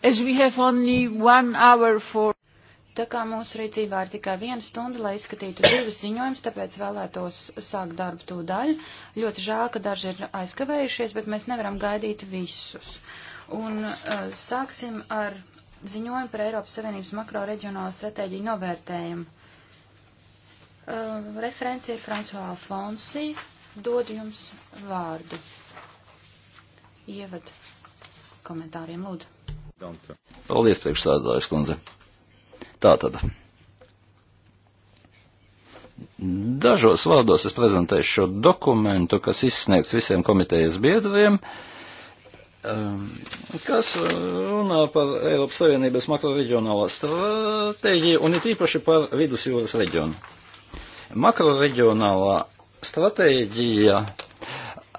For... Tā kā mūsu rīcībā ir tikai viena stunda, lai izskatītu divas ziņojumus, tāpēc vēlētos sākt darbu tū daļu. Ļoti žēl, ka daži ir aizkavējušies, bet mēs nevaram gaidīt visus. Un uh, sāksim ar ziņojumu par Eiropas Savienības makro reģionālo stratēģiju novērtējumu. Uh, eh, referenci ir Fransuā Alfonsi. Dod jums vārdu. Ievad komentāriem, lūdzu. Paldies, priekšsādātājs kundze. Tā tad. Dažos vārdos es prezentēšu šo dokumentu, kas izsniegts visiem komitejas biedriem, um, kas uh, runā par Eiropas Savienības makroreģionālo stratēģiju un ir īpaši par vidusjūras reģionu. Makroreģionālā stratēģija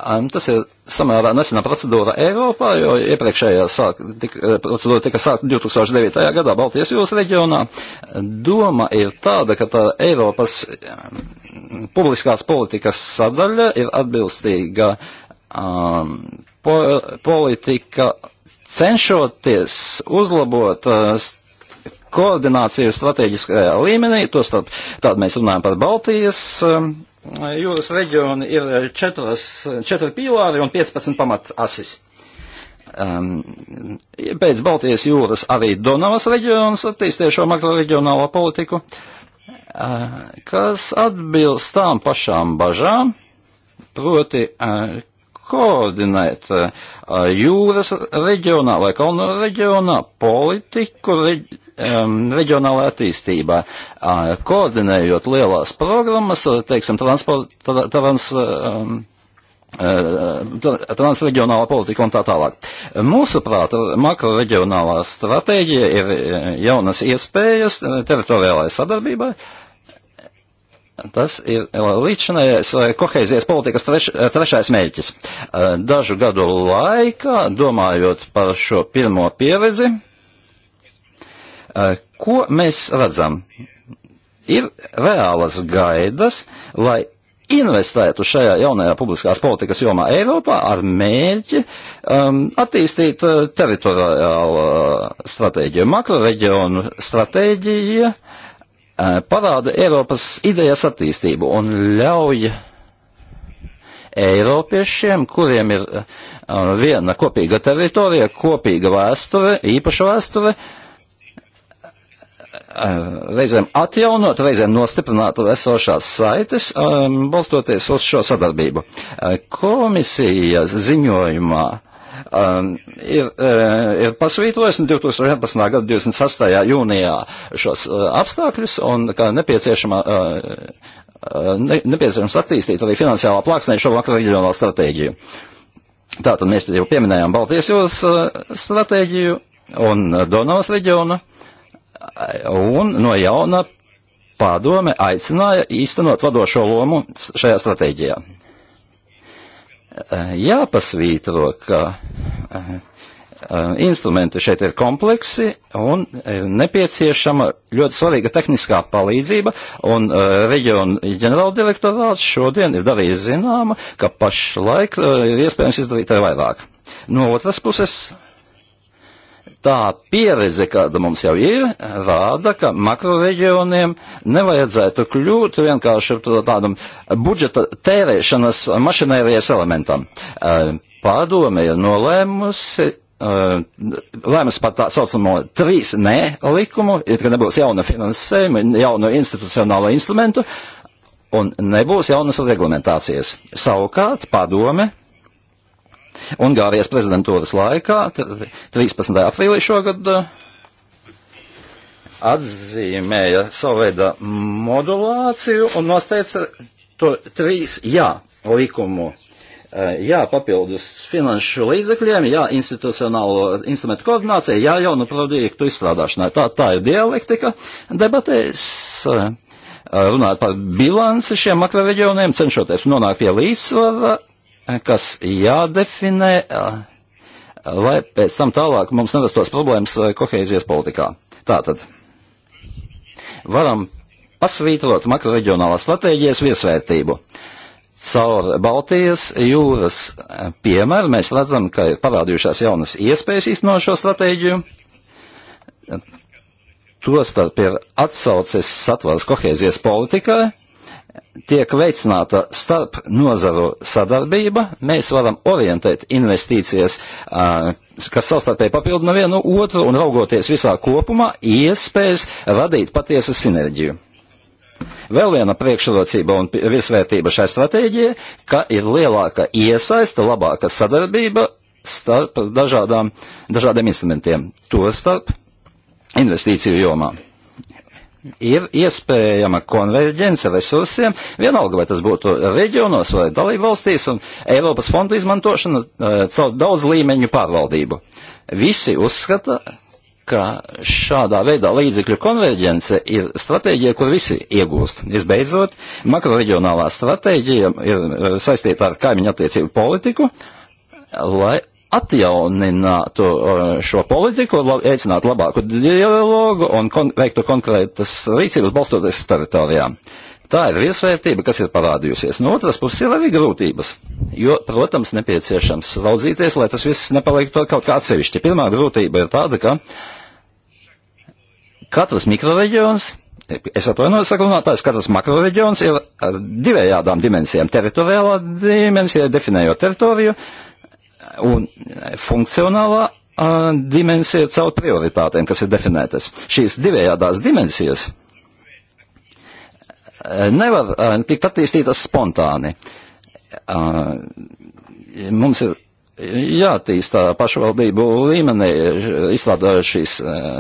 Nu, tas ir samērā nesenā procedūra Eiropā, jo iepriekšējā sāk, tik, eh, procedūra tika sākta 2009. gadā Baltijas jūras reģionā. Doma ir tāda, ka tā Eiropas eh, publiskās politikas sadaļa ir atbilstīga um, po, politika cenšoties uzlabot uh, koordināciju strateģiskajā līmenī, to starp tādu mēs runājam par Baltijas um, jūras reģioni ir četras, četri pīlāri un 15 pamat asis. Um, pēc Baltijas jūras arī Donavas reģions attīstīja šo makroreģionālo politiku, uh, kas atbilst tām pašām bažām, proti uh, koordinēt uh, jūras reģionā vai kalnu reģionā politiku reģ um, reģionālā attīstībā, uh, koordinējot lielās programmas, teiksim, transporta, trans, um, transreģionālā politika un tā tālāk. Mūsuprāt, makroreģionālā stratēģija ir e, jaunas iespējas teritoriālajai sadarbībai. Tas ir līdzinājais e, kohēzijas politikas treš, e, trešais mērķis. Dažu gadu laikā, domājot par šo pirmo pieredzi, Eh, ko mēs redzam? Ir reālas gaidas, lai investētu šajā jaunajā publiskās politikas jomā Eiropā ar mērķi um, attīstīt uh, eh, teritoriālu uh, eh, stratēģiju, makroreģionu stratēģiju, uh, parāda Eiropas idejas attīstību un ļauj Eiropiešiem, kuriem ir uh, viena kopīga teritorija, kopīga vēsture, īpaša vēsture, uh, reizēm atjaunot, reizēm nostiprināt esošās saites, balstoties uz šo sadarbību. Komisijas ziņojumā um, ir, uh, ir pasvītrojusi 2011. gada 26. jūnijā šos uh, apstākļus un ka nepieciešama. Uh, Ne, nepieciešams attīstīt arī finansiālā plāksnē šo vakar reģionālo stratēģiju. Tātad mēs jau pieminējām Baltijas jūras uh, stratēģiju un Donavas reģionu un no jauna pārdome aicināja īstenot vadošo lomu šajā stratēģijā. Eh, jāpasvītro, ka eh, instrumenti šeit ir kompleksi un eh, nepieciešama ļoti svarīga tehniskā palīdzība, un reģiona ģenerāldirektorāts šodien ir darījis zināma, ka pašlaik ir iespējams izdarīt arī vairāk. No otras puses, tā pieredze, kāda mums jau ir, rāda, ka makroreģioniem nevajadzētu kļūt vienkārši tādam budžeta tērēšanas mašinērijas elementam. Pārdome ir nolēmusi. Lēmums par tā saucamo trīs nē likumu, ir, ka nebūs jauna finansējuma, jaunu institucionālo instrumentu un nebūs jaunas reglamentācijas. Savukārt padome Ungārijas prezidentūras laikā, 13. aprīlī šogad, eh, atzīmēja savu veidu modulāciju un nosteica to trīs jā likumu. Eh, jā, papildus finanšu līdzekļiem, jā, institucionālo instrumentu koordinācijai, jā, jaunu produktu izstrādāšanai. Tā, tā ir dialektika debatēs eh, runāt par bilanci šiem makroreģioniem, cenšoties nonākt pie līdzsvara kas jādefinē, eh, lai pēc tam tālāk mums nerastos problēmas eh, kohēzijas politikā. Tātad varam pasvītrot makroreģionālās stratēģijas viesvērtību. Caur Baltijas jūras eh, piemēru mēs redzam, ka ir parādījušās jaunas iespējas īstenot šo stratēģiju. Tostarp ir atsaucis satvars kohēzijas politikai, tiek veicināta starp nozaru sadarbība, mēs varam orientēt investīcijas, kas savstarpēji papildina vienu otru un raugoties visā kopumā, iespējas radīt patiesu sinerģiju. Vēl viena priekšrocība un visvērtība šai stratēģijai, ka ir lielāka iesaista, labāka sadarbība starp dažādām, dažādiem instrumentiem, to starp investīciju jomām ir iespējama konverģence resursiem, vienalga vai tas būtu reģionos vai dalībvalstīs, un Eiropas fondu izmantošana uh, caur daudz līmeņu pārvaldību. Visi uzskata, ka šādā veidā līdzekļu konverģence ir stratēģija, kur visi iegūst. Visbeidzot, makroreģionālā stratēģija ir eh, saistīta ar kaimiņu attiecību politiku, lai atjauninātu uh, šo politiku, lab, veicinātu labāku dialogu un kon veiktu konkrētas rīcības balstoties uz teritorijām. Tā ir viesvērtība, kas ir parādījusies. No otras puses ir arī grūtības, jo, protams, nepieciešams raudzīties, lai tas viss nepaliktu kaut kā atsevišķi. Pirmā grūtība ir tāda, ka katrs mikroreģions es atvainojos, saka runātājs, katrs makroreģions ir ar divējādām dimensijām. Teritoriālā dimensija, definējot teritoriju, un eh, funkcionālā uh, dimensija caur prioritātēm, kas ir definētas. Šīs divējādās dimensijas eh, nevar uh, tikt attīstītas spontāni. Uh, mums ir jātīstā pašvaldību līmenī izstrādājot šīs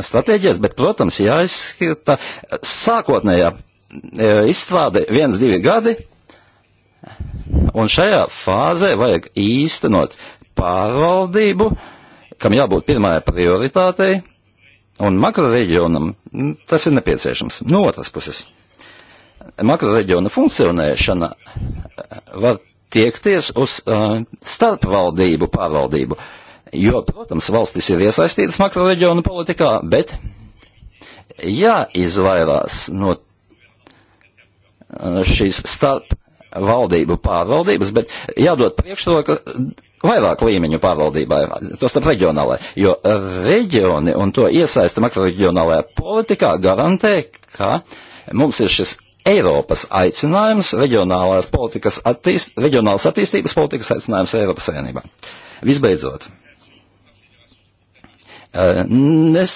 stratēģijas, bet, protams, jāizskata sākotnējā izstrāde viens, divi gadi, un šajā fāzē vajag īstenot pārvaldību, kam jābūt pirmajai prioritātei, un makroreģionam tas ir nepieciešams. No otras puses, makroreģiona funkcionēšana eh, var tiekties uz uh, starpvaldību pārvaldību, jo, protams, valstis ir iesaistītas makroreģiona politikā, bet jāizvairās no eh, šīs starp valdību pārvaldības, bet jādod priekšroka vairāk līmeņu pārvaldībai, tostarp reģionālai, jo reģioni un to iesaista makroreģionālajā politikā garantē, ka mums ir šis Eiropas aicinājums, reģionālās politikas attīst, reģionālas attīstības politikas aicinājums Eiropas Savienībā. Visbeidzot, eh, nes,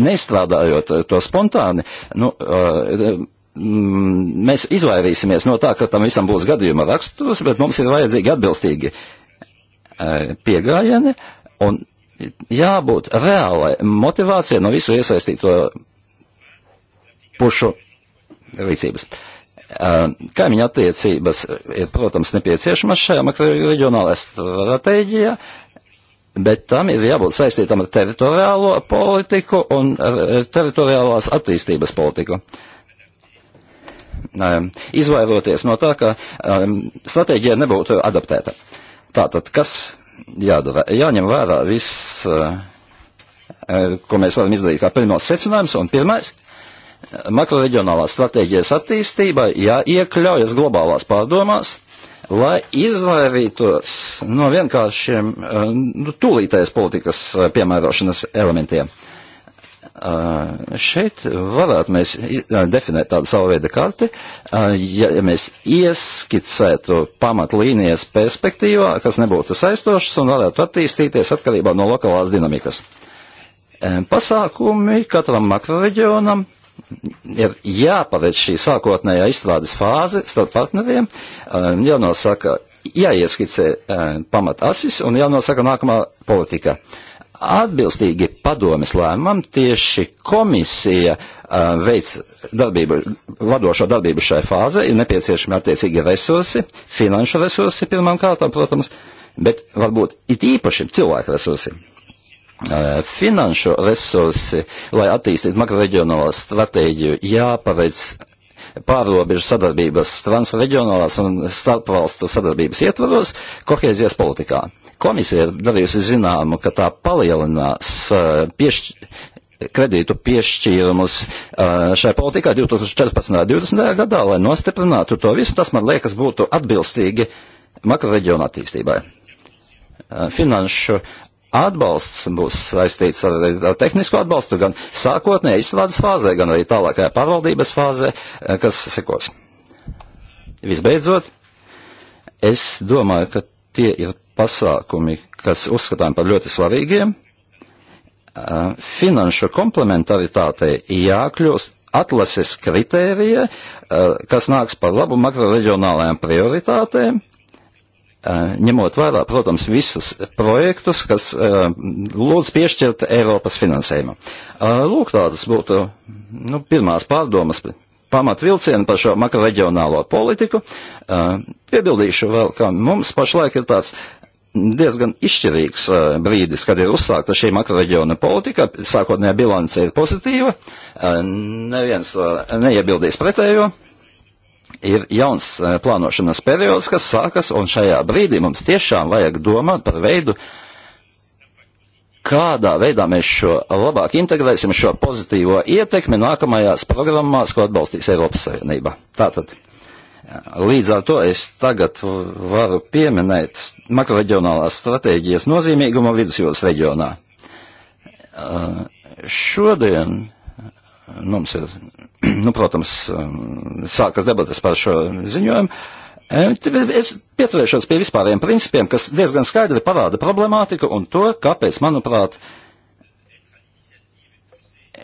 nestrādājot to spontāni, nu, eh, mm, mēs izvairīsimies no tā, ka tam visam būs gadījuma raksturs, bet mums ir vajadzīgi atbilstīgi E, piegājieni un jābūt reālai motivācijai no visu iesaistīto pušu rīcības. E, kaimiņa attiecības ir, protams, nepieciešamas šajā makroreģionālajā stratēģijā, bet tam ir jābūt saistītam ar teritoriālo politiku un e, teritoriālās attīstības politiku. Izvairoties no tā, ka stratēģija nebūtu adaptēta. Uh, Tātad, kas jādara? Jāņem vērā viss, eh, eh, ko mēs varam izdarīt kā pirmos secinājums, un pirmais eh, - makroreģionālās stratēģijas attīstībai jāiekļaujas globālās pārdomās, lai izvairītos no vienkāršiem nu, tūlītējas politikas piemērošanas elementiem šeit varētu mēs definēt tādu savu veidu karti, ja, ja mēs ieskicētu pamatlīnijas perspektīvā, kas nebūtu saistošas un varētu attīstīties atkarībā no lokālās dinamikas. Pasākumi katram makroreģionam ir jāparedz šī sākotnējā izstrādes fāze starp partneriem, jānosaka, jāieskicē pamatasis un jānosaka nākamā politika. Uh, Atbilstīgi padomis lēmumam tieši komisija uh, veic darbību, vadošo darbību šai fāzē, ir nepieciešami attiecīgi resursi, finanšu resursi pirmām kārtām, protams, bet varbūt it īpaši cilvēku resursi. Uh, finanšu resursi, lai attīstītu makroreģionālo stratēģiju, jāpaveic pārrobežu sadarbības transreģionālās un starpvalstu sadarbības ietvaros kohēzijas politikā. Komisija ir darījusi zināmu, ka tā palielinās eh, piešķi, kredītu piešķīrumus eh, šai politikai 2014. un 2020. gadā, lai nostiprinātu to visu. Tas, man liekas, būtu atbilstīgi makroreģionu attīstībai. Eh, finanšu atbalsts būs saistīts ar, ar tehnisko atbalstu gan sākotnējā izstrādes fāzē, gan arī tālākajā pārvaldības fāzē, kas sekos. Visbeidzot, es domāju, ka Tie ir pasākumi, kas uzskatām par ļoti svarīgiem. Finanšu komplementaritātei jākļūst atlases kritērija, kas nāks par labu makroreģionālajām prioritātēm, ņemot vērā, protams, visus projektus, kas lūdz piešķirt Eiropas finansējumu. Lūk, tādas būtu nu, pirmās pārdomas pamatvilcienu par šo makroreģionālo politiku. Piebildīšu vēl, ka mums pašlaik ir tāds diezgan izšķirīgs uh, brīdis, kad ir uzsākta šī makroreģiona politika. Sākotnējā bilance ir pozitīva, uh, neviens uh, neiebildīs pretējo. Ir jauns plānošanas periods, kas sākas, un šajā brīdī mums tiešām vajag domāt par veidu, kādā veidā mēs šo labāk integrēsim šo pozitīvo ietekmi nākamajās programmās, ko atbalstīs Eiropas Savienība. Tātad, līdz ar to es tagad varu pieminēt makroreģionālās stratēģijas nozīmīgumu vidusjūras reģionā. Eh, šodien eh, mums ir, nu, protams, eh, sākas debatas par šo ziņojumu Es pieturēšos pie vispāriem principiem, kas diezgan skaidri parāda problemātiku un to, kāpēc, manuprāt,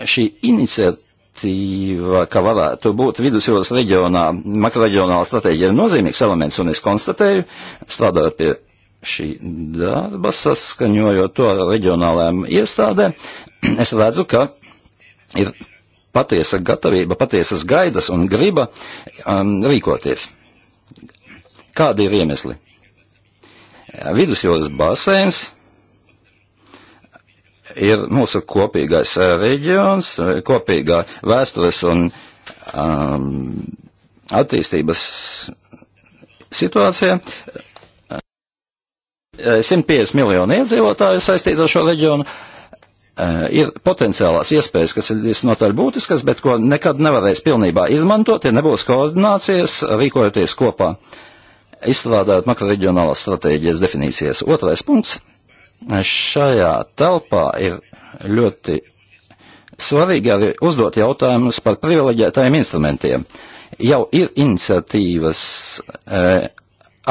šī iniciatīva, ka varētu būt vidusjūras reģionā, makroreģionāla stratēģija ir nozīmīgs elements, un es konstatēju, strādājot pie šī darba, saskaņojot to ar reģionālajām iestādēm, es redzu, ka ir patiesa gatavība, patiesas gaidas un griba um, rīkoties. Kādi ir iemesli? Vidusjūras basēns ir mūsu kopīgais eh, reģions, eh, kopīgā vēstures un um, attīstības situācija. 150 eh, miljoni iedzīvotāju saistīto šo reģionu. Ir potenciālās iespējas, kas ir visnotaļ būtiskas, bet ko nekad nevarēs pilnībā izmantot, ja nebūs koordinācijas, rīkojoties kopā. Uh, izstrādājot makroreģionālās stratēģijas definīcijas. Otrais punkts. Šajā telpā ir ļoti svarīgi arī uzdot jautājumus par privileģētajiem instrumentiem. Jau ir iniciatīvas eh,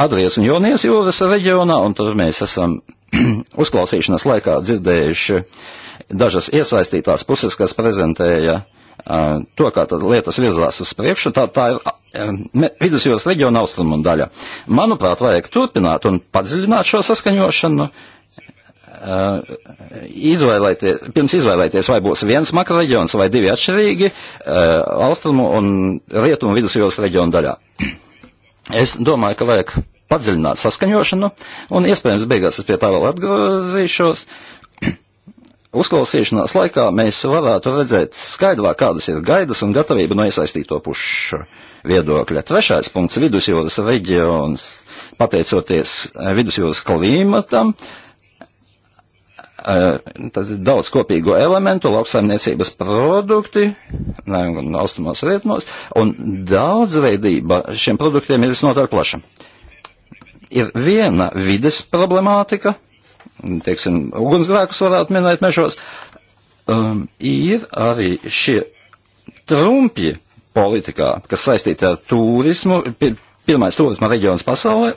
Adrijas un Jonijas jūras reģionā, un tur mēs esam uzklausīšanas laikā dzirdējuši dažas iesaistītās puses, kas prezentēja to, kā lietas virzās uz priekšu, tā, tā ir vidusjūras reģiona austrumu daļa. Manuprāt, vajag turpināt un padziļināt šo saskaņošanu. Uh, izvēlēties, pirms izvēlēties, vai būs viens makroreģions vai divi atšķirīgi uh, austrumu un rietumu vidusjūras reģionu daļā. Es domāju, ka vajag padziļināt saskaņošanu, un iespējams beigās es pie tā vēl atgriezīšos, Uzklausīšanās laikā mēs varētu redzēt skaidrāk, kādas ir gaidas un gatavība no iesaistīto pušu viedokļa. Trešais punkts - vidusjūras reģions, pateicoties eh, vidusjūras klīmatam, eh, tas ir daudz kopīgu elementu, lauksaimniecības produkti, ne, un austrumos rietumos, un daudzveidība šiem produktiem ir visnotaļ plaša. Ir viena vides problemātika, teiksim, ugunsgrēkus varētu minēt mežos, um, ir arī šie trumpi politikā, kas saistīti ar turismu, pirmais turisma reģions pasaulē,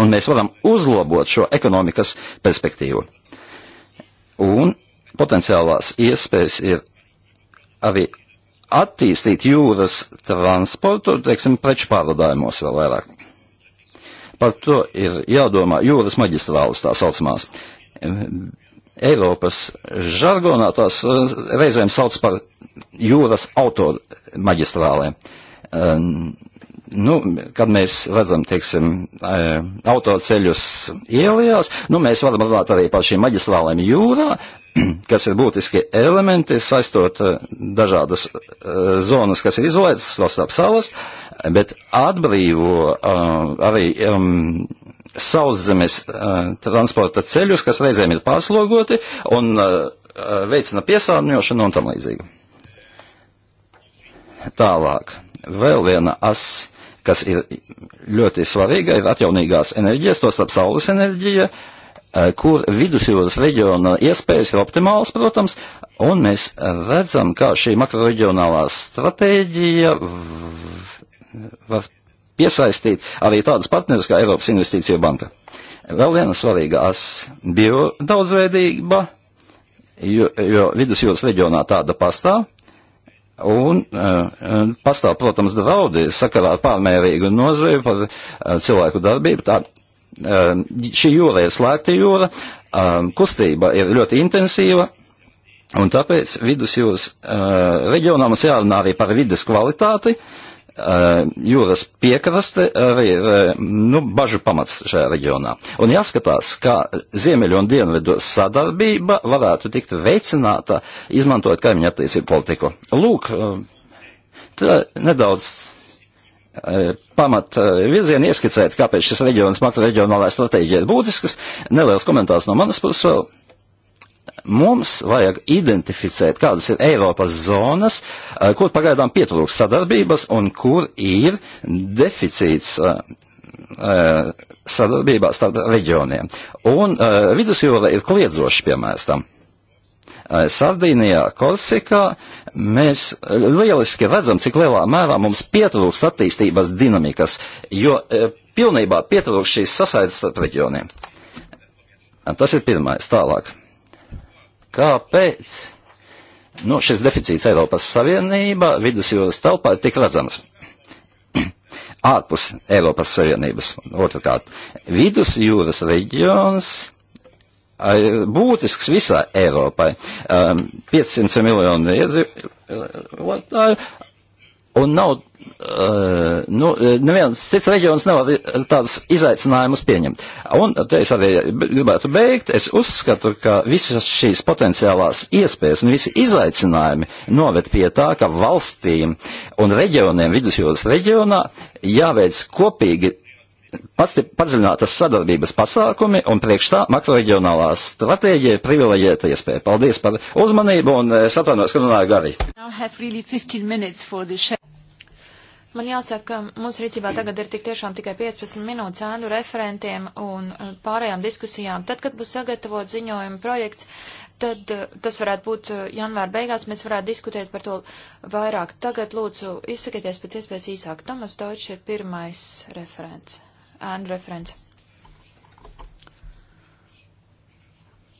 un mēs varam uzlabot šo ekonomikas perspektīvu. Un potenciālās iespējas ir arī attīstīt jūras transportu, teiksim, preču pārvadājumos vēl vairāk. Par to ir jādomā jūras maģistrāles tā saucamās. Eiropas žargonā tās eh, reizēm sauc par jūras automaģistrālēm. Eh, nu, kad mēs redzam, teiksim, eh, autoceļus ielās, nu, mēs varam runāt arī par šīm maģistrālēm jūrā, kas ir būtiski elementi, saistot eh, dažādas eh, zonas, kas ir izolētas valsts ap salas, bet atbrīvo eh, arī um, sauszemes transporta ceļus, kas reizēm ir pārslogoti un veicina piesārņošanu un tam līdzīgi. Tālāk, vēl viena as, kas ir ļoti svarīga, ir atjaunīgās enerģijas, tos ap saules enerģija, uh, Eh, kur vidusjūras reģiona iespējas ir optimāls, protams, un mēs redzam, kā šī makroreģionālā stratēģija var piesaistīt arī tādas partnerus kā Eiropas Investīcija banka. Vēl viena svarīga as - bio daudzveidība, jo, jo vidusjūras reģionā tāda pastāv. Un uh, pastāv, protams, draudi sakarā ar pārmērīgu nozveju par uh, cilvēku darbību. Tā Eh, šī jūra ir slēgta jūra, eh, kustība ir ļoti intensīva, un tāpēc vidusjūras eh, reģionā mums jārunā arī par vides kvalitāti. Jūras piekraste arī ir nu, bažu pamats šajā reģionā. Un jāskatās, kā ziemeļu un dienvedu sadarbība varētu tikt veicināta, izmantojot kaimiņu attiecību politiku. Lūk, tā nedaudz Eh, pamat eh, virzienu ieskicēt, kāpēc šis reģions makroreģionālajā stratēģija ir būtisks. Neliels komentārs no manas puses vēl. Mums vajag identificēt, kādas ir Eiropas zonas, eh, kur pagaidām pietrūks sadarbības un kur ir deficīts sadarbībā starp reģioniem. Un vidusjūra ir kliedzošs piemērs tam. Eh, Sardīnijā, Korsikā mēs lieliski redzam, cik lielā mērā mums pietrūkst attīstības dinamikas, jo eh, pilnībā pietrūkst šīs sasaites starp reģioniem. Eh, tas ir pirmais. Tālāk. Kāpēc nu, šis deficīts Eiropas Savienībā vidusjūras telpā ir tik redzams? ārpus Eiropas Savienības. Otrakārt, vidusjūras reģions būtisks visā Eiropai. 500 ehm, miljonu iedzīvotāju. Un nav, eh, nu, eh, neviens cits reģions nevar tādus izaicinājumus pieņemt. Un te es arī gribētu beigt. Es uzskatu, ka visas šīs potenciālās iespējas un visi izaicinājumi noved pie tā, ka valstīm un reģioniem vidusjūras reģionā jāveic kopīgi padziļinātas sadarbības pasākumi un priekšstā makroreģionālā stratēģija ir privileģēta iespēja. Paldies par uzmanību un es atvainojos, ka runāju garīgi. Man jāsaka, ka mūsu rīcībā tagad ir tik tiešām tikai 15 minūtes ēnu referentiem un uh, pārējām diskusijām. Tad, kad būs sagatavot ziņojuma projekts, tad uh, tas varētu būt uh, janvāra beigās, mēs varētu diskutēt par to vairāk. Tagad lūdzu izsakieties pēc iespējas īsāk. Tomas Deutsch ir pirmais referents ēnu referents.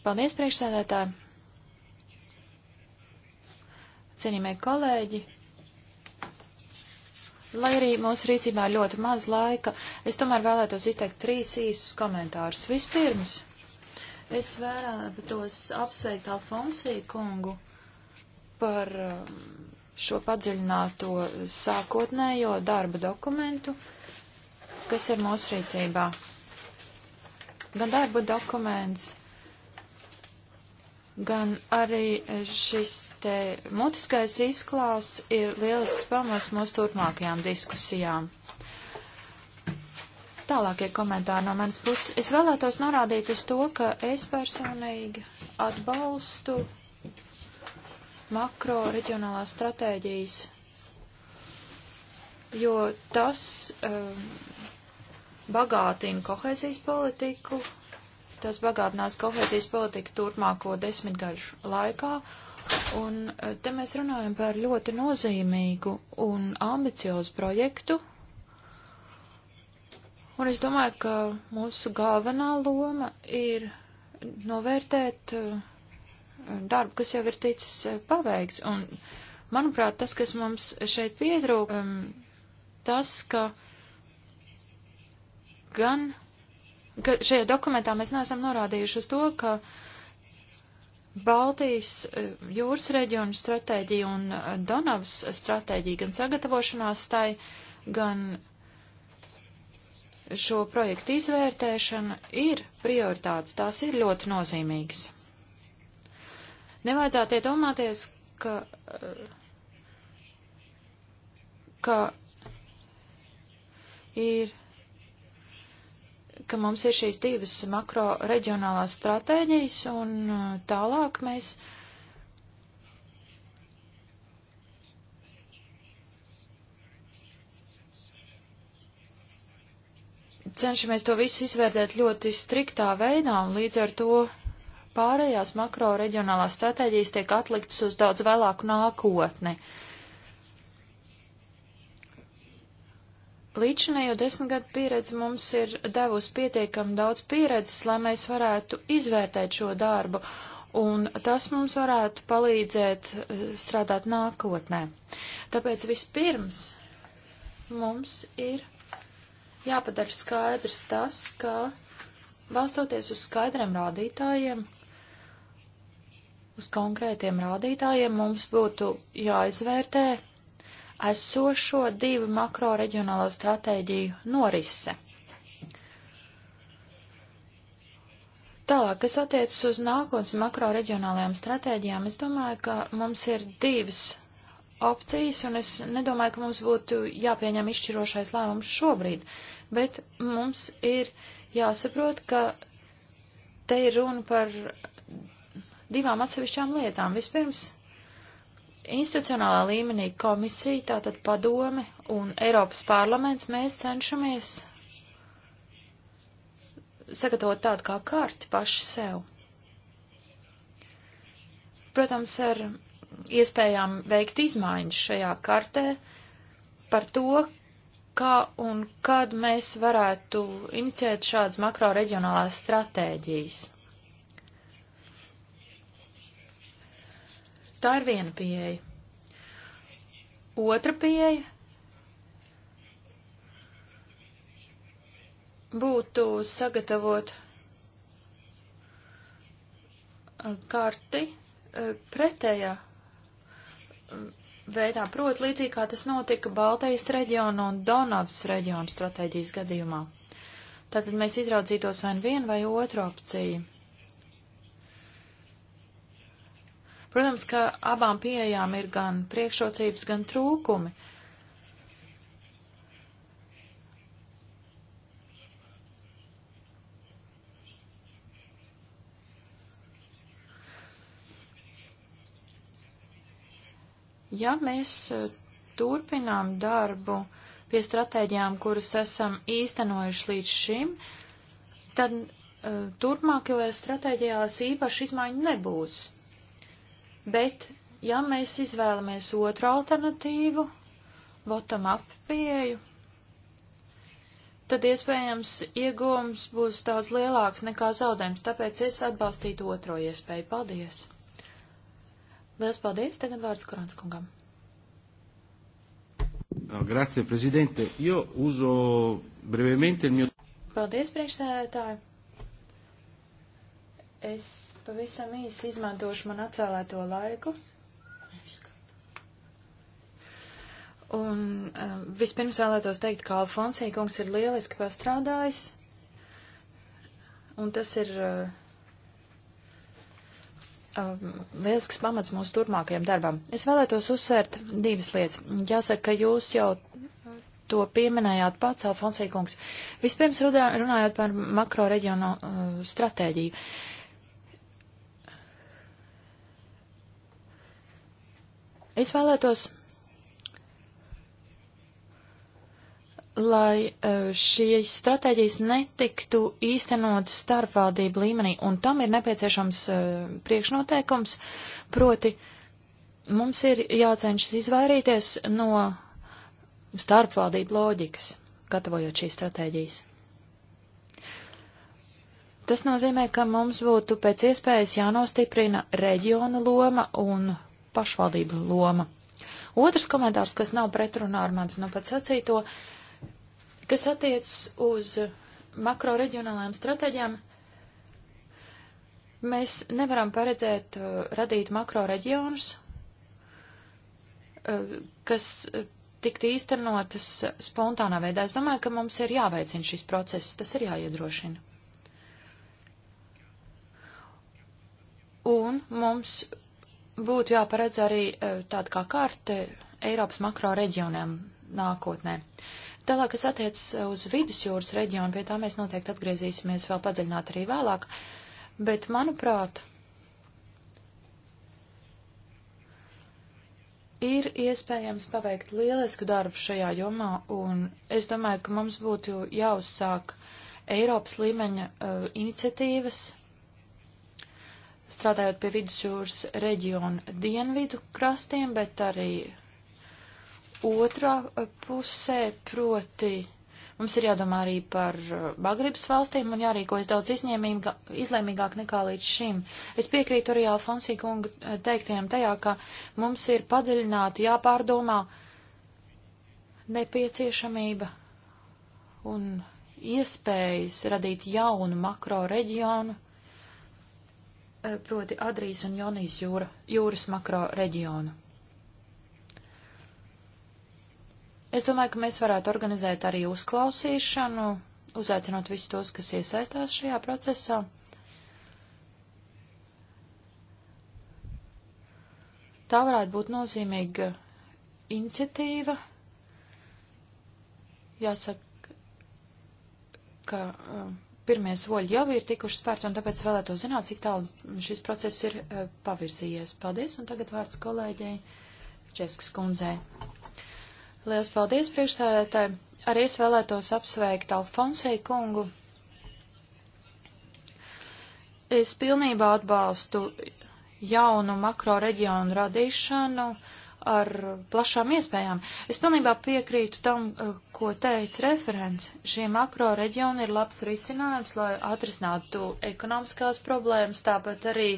Paldies, priekšsēdētāji! Cienījamie kolēģi! Lai arī mūsu rīcībā ir ļoti maz laika, es tomēr vēlētos izteikt trīs īsus komentārus. Vispirms, es vēlētos apsveikt Alfonsiju kungu par um, šo padziļināto sākotnējo darba dokumentu. Uh, kas ir mūsu rīcībā. Gan darba dokuments, gan arī šis te mutiskais izklāsts ir lielisks pamats mūsu turpmākajām diskusijām. Tālākie komentāri no manas puses. Es vēlētos norādīt uz to, ka es personīgi atbalstu makro reģionālās stratēģijas, jo tas um, bagātina kohēzijas politiku, tas bagātinās kohēzijas politiku turpmāko desmitgaļu laikā, un eh, te mēs runājam par ļoti nozīmīgu un ambiciozu projektu. Un es domāju, ka mūsu galvenā loma ir novērtēt eh, darbu, kas jau ir ticis eh, paveikts. Un, manuprāt, tas, kas mums šeit pietrūk, mm, tas, ka gan, ka šajā dokumentā mēs neesam norādījuši uz to, ka Baltijas e, jūras reģionu stratēģija un e, Donavas stratēģija gan sagatavošanās tai, gan šo projektu izvērtēšana ir prioritātes, tās ir ļoti nozīmīgas. Nevajadzētu iedomāties, ka, e, ka ir ka mums ir šīs divas makro reģionālās stratēģijas, un uh, tālāk mēs cenšamies to visu izvērtēt ļoti striktā veidā, un līdz ar to pārējās makro reģionālās stratēģijas tiek atliktas uz daudz vēlāku nākotni. Uh, Līdšanējo desmit gadu pieredze mums ir devusi pietiekami daudz pieredzes, lai mēs varētu izvērtēt šo darbu, un tas mums varētu palīdzēt eh, strādāt nākotnē. Tāpēc vispirms mums ir jāpadara skaidrs tas, ka balstoties uz skaidriem rādītājiem, uz konkrētiem rādītājiem mums būtu jāizvērtē esošo divu makro reģionālo stratēģiju norise. Tālāk, kas attiecas uz nākotnes makro reģionālajām stratēģijām, es domāju, ka mums ir divas opcijas, un es nedomāju, ka mums būtu jāpieņem izšķirošais lēmums šobrīd, bet mums ir jāsaprot, ka te ir runa par divām atsevišķām lietām. Vispirms institucionālā līmenī komisija, tātad padome un Eiropas parlaments, mēs cenšamies sagatavot tādu kā karti paši sev. Protams, ar iespējām veikt izmaiņas šajā kartē par to, kā un kad mēs varētu inicijēt šādas makro reģionālās stratēģijas. Tā ir viena pieeja. Otra pieeja būtu sagatavot uh, karti uh, pretējā um, veidā, proti līdzīgi kā tas notika Baltijas reģiona un Donavas reģiona stratēģijas gadījumā. Tātad mēs izraudzītos vai vienu vai otru opciju. Protams, ka abām pieejām ir gan priekšrocības, gan trūkumi. ja mēs eh, turpinām darbu pie stratēģijām, kuras esam īstenojuši līdz šim, tad uh, eh, turpmākajās stratēģijās īpaši izmaiņu nebūs. Bet, ja mēs izvēlamies otru alternatīvu, bottom-up pieeju, tad iespējams iegūms būs daudz lielāks nekā zaudējums, tāpēc es atbalstītu otro iespēju. Paldies! Lielas paldies! Tagad vārds Koranskungam. Grazie, prezidente. Jo uzo brevemente il mio... Paldies, priekšsēdētāji. Es Pavisam īsi izmantošu man atvēlēto laiku. Un uh, vispirms vēlētos teikt, ka Alfonsija kungs ir lieliski pastrādājis. Un tas ir uh, lielisks pamats mūsu turpmākajam darbam. Es vēlētos uzsvērt divas lietas. Jāsaka, ka jūs jau to pieminējāt pats, Alfonsija kungs. Vispirms runājot par makro reģionu uh, eh, stratēģiju. Es vēlētos, lai e, šīs stratēģijas netiktu īstenot starpvaldību līmenī, un tam ir nepieciešams e, priekšnoteikums, proti mums ir jācenšas izvairīties no starpvaldību loģikas, gatavojot šīs stratēģijas. Tas nozīmē, ka mums būtu pēc iespējas jānostiprina reģionu loma un pašvaldību loma. Otrs komentārs, kas nav pretrunā ar manis nu pat sacīto, kas attiec uz makro reģionālajām stratēģijām, mēs nevaram paredzēt uh, radīt makro reģionus, uh, kas uh, tikt īstenotas spontānā veidā. Es domāju, ka mums ir jāveicina šis process, tas ir jāiedrošina. Un mums būtu jāparedz arī e, tāda kā karte Eiropas makro reģioniem nākotnē. Tālāk, kas attiec uz vidusjūras reģionu, pie tā mēs noteikti atgriezīsimies vēl padziļināt arī vēlāk, bet manuprāt, ir iespējams paveikt lielisku darbu šajā jomā, un es domāju, ka mums būtu jāuzsāk Eiropas līmeņa uh, iniciatīvas, strādājot pie vidusjūras reģiona dienvidu krastiem, bet arī otrā eh, pusē, proti mums ir jādomā arī par Magribas eh, valstīm un jārīkojas daudz izlēmīgāk nekā līdz šim. Es piekrītu arī Alfonsī kunga eh, teiktajam tajā, ka mums ir padziļināti jāpārdomā nepieciešamība un iespējas radīt jaunu makro reģionu Eh, proti Adrijas un Jonijas jūra, jūras makro reģionu. Es domāju, ka mēs varētu organizēt arī uzklausīšanu, uzaicinot visus tos, kas iesaistās šajā procesā. Tā varētu būt nozīmīga iniciatīva. Jāsaka, ka. Um, pirmie soļi jau ir tikuši spērti, un tāpēc vēlētu zināt, cik tālu šis process ir uh, pavirzījies. Paldies, un tagad vārds kolēģei Čevskas kundzei. Lielas paldies, priekšstādētāji! Arī es vēlētos apsveikt Alfonsei kungu. Es pilnībā atbalstu jaunu makro reģionu radīšanu. Uh, ar plašām iespējām. Es pilnībā piekrītu tam, eh, ko teica referents. Šie makro reģioni ir labs risinājums, lai atrisinātu ekonomiskās problēmas, tāpat arī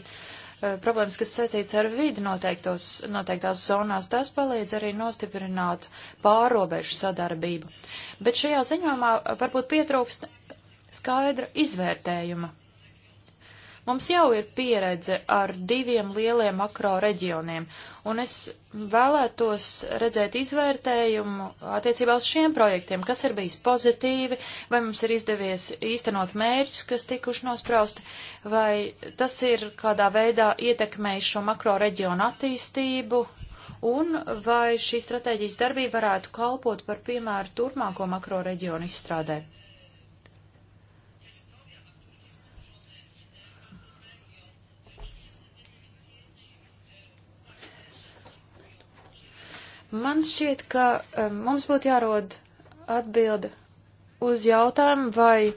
uh, problēmas, kas saistīts ar vidi noteiktos, noteiktās zonās. Tas palīdz arī nostiprināt pārobežu sadarbību. Bet šajā ziņojumā eh, varbūt pietrūkst skaidra izvērtējuma. Mums jau ir pieredze ar diviem lieliem makro reģioniem, un es vēlētos redzēt izvērtējumu attiecībā uz šiem projektiem, kas ir bijis pozitīvi, vai mums ir izdevies īstenot mērķus, kas tikuši nosprausti, vai tas ir kādā veidā ietekmējis šo makro reģionu attīstību, un vai šī stratēģijas darbība varētu kalpot par piemēru turpmāko makro reģionu izstrādē. Man šķiet, ka um, mums būtu jārod atbilde uz jautājumu, vai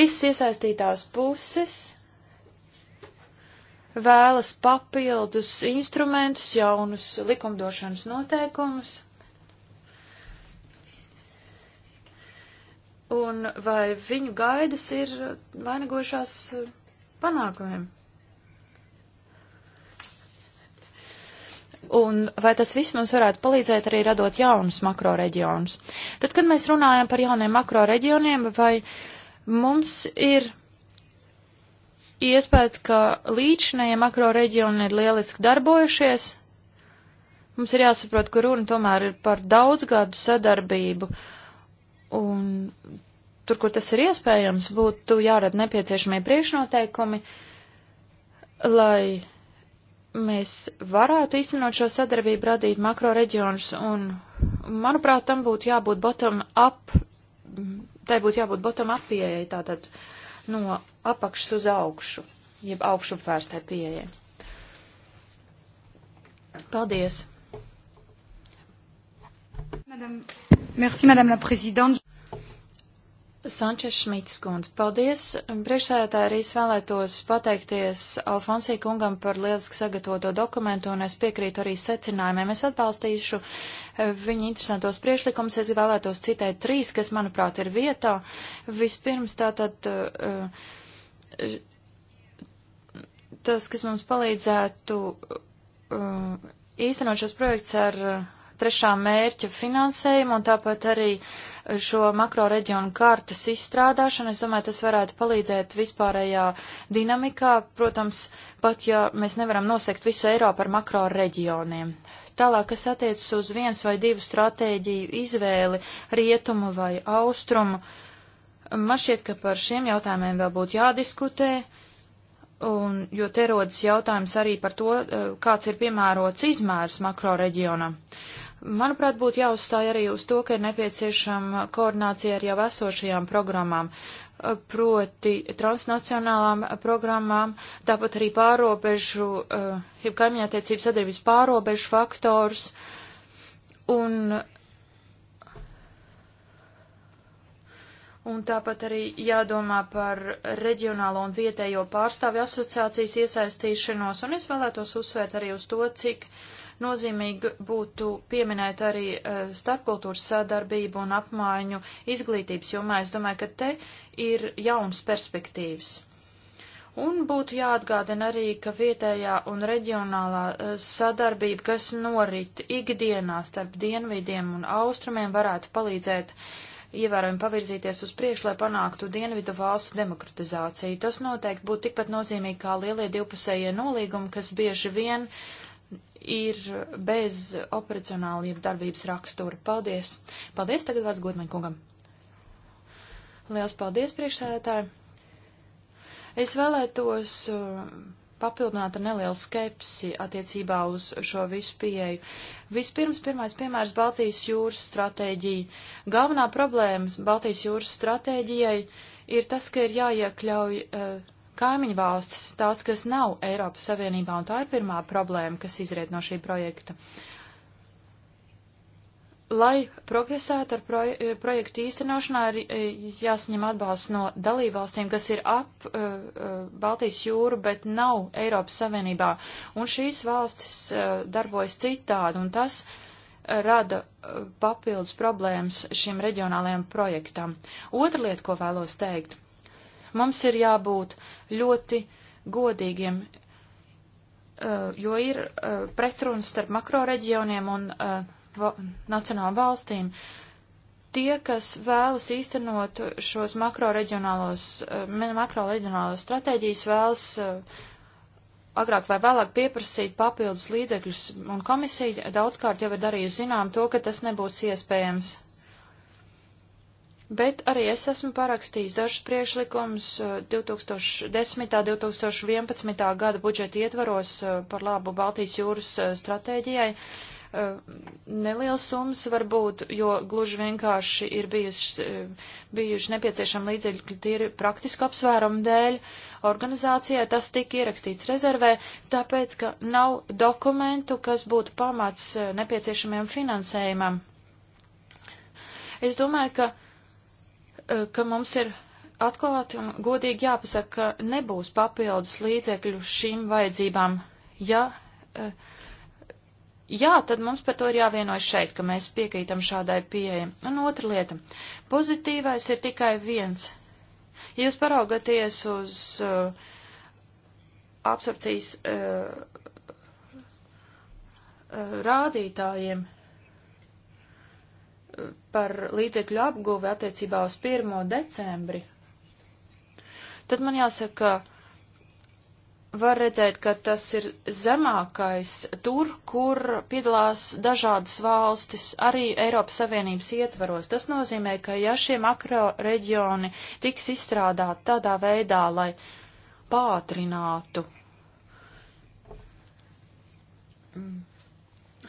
visas iesaistītās puses vēlas papildus instrumentus, jaunus likumdošanas noteikumus, un vai viņu gaidas ir vainagojušās panākumiem. un vai tas viss mums varētu palīdzēt arī radot jaunus makroreģionus. Tad, kad mēs runājam par jauniem makroreģioniem, vai mums ir iespējas, ka līdšanējie makroreģioni ir lieliski darbojušies, mums ir jāsaprot, ka runa tomēr ir par daudzgadu sadarbību, un tur, kur tas ir iespējams, būtu jārada nepieciešamie priekšnoteikumi, lai mēs varētu īstenot šo sadarbību, radīt makro reģionus, un, manuprāt, tam būtu jābūt bottom-up, tai būtu jābūt bottom-up pieejai, tātad no apakšas uz augšu, jeb augšupvērstai pieejai. Paldies! Madame. Merci, Madame la Présidente. Sančes Šmits kundze, paldies. Priekšsēdētāji arī es vēlētos pateikties Alfonsī kungam par lieliski sagatavoto dokumentu, un es piekrītu arī secinājumiem. Es atbalstīšu viņa interesantos priekšlikumus. Es vēlētos citēt trīs, kas, manuprāt, ir vietā. Vispirms tātad. Eh, tas, kas mums palīdzētu eh, īstenot šos projekts ar trešā mērķa finansējumu un tāpat arī šo makro reģionu kartas izstrādāšanu. Es domāju, tas varētu palīdzēt vispārējā dinamikā. Protams, pat ja mēs nevaram nosekt visu Eiropu ar makro reģioniem. Tālāk, kas attiecas uz viens vai divu stratēģiju izvēli, rietumu vai austrumu, man šķiet, ka par šiem jautājumiem vēl būtu jādiskutē. Un, jo te rodas jautājums arī par to, eh, kāds ir piemērots izmērs makro reģionam. Manuprāt, būtu jāuzstāj arī uz to, ka ir nepieciešama koordinācija ar jau esošajām programmām, eh, proti transnacionālām programmām, tāpat arī pārobežu, eh, ja kaimiņattiecības sadarbības pārobežu faktors. Un Un tāpat arī jādomā par reģionālo un vietējo pārstāvju asociācijas iesaistīšanos, un es vēlētos uzsvērt arī uz to, cik uh, Nozīmīgi būtu pieminēt arī eh, starpkultūras sadarbību un apmaiņu izglītības jomā. Es domāju, ka te ir jauns perspektīvas. Un būtu jāatgādina arī, ka vietējā un reģionālā eh, sadarbība, kas norit ikdienā starp dienvidiem un austrumiem, varētu palīdzēt ievērojami pavirzīties uz priekšu, lai panāktu dienvidu valstu demokratizāciju. Tas noteikti būtu tikpat nozīmīgi kā lielie divpusējie nolīgumi, kas bieži vien uh, ir bez operacionālību darbības rakstura. Paldies! Paldies tagad vārds Godmaņa kungam! Liels paldies, priekšsēdētāji! Es vēlētos uh, papildināt ar nelielu skepsi attiecībā uz šo visu pieeju. Vispirms pirmais piemērs Baltijas jūras stratēģija. Galvenā problēmas Baltijas jūras stratēģijai ir tas, ka ir jāiekļauj uh, kaimiņu valstis, tās, kas nav Eiropas Savienībā, un tā ir pirmā problēma, kas izriet no šī projekta. Lai progresētu ar proje projektu īstenošanā, ir e, jāsaņem atbalsts no dalībvalstīm, kas ir ap uh, Baltijas jūru, bet nav Eiropas Savienībā. Un šīs valstis uh, darbojas citādi, un tas rada uh, papildus problēmas šim reģionālajam projektam. Otra lieta, ko vēlos teikt. Mums ir jābūt uh, ļoti godīgiem, uh, jo ir uh, pretruns starp makroreģioniem un uh, nacionālu valstīm. Tie, kas vēlas īstenot šos makroreģionālos, makroreģionālos stratēģijas, vēlas agrāk vai vēlāk pieprasīt papildus līdzekļus, un komisija daudzkārt jau ir darījusi zinām to, ka tas nebūs iespējams bet arī es esmu parakstījis dažus priekšlikumus 2010. Eh, 2011. gada budžeta ietvaros eh, par labu Baltijas jūras eh, stratēģijai. Neliels summas varbūt, jo gluži vienkārši ir bijuši, bijuši nepieciešami līdzekļi tīri praktisku apsvērumu dēļ. Organizācijai tas tika ierakstīts rezervē, tāpēc, ka nav dokumentu, kas būtu pamats nepieciešamiem finansējumam. Es domāju, ka uh, Eh, ka mums ir atklāti un godīgi jāpasaka, ka nebūs papildus līdzekļu šīm vajadzībām. Ja, eh, jā, tad mums par to ir jāvienojas šeit, ka mēs piekrītam šādai pieejai. Un otra lieta. Pozitīvais ir tikai viens. Ja jūs paraugaties uz uh, absorpcijas uh, uh, rādītājiem, par līdzekļu apguvi attiecībā uz 1. decembri, tad man jāsaka, var redzēt, ka tas ir zemākais tur, kur piedalās dažādas valstis arī Eiropas Savienības ietvaros. Tas nozīmē, ka ja šie makro reģioni tiks izstrādāti tādā veidā, lai pātrinātu. Mm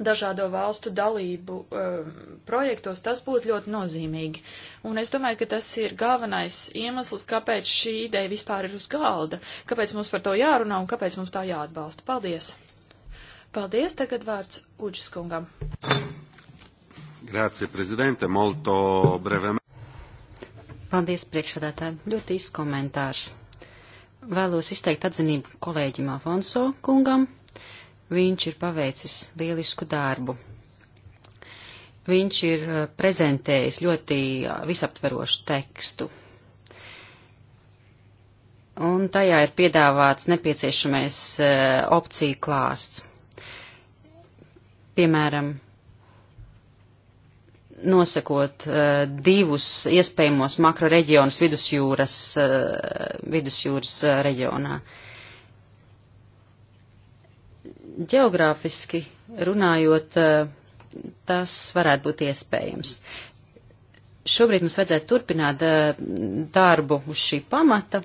dažādo valstu dalību um, projektos, tas būtu ļoti nozīmīgi. Un es domāju, ka tas ir galvenais iemesls, kāpēc šī ideja vispār ir uz galda, kāpēc mums par to jārunā un kāpēc mums tā jāatbalsta. Paldies! Paldies, tagad vārds Uģis kungam. Grācija prezidente, molto brevem. Paldies, priekšsādātāji. Ļoti īsts komentārs. Vēlos izteikt atzinību kolēģim Afonso kungam Viņš ir paveicis lielisku darbu. Viņš ir eh, prezentējis ļoti eh, visaptverošu tekstu. Un tajā ir piedāvāts nepieciešamais eh, opciju klāsts. Piemēram, nosakot uh, divus iespējamos makro reģionus vidusjūras, uh, vidusjūras uh, reģionā. Uh, Geogrāfiski runājot, eh, tas varētu būt iespējams. Šobrīd mums vajadzētu turpināt eh, darbu uz šī pamata.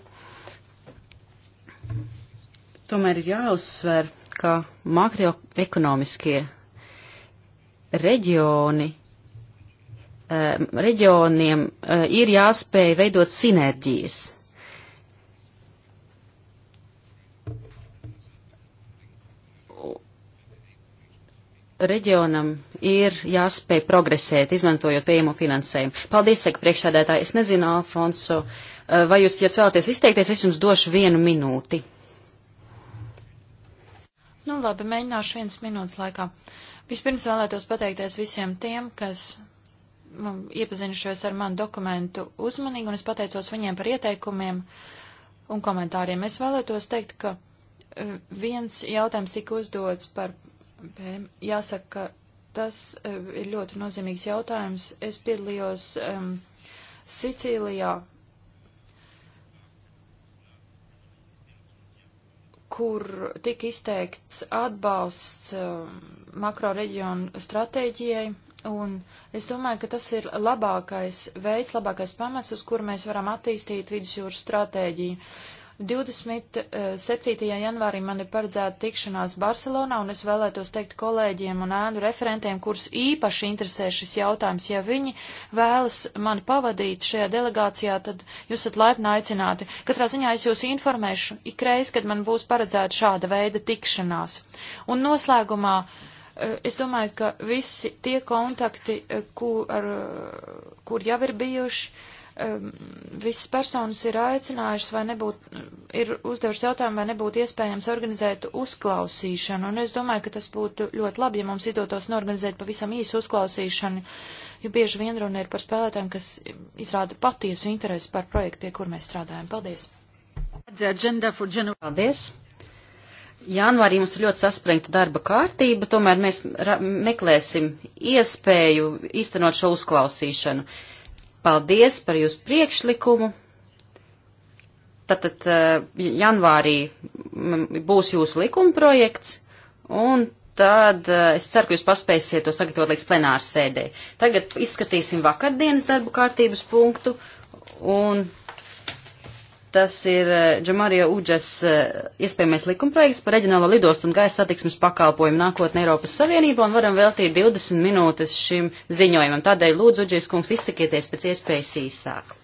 Tomēr ir jāuzsver, ka makroekonomiskie reģioni, eh, reģioniem ir jāspēj veidot sinerģijas reģionam ir jāspēj progresēt, izmantojot pieejamo finansējumu. Paldies, saka priekšsēdētāji. Es nezinu, Alfonso, eh, vai jūs, ja jūs vēlaties izteikties, es jums došu vienu minūti. Nu labi, mēģināšu viens minūtes laikā. Vispirms vēlētos pateikties visiem tiem, kas nu, iepazinušies ar manu dokumentu uzmanīgi, un es pateicos viņiem par ieteikumiem un komentāriem. Es vēlētos teikt, ka eh, viens jautājums tika uzdots par Jāsaka, ka tas eh, ir ļoti nozīmīgs jautājums. Es piedalījos um, Sicīlijā, kur tika izteikts atbalsts um, ehm, makro reģionu stratēģijai, un es domāju, ka tas ir labākais veids, labākais pamats, uz kur mēs varam attīstīt vidusjūras stratēģiju. Uh, 27. Eh, janvārī man ir paredzēta tikšanās Barcelonā, un es vēlētos teikt kolēģiem un ēnu referentiem, kurus īpaši interesē šis jautājums. Ja viņi vēlas mani pavadīt šajā delegācijā, tad jūs esat laipni aicināti. Katrā ziņā es jūs informēšu ikreiz, kad man būs paredzēta šāda veida tikšanās. Un noslēgumā. Eh, es domāju, ka visi tie kontakti, eh, kur, ar, kur jau ir bijuši, uh, visas personas ir aicinājušas vai nebūtu, ir uzdevušas jautājumu, vai nebūtu iespējams organizēt uzklausīšanu. Un es domāju, ka tas būtu ļoti labi, ja mums izdotos norganizēt pavisam īsu uzklausīšanu, jo bieži vien runa ir par spēlētājiem, kas izrāda patiesu interesi par projektu, pie kur mēs strādājam. Paldies! Paldies! Janvārī mums ir ļoti saspringta darba kārtība, tomēr mēs meklēsim iespēju iztenot šo uzklausīšanu. Paldies par jūsu priekšlikumu. Tātad eh, janvārī būs jūsu likuma projekts, un tad eh, es ceru, ka jūs paspēsiet to sagatavot līdz plenāru sēdē. Tagad izskatīsim vakardienas darbu kārtības punktu, un Tas ir eh, Džamarija Uģes eh, iespējamais likumprojekts par reģionālo lidostu un gaisa satiksmes pakalpojumu nākotnē Eiropas Savienībā un varam veltīt 20 minūtes šim ziņojumam. Tādēļ lūdzu, Uģes kungs, izsakieties pēc iespējas īsāk.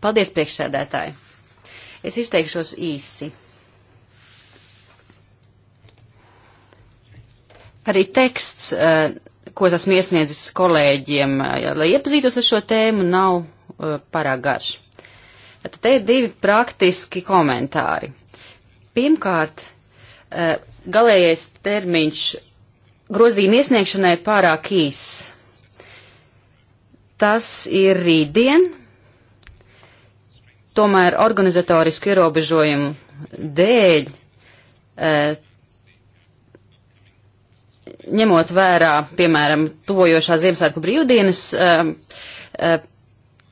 Paldies, priekšsēdētāji. Es izteikšos īsi. Arī teksts uh, ko esmu iesniedzis kolēģiem, lai iepazītos ar šo tēmu, nav pārāk garš. Tad te ir divi praktiski komentāri. Pirmkārt, galējais termiņš grozījuma iesniegšanai ir pārāk īss. Tas ir rītdien, tomēr organizatorisku ierobežojumu dēļ ņemot vērā, piemēram, tuvojošā Ziemassvētku brīvdienas, um, um,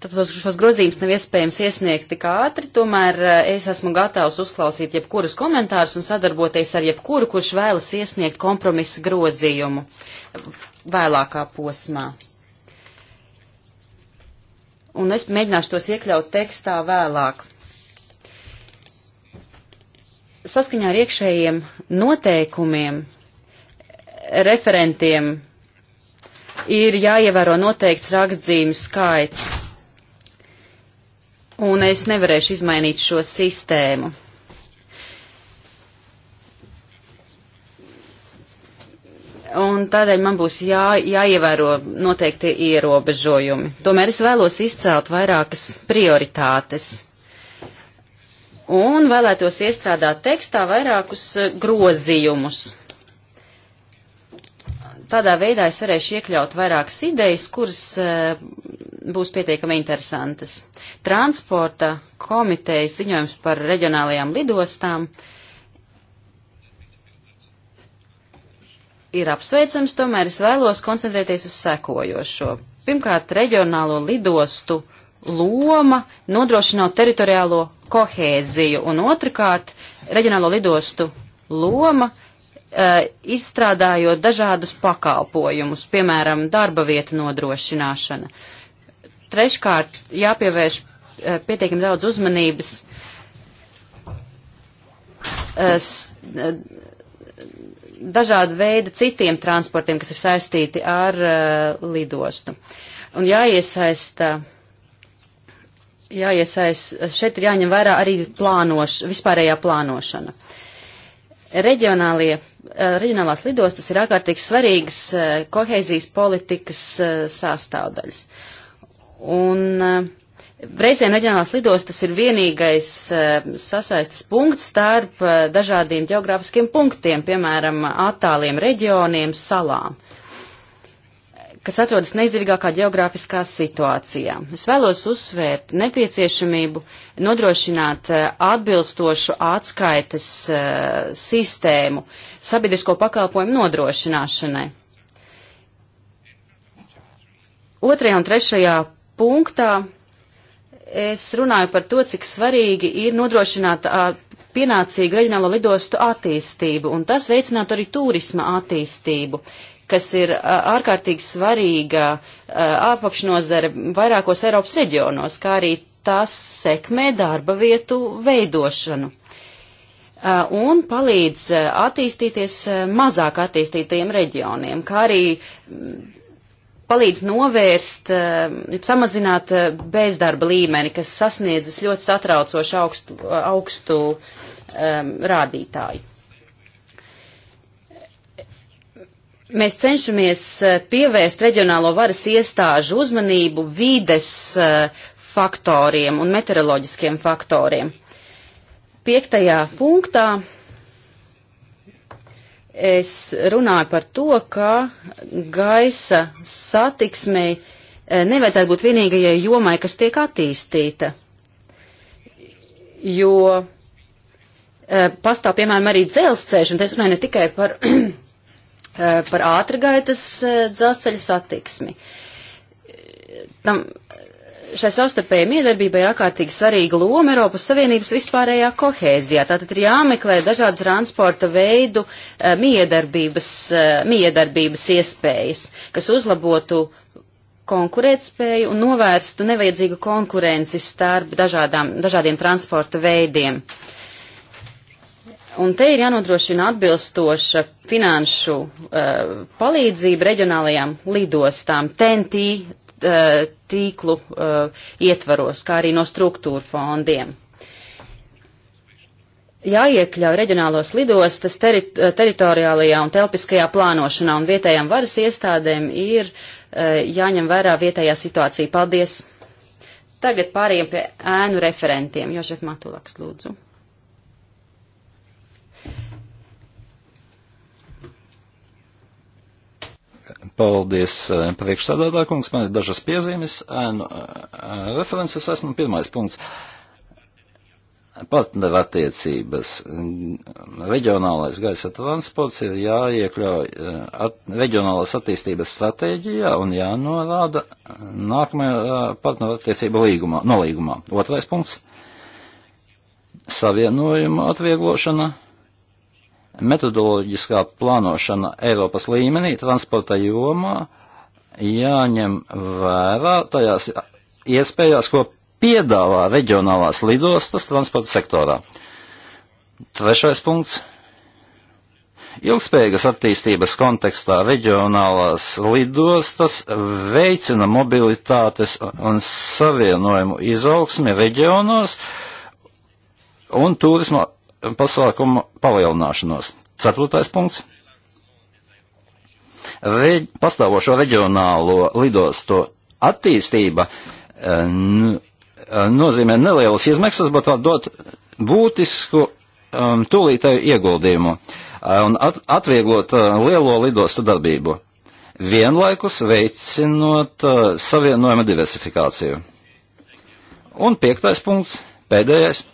tad tos, šos grozījumus nav iespējams iesniegt tik ātri, tomēr uh, es esmu gatavs uzklausīt jebkurus komentārus un sadarboties ar jebkuru, kurš vēlas iesniegt kompromisa grozījumu vēlākā posmā. Un es mēģināšu tos iekļaut tekstā vēlāk saskaņā ar iekšējiem noteikumiem referentiem ir jāievēro noteikts rakstzīmju skaits. Un es nevarēšu izmainīt šo sistēmu. Un tādēļ man būs jā, jāievēro noteikti ierobežojumi. Tomēr es vēlos izcelt vairākas prioritātes. Un vēlētos iestrādāt tekstā vairākus eh, grozījumus tādā veidā es varēšu iekļaut vairākas idejas, kuras e, būs pietiekami interesantas. Transporta komitejas ziņojums par reģionālajām lidostām ir apsveicams, tomēr es vēlos koncentrēties uz sekojošo. Pirmkārt, reģionālo lidostu loma nodrošināt teritoriālo kohēziju, un otrkārt, reģionālo lidostu loma uh, Eh, izstrādājot dažādus pakalpojumus, piemēram, darba vietu nodrošināšana. Treškārt, jāpievērš eh, pietiekami daudz uzmanības eh, dažādu veidu citiem transportiem, kas ir saistīti ar uh, lidostu. Un jāiesaista, jāiesaist, šeit ir jāņem vērā arī plānoš, vispārējā plānošana. Uh, reģionālie, eh, reģionālās lidostas ir ārkārtīgi svarīgas eh, kohēzijas politikas eh, sastāvdaļas. Un reizēm reģionālās lidostas ir vienīgais sasaistes punkts starp dažādiem geogrāfiskiem punktiem, piemēram, attāliem reģioniem, salām. Uh, kas atrodas neizdevīgākā geogrāfiskā situācijā. Es vēlos uzsvērt nepieciešamību nodrošināt eh, atbilstošu atskaites eh, sistēmu sabiedrisko pakalpojumu nodrošināšanai. Otrajā un trešajā punktā es runāju par to, cik svarīgi ir nodrošināt pienācīgu reģionālo lidostu attīstību, un tas veicinātu arī turisma attīstību. Uh, kas ir ārkārtīgi svarīga ārpakšnozare vairākos Eiropas reģionos, kā arī tas sekmē darba vietu veidošanu un palīdz attīstīties mazāk attīstītajiem reģioniem, kā arī palīdz novērst, samazināt bezdarba līmeni, kas sasniedzas ļoti satraucoši augstu, augstu um, rādītāju. Mēs cenšamies eh, pievērst reģionālo varas iestāžu uzmanību vides eh, faktoriem un meteoroloģiskiem faktoriem. Piektajā punktā es runāju par to, ka gaisa satiksmei eh, nevajadzētu būt vienīgajai jomai, kas tiek attīstīta. Jo pastāv, piemēram, arī dzelzceļš, un es runāju ne tikai par Eh, par ātrgaitas eh, dzelzceļa satiksmi. Eh, tam šai savstarpējai miedarbībai ārkārtīgi svarīga loma Eiropas Savienības vispārējā kohēzijā. Tātad ir jāmeklē dažādu transporta veidu miedarbības, miedarbības iespējas, kas uzlabotu konkurētspēju un novērstu nevajadzīgu konkurenci starp dažādām, dažādiem transporta veidiem. Uh, Un te ir jānodrošina atbilstoša finanšu uh, palīdzība reģionālajām lidostām, TNT uh, eh, tīklu uh, ietvaros, kā arī no struktūra fondiem. Jāiekļauj reģionālos lidostas teri teritoriālajā un telpiskajā plānošanā, un vietējām varas iestādēm ir uh, jāņem vērā vietējā situācija. Paldies! Tagad pārējiem pie ēnu referentiem. Jošef Matulaks, lūdzu. Paldies, eh, priekšsādātā kungs. Man ir dažas piezīmes. Nu, references esmu pirmais punkts. Partnerattiecības. Reģionālais gaisa transports ir jāiekļauj at, reģionālās attīstības stratēģijā un jānorāda nākamajā partnerattiecība līgumā, nolīgumā. Otrais punkts. Savienojuma atvieglošana metodoloģiskā plānošana Eiropas līmenī transporta jomā jāņem vērā tajās iespējās, ko piedāvā reģionālās lidostas transporta sektorā. Trešais punkts. Ilgspējīgas attīstības kontekstā reģionālās lidostas veicina mobilitātes un savienojumu izaugsmi reģionos un turismu pasākumu palielināšanos. Ceturtais punkts. Re, pastāvošo reģionālo lidostu attīstība eh, eh, nozīmē nelielas izmaksas, bet var dot būtisku um, tūlītēju ieguldījumu eh, un at, atvieglot uh, lielo lidostu darbību, vienlaikus veicinot uh, savienojuma diversifikāciju. Un piektais punkts, pēdējais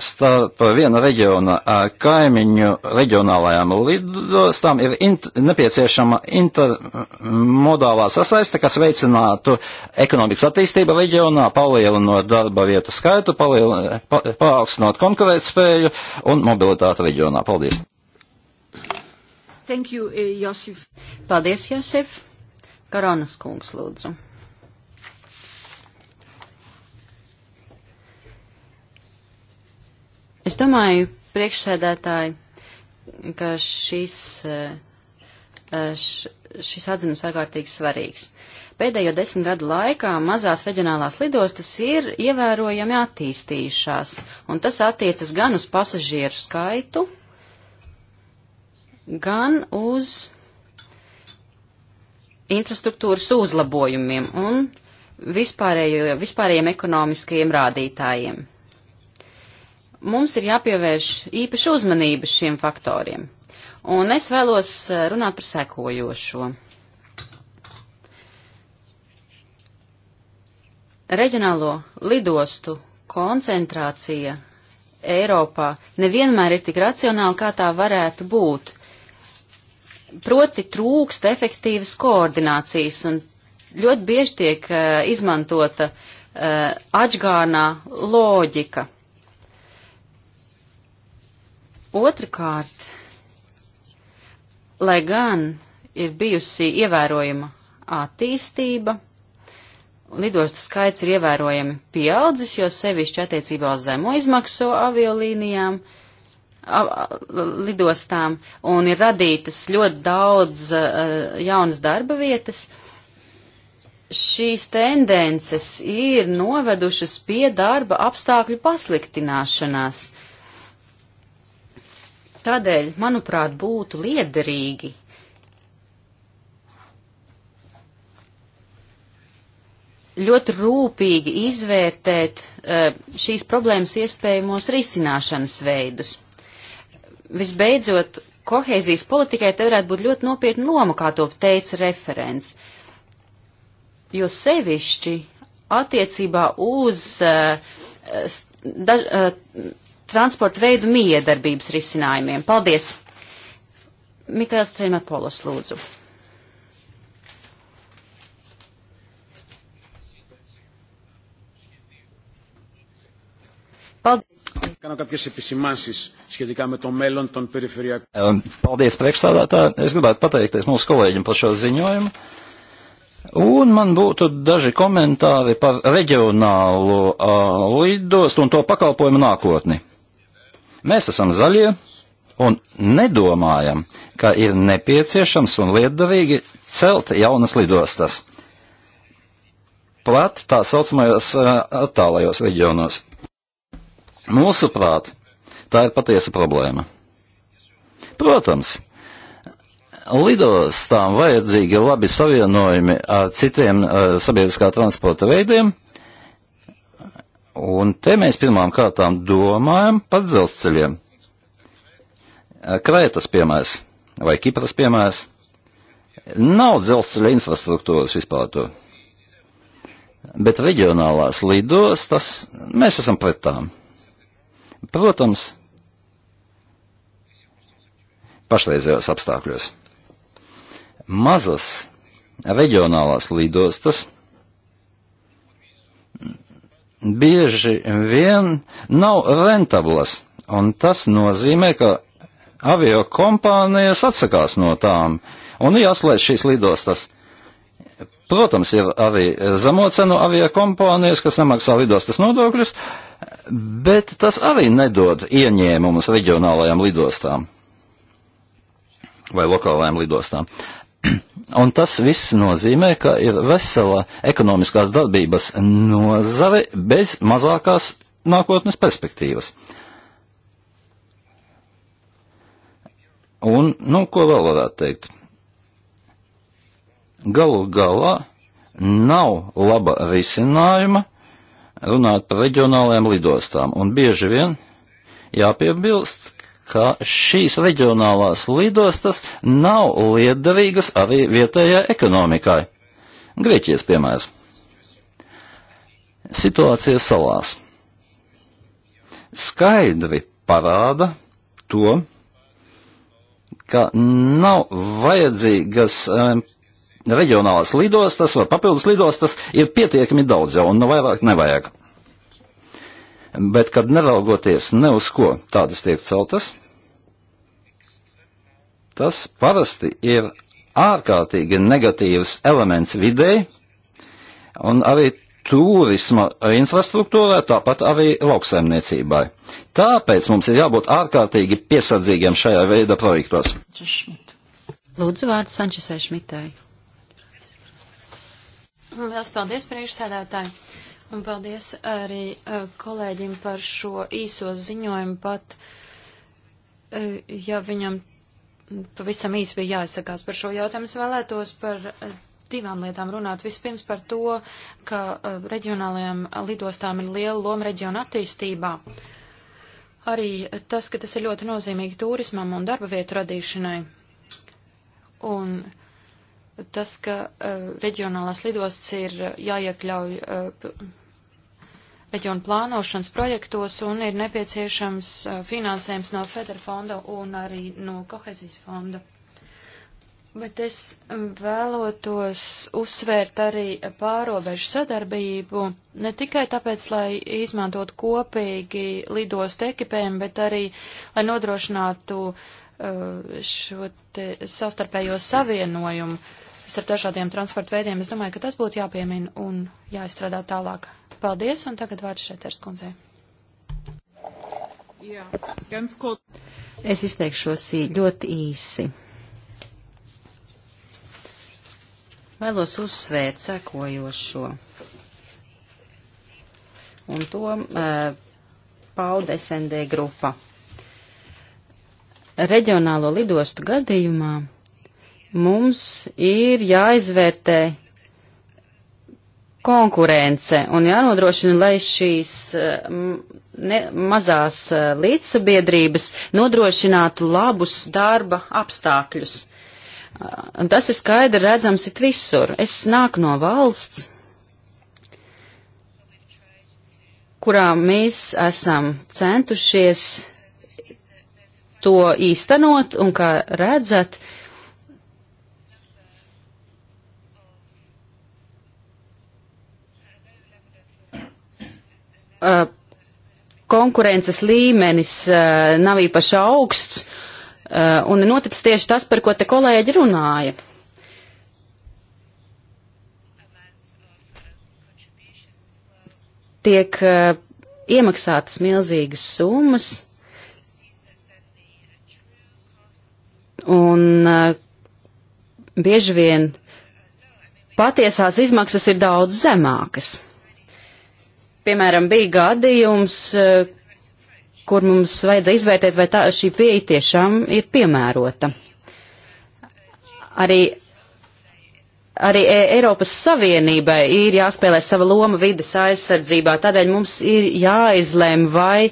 starp viena reģiona kaimiņu reģionālajām lidostām ir int nepieciešama intermodālā sasaiste, kas veicinātu ekonomikas attīstību reģionā, palielinot darba vietu skaitu, pa paaugstinot konkurētspēju un mobilitāti reģionā. Paldies! Thank you, eh, Josif. Paldies, Josif. Karonas kungs, lūdzu. Es domāju, priekšsēdētāji, ka šis, eh, eh, š, šis atzinums ārkārtīgi svarīgs. Pēdējo desmit gadu laikā mazās reģionālās lidostas ir ievērojami attīstījušās, un tas attiecas gan uz pasažieru skaitu, gan uz infrastruktūras uzlabojumiem un vispārējiem ekonomiskajiem rādītājiem mums ir jāpievērš īpaša uzmanība šiem faktoriem. Un es vēlos eh, runāt par sekojošo. Reģionālo lidostu koncentrācija Eiropā nevienmēr ir tik racionāla, kā tā varētu būt. Proti trūkst efektīvas koordinācijas un ļoti bieži tiek uh, izmantota uh, eh, atžgānā loģika. Otrakārt, lai gan ir bijusi ievērojama attīstība, lidostu skaits ir ievērojami pieaudzis, jo sevišķi attiecībā uz zemo izmaksu aviolīnijām, lidostām, un ir radītas ļoti daudz jaunas darba vietas. Šīs tendences ir novedušas pie darba apstākļu pasliktināšanās Tādēļ, manuprāt, būtu liederīgi ļoti rūpīgi izvērtēt e, šīs problēmas iespējamos risināšanas veidus. Visbeidzot, kohēzijas politikai te varētu būt ļoti nopietni noma, kā to teica referents, jo sevišķi attiecībā uz e, daž, e, transporta veidu miedarbības risinājumiem. Paldies! Mikls Trimapolos lūdzu. Paldies, priekšstādātāji. Es gribētu pateikties mūsu kolēģim par šo ziņojumu. Un man būtu daži komentāri par reģionālu uh, lidostu un to pakalpojumu nākotni. Mēs esam zaļie un nedomājam, ka ir nepieciešams un lietderīgi celt jaunas lidostas. Pat tā saucamajos attālajos reģionos. Mūsuprāt, tā ir patiesa problēma. Protams, lidostām vajadzīgi labi savienojumi ar citiem uh, sabiedriskā transporta veidiem, Un te mēs pirmām kārtām domājam par dzelzceļiem. Krētas piemērs vai Kipras piemērs. Nav dzelzceļa infrastruktūras vispār to. Bet reģionālās lidostas mēs esam pret tām. Protams, pašreizējos apstākļos. Mazas reģionālās lidostas bieži vien nav rentablas, un tas nozīmē, ka avio kompānijas atsakās no tām un jāslēdz šīs lidostas. Protams, ir arī zemo cenu avio kompānijas, kas nemaksā lidostas nodokļus, bet tas arī nedod ieņēmumus reģionālajām lidostām vai lokālajām lidostām. Uh, Un tas viss nozīmē, ka ir vesela ekonomiskās darbības nozare bez mazākās nākotnes perspektīvas. Un, nu, ko vēl varētu teikt? Galu galā nav laba risinājuma runāt par reģionālajām lidostām, un bieži vien jāpiebilst, ka šīs reģionālās lidostas nav liederīgas arī vietējai ekonomikai. Grieķijas piemērs. Situācija salās skaidri parāda to, ka nav vajadzīgas um, reģionālās lidostas vai papildus lidostas, ir pietiekami daudz jau un vairāk nevajag bet kad neraugoties ne uz ko tādas tiek celtas, tas parasti ir ārkārtīgi negatīvs elements videi un arī turisma infrastruktūrā, tāpat arī lauksaimniecībai. Tāpēc mums ir jābūt ārkārtīgi piesardzīgiem šajā veida projektos. Lūdzu vārdu Sančesai Šmitai. Lielas paldies, priekšsēdētāji. Uh, Un paldies arī uh, kolēģim par šo īso ziņojumu, pat uh, ja viņam pavisam īsi bija jāizsakās par šo jautājumu, es vēlētos par uh, divām lietām runāt. Vispirms par to, ka uh, reģionālajām lidostām ir liela loma reģiona attīstībā. Arī tas, ka tas ir ļoti nozīmīgi turismam un darba vietu radīšanai. Un tas, ka uh, reģionālās lidostas ir jāiekļauj uh, reģionu plānošanas projektos un ir nepieciešams uh, finansējums no Federa fonda un arī no kohezijas fonda. Bet es um, vēlotos uzsvērt arī pārobežu sadarbību, ne tikai tāpēc, lai izmantot kopīgi lidostu ekipējumu, bet arī, lai nodrošinātu uh, šo te savstarpējo savienojumu. Uh, starp dažādiem transporta veidiem. Es domāju, ka tas būtu jāpiemina un jāizstrādā tālāk. Paldies, un tagad vārds Šeters kundzei. Jā, ganz kurz. Es izteikšos ļoti īsi. Vēlos uzsvērt sekojošo. Un to uh, pauda SND grupa. Reģionālo lidostu gadījumā Mums ir jāizvērtē konkurence un jānodrošina, lai šīs eh, ne, mazās eh, līdzsabiedrības nodrošinātu labus darba apstākļus. Eh, un tas ir skaidri redzams it visur. Es nāku no valsts, kurā mēs esam centušies to īstenot, un kā redzat, uh, uh, konkurences līmenis uh, nav īpaši augsts, uh, un noticis tieši tas, par ko te kolēģi runāja. Tiek uh, iemaksātas milzīgas summas, un uh, bieži vien patiesās izmaksas ir daudz zemākas piemēram, bija gadījums, eh, kur mums vajadzēja izvērtēt, vai tā šī pieeja tiešām ir piemērota. Arī, arī e- Eiropas Savienībai ir jāspēlē sava loma vides aizsardzībā, tādēļ mums ir jāizlēm, vai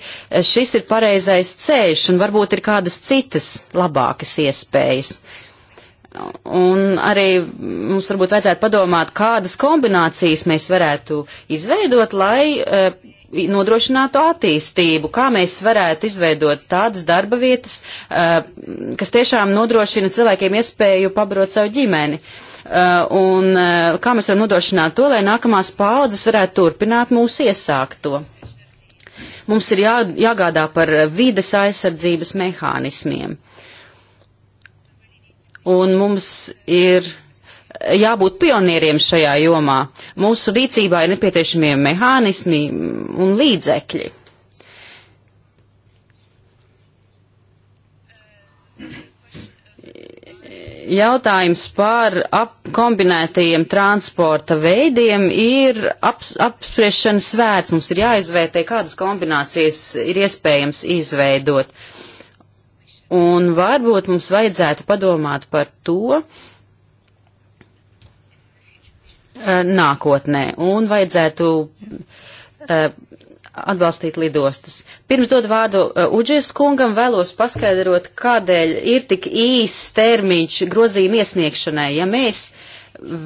šis ir pareizais ceļš un varbūt ir kādas citas labākas iespējas. Uh, Un arī mums varbūt vajadzētu padomāt, kādas kombinācijas mēs varētu izveidot, lai e, nodrošinātu attīstību, kā mēs varētu izveidot tādas darba vietas, e, kas tiešām nodrošina cilvēkiem iespēju pabarot savu ģimeni. E, un kā mēs varam nodrošināt to, lai nākamās paudzes varētu turpināt mūsu iesākto. Mums ir jā, jāgādā par vides aizsardzības mehānismiem. Uh, un mums ir jābūt pionieriem šajā jomā. Mūsu rīcībā ir nepieciešamie mehānismi un līdzekļi. Jautājums par kombinētajiem transporta veidiem ir ap, apspriešanas vērts. Mums ir jāizvērtē, kādas kombinācijas ir iespējams izveidot. Uh, Un varbūt mums vajadzētu padomāt par to, eh, nākotnē un vajadzētu uh, atbalstīt lidostas. Pirms dod vārdu uh, eh, Uģies kungam vēlos paskaidrot, kādēļ ir tik īs termiņš grozījuma iesniegšanai. Ja mēs uh,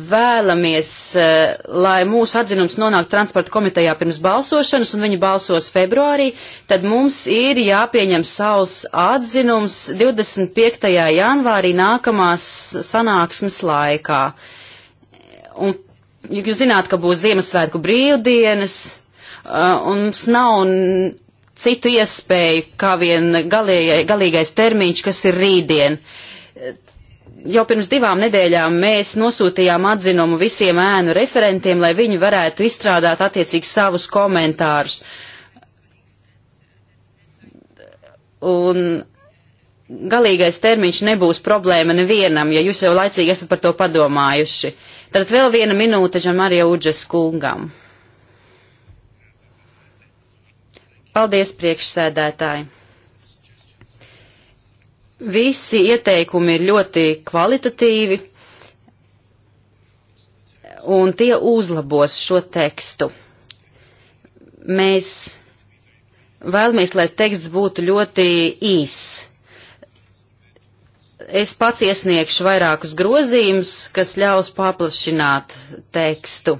vēlamies, eh, lai mūsu atzinums nonāk transporta komitejā pirms balsošanas, un viņi balsos februārī, tad mums ir jāpieņem savs atzinums 25. janvārī nākamās sanāksmes laikā. Un jūs zināt, ka būs Ziemassvētku brīvdienas, eh, un mums nav citu iespēju, kā vien galīgais termiņš, kas ir rītdien jau pirms divām nedēļām mēs nosūtījām atzinumu visiem ēnu referentiem, lai viņi varētu izstrādāt attiecīgi savus komentārus. Un galīgais termiņš nebūs problēma nevienam, ja jūs jau laicīgi esat par to padomājuši. Tad vēl viena minūte Žanmarija Uģes kungam. Paldies priekšsēdētāji! Visi ieteikumi ir ļoti kvalitatīvi, un tie uzlabos šo tekstu. Mēs vēlamies, lai teksts būtu ļoti īss. Es pats iesniegšu vairākus grozījumus, kas ļaus paplašināt tekstu.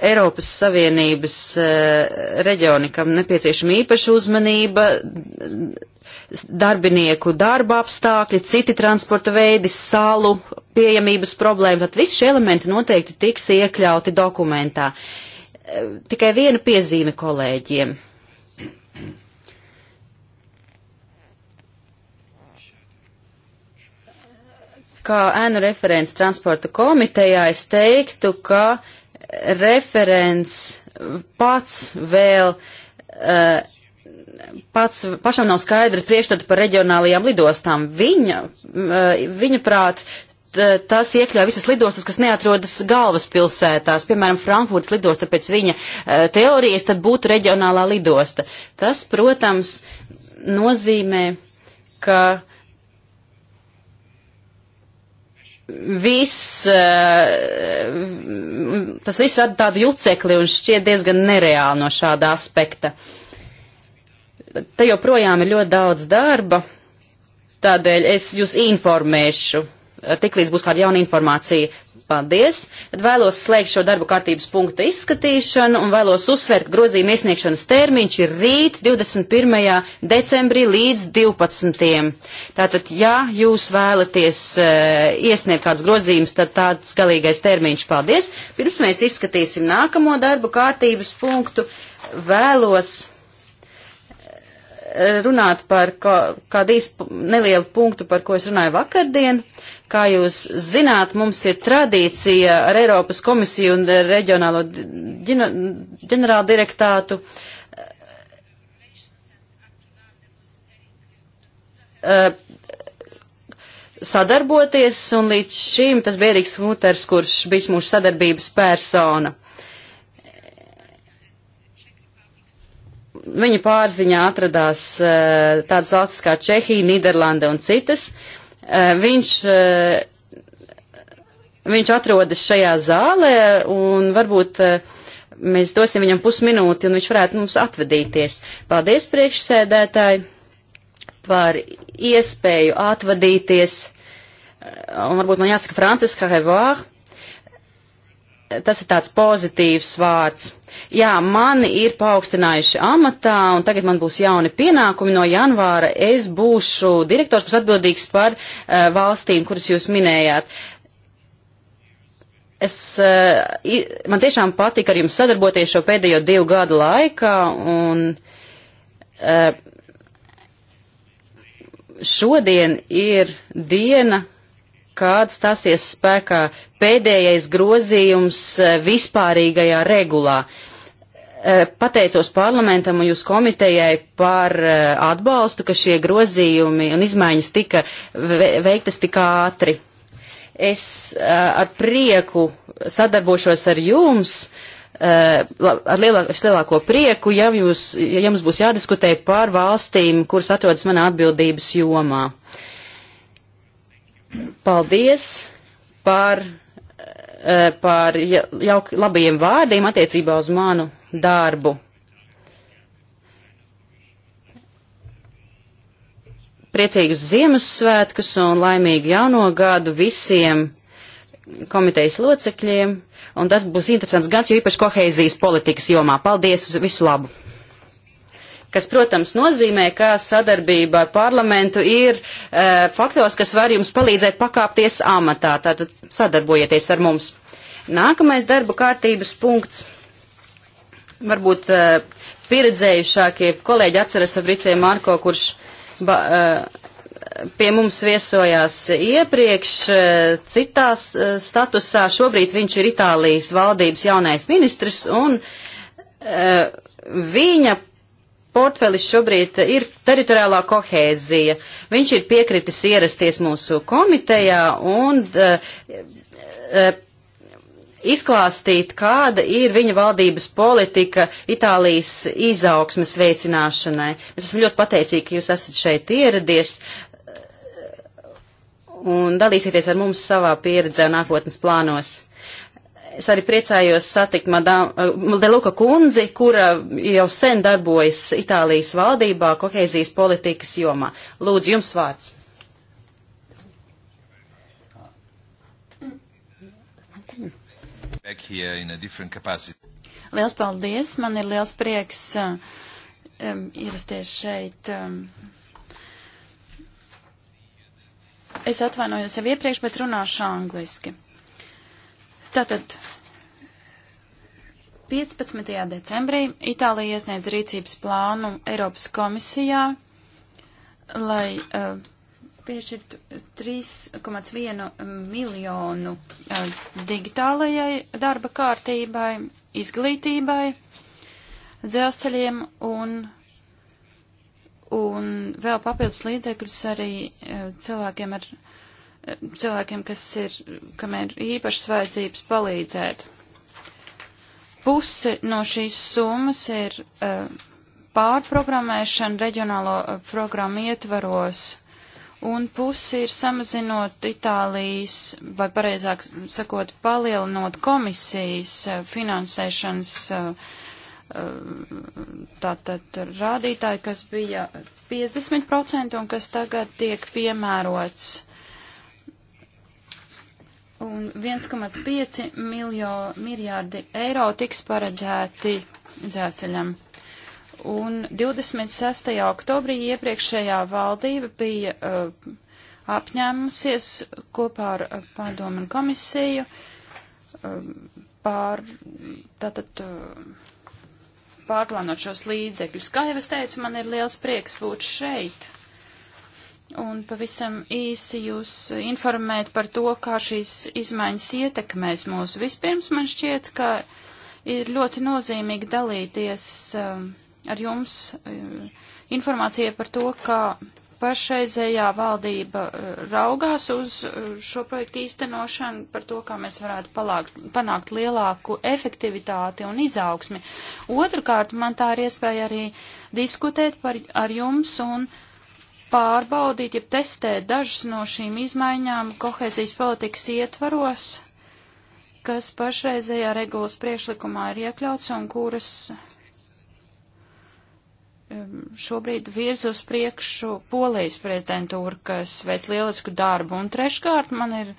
Eiropas Savienības eh, reģioni, kam nepieciešama īpaša uzmanība, darbinieku darba apstākļi, citi transporta veidi, salu pieejamības problēma, tad visi šie elementi noteikti tiks iekļauti dokumentā. Eh, tikai viena piezīme kolēģiem. Kā ēnu referents transporta komitejā, es teiktu, ka uh, referents pats vēl uh, pats, pašam nav skaidri priekšstata par reģionālajām lidostām. Viņa, eh, viņa prāt, tas iekļauj visas lidostas, kas neatrodas galvaspilsētās, piemēram, Frankfurtas lidosta pēc viņa eh, teorijas, tad būtu reģionālā lidosta. Tas, protams, nozīmē, ka viss, eh, tas viss rada tādu jucekli un šķiet diezgan nereāli no šāda aspekta. Te joprojām ir ļoti daudz darba, tādēļ es jūs informēšu, eh, tiklīdz būs kāda jauna informācija Paldies! Tad vēlos slēgt šo darbu kārtības punktu izskatīšanu un vēlos uzsvērt, ka grozījuma iesniegšanas termiņš ir rīt 21. decembrī līdz 12. Tātad, ja jūs vēlaties uh, iesniegt kāds grozījums, tad tāds galīgais termiņš. Paldies! Pirms mēs izskatīsim nākamo darbu kārtības punktu, vēlos runāt par kā, kādu īstu nelielu punktu, par ko es runāju vakardien. Kā jūs zināt, mums ir tradīcija ar Eiropas komisiju un reģionālo ģenerālu direktātu eh, sadarboties, un līdz šim tas bija Eriks Hūters, kurš bijis mūsu sadarbības persona. viņa pārziņā atradās uh, tādas valstis kā Čehija, Nīderlanda un citas. Uh, viņš, uh, viņš atrodas šajā zālē un varbūt uh, mēs dosim viņam pusminūti un viņš varētu mums atvadīties. Paldies priekšsēdētāji par iespēju atvadīties. Un varbūt man jāsaka Franciska Hevā. Tas ir tāds pozitīvs vārds Jā, mani ir paaugstinājuši amatā, un tagad man būs jauni pienākumi. No janvāra es būšu direktors, kas atbildīgs par uh, valstīm, kuras jūs minējāt. Es, uh, i, man tiešām patīk ar jums sadarboties šo pēdējo divu gadu laikā, un uh, šodien ir diena, uh, kad stāsies spēkā pēdējais grozījums e, vispārīgajā regulā. E, pateicos parlamentam un jūs komitejai par e, atbalstu, ka šie grozījumi un izmaiņas tika veiktas tik ātri. Es ar prieku sadarbošos ar jums, ar lielāko, lielāko prieku, ja, jūs, ja jums būs jādiskutē par valstīm, kuras atrodas manā atbildības jomā. Uh, Paldies par, eh, par jauk, labajiem vārdiem attiecībā uz manu darbu. Priecīgus Ziemassvētkus un laimīgu jauno gadu visiem komitejas locekļiem, un tas būs interesants gads, jo īpaši koheizijas politikas jomā. Paldies uz visu labu! kas, protams, nozīmē, ka sadarbība ar parlamentu ir e, eh, faktors, kas var jums palīdzēt pakāpties amatā. Tātad sadarbojieties ar mums. Nākamais darba kārtības punkts. Varbūt e, pieredzējušākie kolēģi atceras Fabricē Marko, kurš ba, e, pie mums viesojās iepriekš e, citās e, statusā. Šobrīd viņš ir Itālijas valdības jaunais ministrs un e, viņa portfelis šobrīd ir teritoriālā kohēzija. Viņš ir piekritis ierasties mūsu komitejā un uh, uh, izklāstīt, kāda ir viņa valdības politika Itālijas izaugsmes veicināšanai. Mēs esam ļoti pateicīgi, ka jūs esat šeit ieradies eh, un dalīsieties ar mums savā pieredzē un nākotnes plānos. Es arī priecājos satikt Madame eh, Deluka kundzi, kura jau sen darbojas Itālijas valdībā kohēzijas politikas jomā. Lūdzu, jums vārds. Liels paldies! Man ir liels prieks um, ierasties šeit. Um, es atvainojos jau iepriekš, bet runāšu angliski. Tātad 15. decembrī Itālija iesniedz rīcības plānu Eiropas komisijā, lai uh, piešķirtu 3,1 miljonu uh, digitālajai darba kārtībai, izglītībai, dzelzceļiem un, un vēl papildus līdzekļus arī uh, cilvēkiem ar cilvēkiem, kas ir, kam ir īpašas vajadzības palīdzēt. Pusi no šīs summas ir uh, pārprogrammēšana reģionālo uh, programmu ietvaros, un pusi ir samazinot Itālijas, vai pareizāk sakot, palielinot komisijas uh, finansēšanas tātad rādītāji, kas bija 50% un kas tagad tiek piemērots un 1,5 miljārdi eiro tiks paredzēti dzelceļam. Un 26. oktobrī iepriekšējā valdība bija uh, apņēmusies kopā ar uh, padomu un komisiju uh, pār, tātad, uh, pārplānot šos līdzekļus. Kā jau es teicu, man ir liels prieks būt šeit un pavisam īsi jūs informēt par to, kā šīs izmaiņas ietekmēs mūs. Vispirms man šķiet, ka ir ļoti nozīmīgi dalīties um, ar jums uh, informācija par to, kā pašreizējā valdība uh, raugās uz uh, šo projektu īstenošanu, par to, kā mēs varētu palākt, panākt lielāku efektivitāti un izaugsmi. Otrkārt, man tā ir iespēja arī diskutēt par, ar jums un uh, pārbaudīt, ja testēt dažas no šīm izmaiņām kohēzijas politikas ietvaros, kas pašreizējā regulas priekšlikumā ir iekļauts un kuras šobrīd virz uz priekšu Polijas prezidentūra, kas veic lielisku darbu. Un treškārt man ir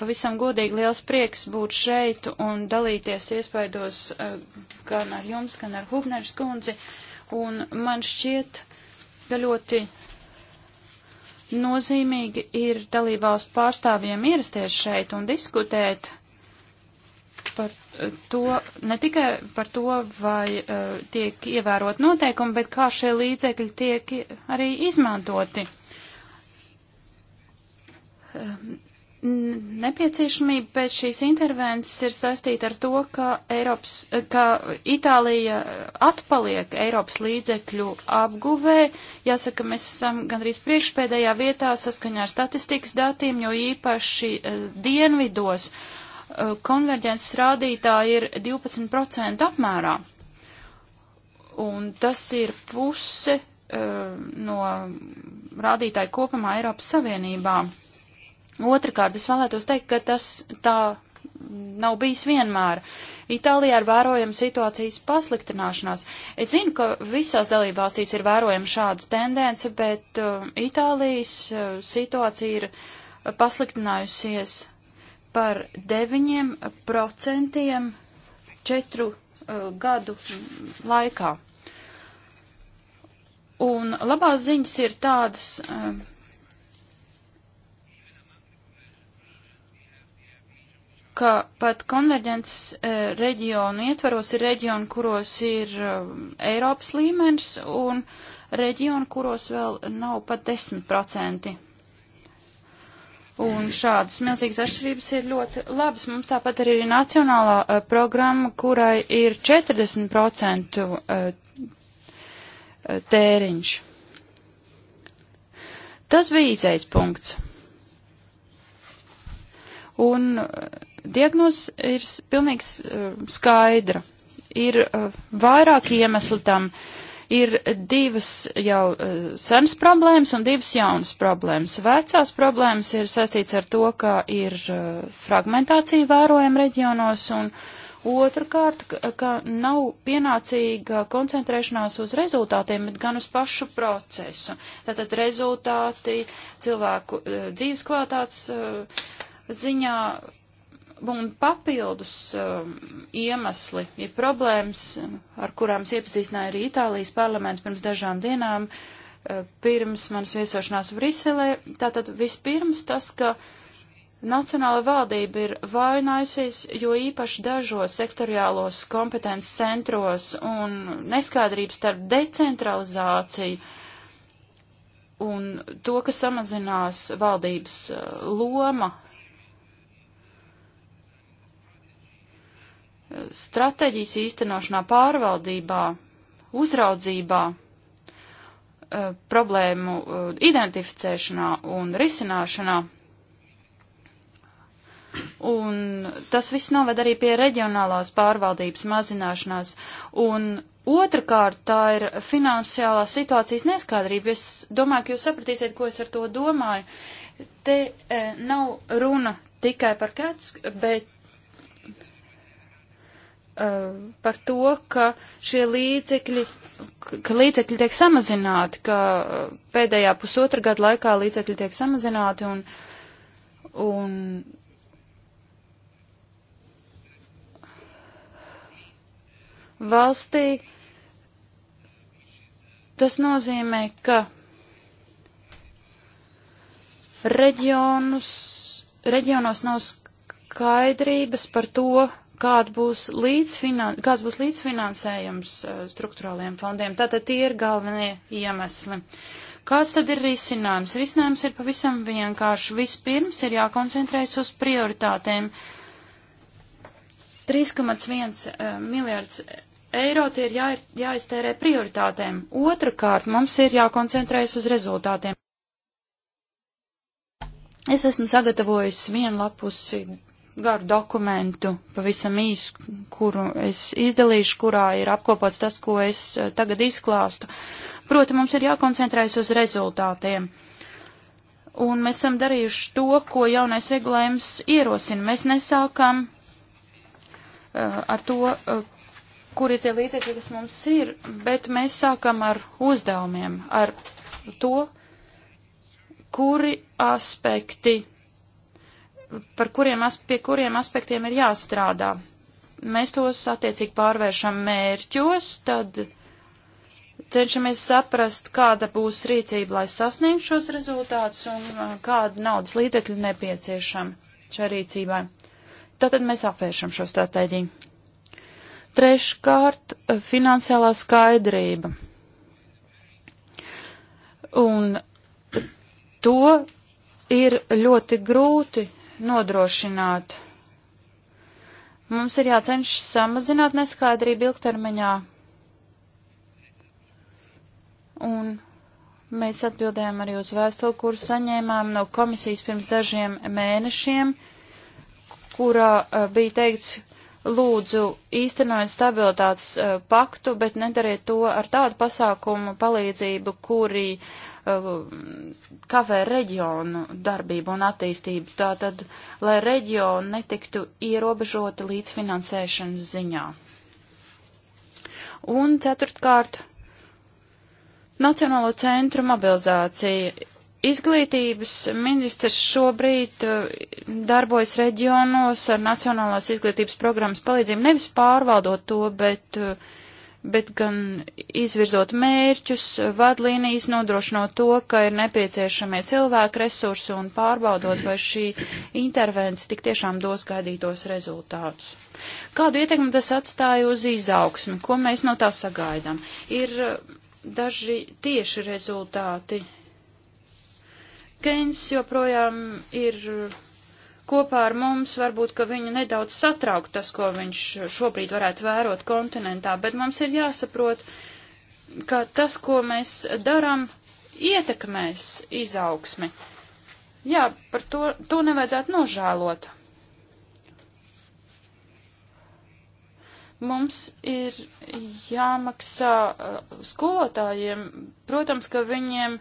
pavisam godīgi liels prieks būt šeit un dalīties iespaidos eh, gan ar jums, gan ar Hubneris kundzi. Un man šķiet, ka ļoti nozīmīgi ir dalībvalstu pārstāvjiem ierasties šeit un diskutēt par eh, to, ne tikai par to, vai uh, tiek ievērot noteikumi, bet kā šie līdzekļi tiek arī izmantoti. Um, nepieciešamība pēc šīs intervences ir saistīta ar to, ka, Eiropas, ka Itālija atpaliek Eiropas līdzekļu apguvē. Jāsaka, mēs esam gandrīz priekšpēdējā vietā saskaņā ar statistikas datiem, jo īpaši uh, dienvidos uh, konverģences rādītāji ir 12% apmērā. Un tas ir puse uh, no rādītāju kopumā Eiropas Savienībā. Otrakārt, es vēlētos teikt, ka tas tā nav bijis vienmēr. Itālijā ir vērojama situācijas pasliktināšanās. Es zinu, ka visās dalībvalstīs ir vērojama šāda tendence, bet uh, Itālijas uh, situācija ir pasliktinājusies par 9% četru uh, gadu laikā. Un labās ziņas ir tādas, uh, ka pat konverģences e, reģionu ietvaros ir reģioni, kuros ir e, Eiropas līmenis un reģioni, kuros vēl nav pat 10%. Un šādas milzīgas atšķirības ir ļoti labas. Mums tāpat arī ir nacionālā e, programma, kurai ir 40% e, e, tēriņš. Tas bija īsais punkts. Un Diagnoz ir pilnīgs eh, skaidra. Ir eh, vairāki iemesli tam. Ir divas jau eh, senas problēmas un divas jaunas problēmas. Vecās problēmas ir saistīts ar to, ka ir fragmentācija vērojama reģionos un Otrakārt, ka nav pienācīga koncentrēšanās uz rezultātiem, bet gan uz pašu procesu. Tātad rezultāti cilvēku dzīves kvalitātes ziņā Un papildus um, iemesli, ja problēmas, um, ar kurām iepazīstināja arī Itālijas parlaments pirms dažām dienām, uh, pirms manas viesošanās Briselē, tātad vispirms tas, ka Nacionāla valdība ir vainājusies, jo īpaši dažos sektoriālos kompetences centros un neskaidrības starp decentralizāciju un to, ka samazinās valdības uh, loma stratēģijas īstenošanā, pārvaldībā, uzraudzībā, eh, problēmu eh, identificēšanā un risināšanā. Un tas viss noved arī pie reģionālās pārvaldības mazināšanās. Un otrkārt, tā ir finansiālā situācijas neskaidrība. Es domāju, ka jūs sapratīsiet, ko es ar to domāju. Te e, nav runa tikai par cats, bet Uh, par to, ka šie līdzekļi, ka līdzekļi tiek samazināti, ka pēdējā pusotra gada laikā līdzekļi tiek samazināti un, un valstī tas nozīmē, ka reģionus, reģionos nav skaidrības par to, kād būs līdzfinan, kāds būs līdzfinansējums uh, struktūrāliem fondiem. Tātad tie ir galvenie iemesli. Kāds tad ir risinājums? Risinājums ir pavisam vienkārši. Vispirms ir jākoncentrējas uz prioritātēm. 3,1 uh, miljards eiro tie ir jā, jāiztērē prioritātēm. Otrakārt, mums ir jākoncentrējas uz rezultātiem. Es esmu sagatavojis vienu lapusi garu dokumentu, pavisam īsu, kuru es izdalīšu, kurā ir apkopots tas, ko es eh, tagad izklāstu. Proti, mums ir jākoncentrējas uz rezultātiem. Un mēs esam darījuši to, ko jaunais regulējums ierosina. Mēs nesākam uh, ar to, uh, kur ir tie līdzekļi, kas mums ir, bet mēs sākam ar uzdevumiem, ar to, kuri aspekti par kuriem, pie kuriem aspektiem ir jāstrādā. Mēs tos attiecīgi pārvēršam mērķos, tad cenšamies saprast, kāda būs rīcība, lai sasniegtu šos rezultātus un kāda naudas līdzekļi nepieciešama šai rīcībai. Tātad mēs apvēršam šo stratēģiju. Treškārt, finansiālā skaidrība. Un to ir ļoti grūti nodrošināt. Mums ir jācenšas samazināt neskaidrību ilgtermiņā. Un mēs atbildējām arī uz vēstuli, kuru saņēmām no komisijas pirms dažiem mēnešiem, kurā uh, bija teikts, lūdzu īstenojot stabilitātes uh, paktu, bet nedariet to ar tādu pasākumu palīdzību, kuri uh, Uh, kavē reģionu darbību un attīstību, tātad, lai reģioni netiktu ierobežoti līdz finansēšanas ziņā. Un ceturtkārt, Nacionālo centru mobilizācija. Izglītības ministrs šobrīd uh, darbojas reģionos ar Nacionālās izglītības programmas palīdzību, nevis pārvaldot to, bet uh, bet gan izvirzot mērķus, vadlīnijas, nodrošinot to, ka ir nepieciešamie cilvēku resursi un pārbaudot, vai šī intervence tik tiešām dos gaidītos rezultātus. Kādu ietekmi tas atstāja uz izaugsmi, ko mēs no tā sagaidām? Ir eh, daži tieši rezultāti. Keins joprojām ir kopā ar mums, varbūt, ka viņu nedaudz satraukt tas, ko viņš šobrīd varētu vērot kontinentā, bet mums ir jāsaprot, ka tas, ko mēs darām, ietekmēs izaugsmi. Jā, par to, to nevajadzētu nožēlot. mums ir jāmaksā uh, skolotājiem. Protams, ka viņiem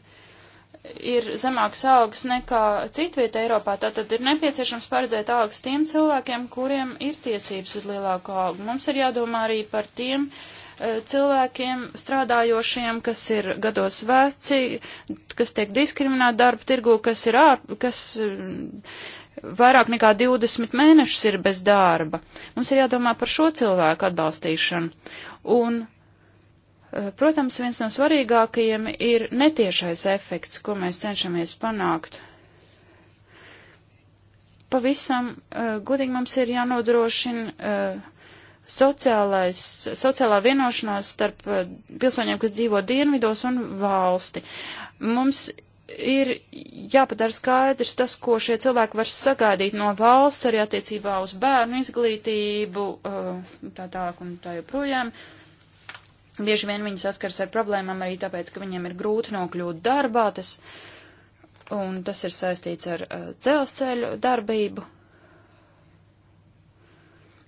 ir zemāks algas nekā citvieta Eiropā, tātad ir nepieciešams paredzēt algas tiem cilvēkiem, kuriem ir tiesības uz lielāku algu. Mums ir jādomā arī par tiem uh, cilvēkiem strādājošiem, kas ir gados veci, kas tiek diskriminēti darba tirgu, kas ir ār, kas uh, vairāk nekā 20 mēnešus ir bez darba. Mums ir jādomā par šo cilvēku atbalstīšanu. Un Protams, viens no svarīgākajiem ir netiešais efekts, ko mēs cenšamies panākt. Pavisam eh, gudīgi mums ir jānodrošina eh, sociālais, sociālā vienošanās starp eh, pilsoņiem, kas dzīvo dienvidos un valsti. Mums ir jāpadara skaidrs tas, ko šie cilvēki var sagaidīt no valsts arī attiecībā uz bērnu izglītību, tā tālāk un tā joprojām. Tā Bieži vien viņi saskars ar problēmām arī tāpēc, ka viņiem ir grūti nokļūt darbā, tas, un tas ir saistīts ar uh, dzelzceļu darbību.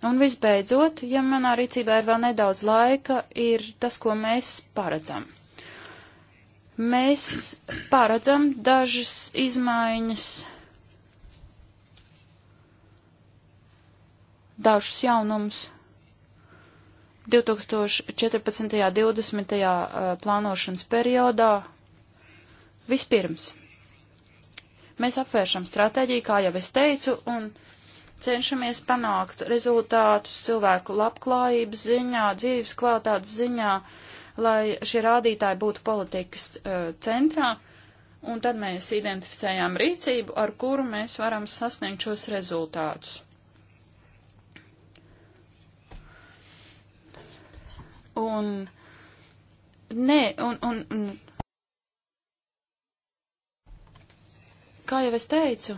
Un visbeidzot, ja manā rīcībā ir vēl nedaudz laika, ir tas, ko mēs paredzam mēs paredzam dažas izmaiņas, dažus jaunumus. 2014. un 2020. Eh, plānošanas periodā. Vispirms, mēs apvēršam stratēģiju, kā jau es teicu, un cenšamies panākt rezultātus cilvēku labklājības ziņā, dzīves kvalitātes ziņā, lai šie rādītāji būtu politikas uh, centrā, un tad mēs identificējām rīcību, ar kuru mēs varam sasniegt šos rezultātus. un. Nē, un. un, un kā jau es teicu,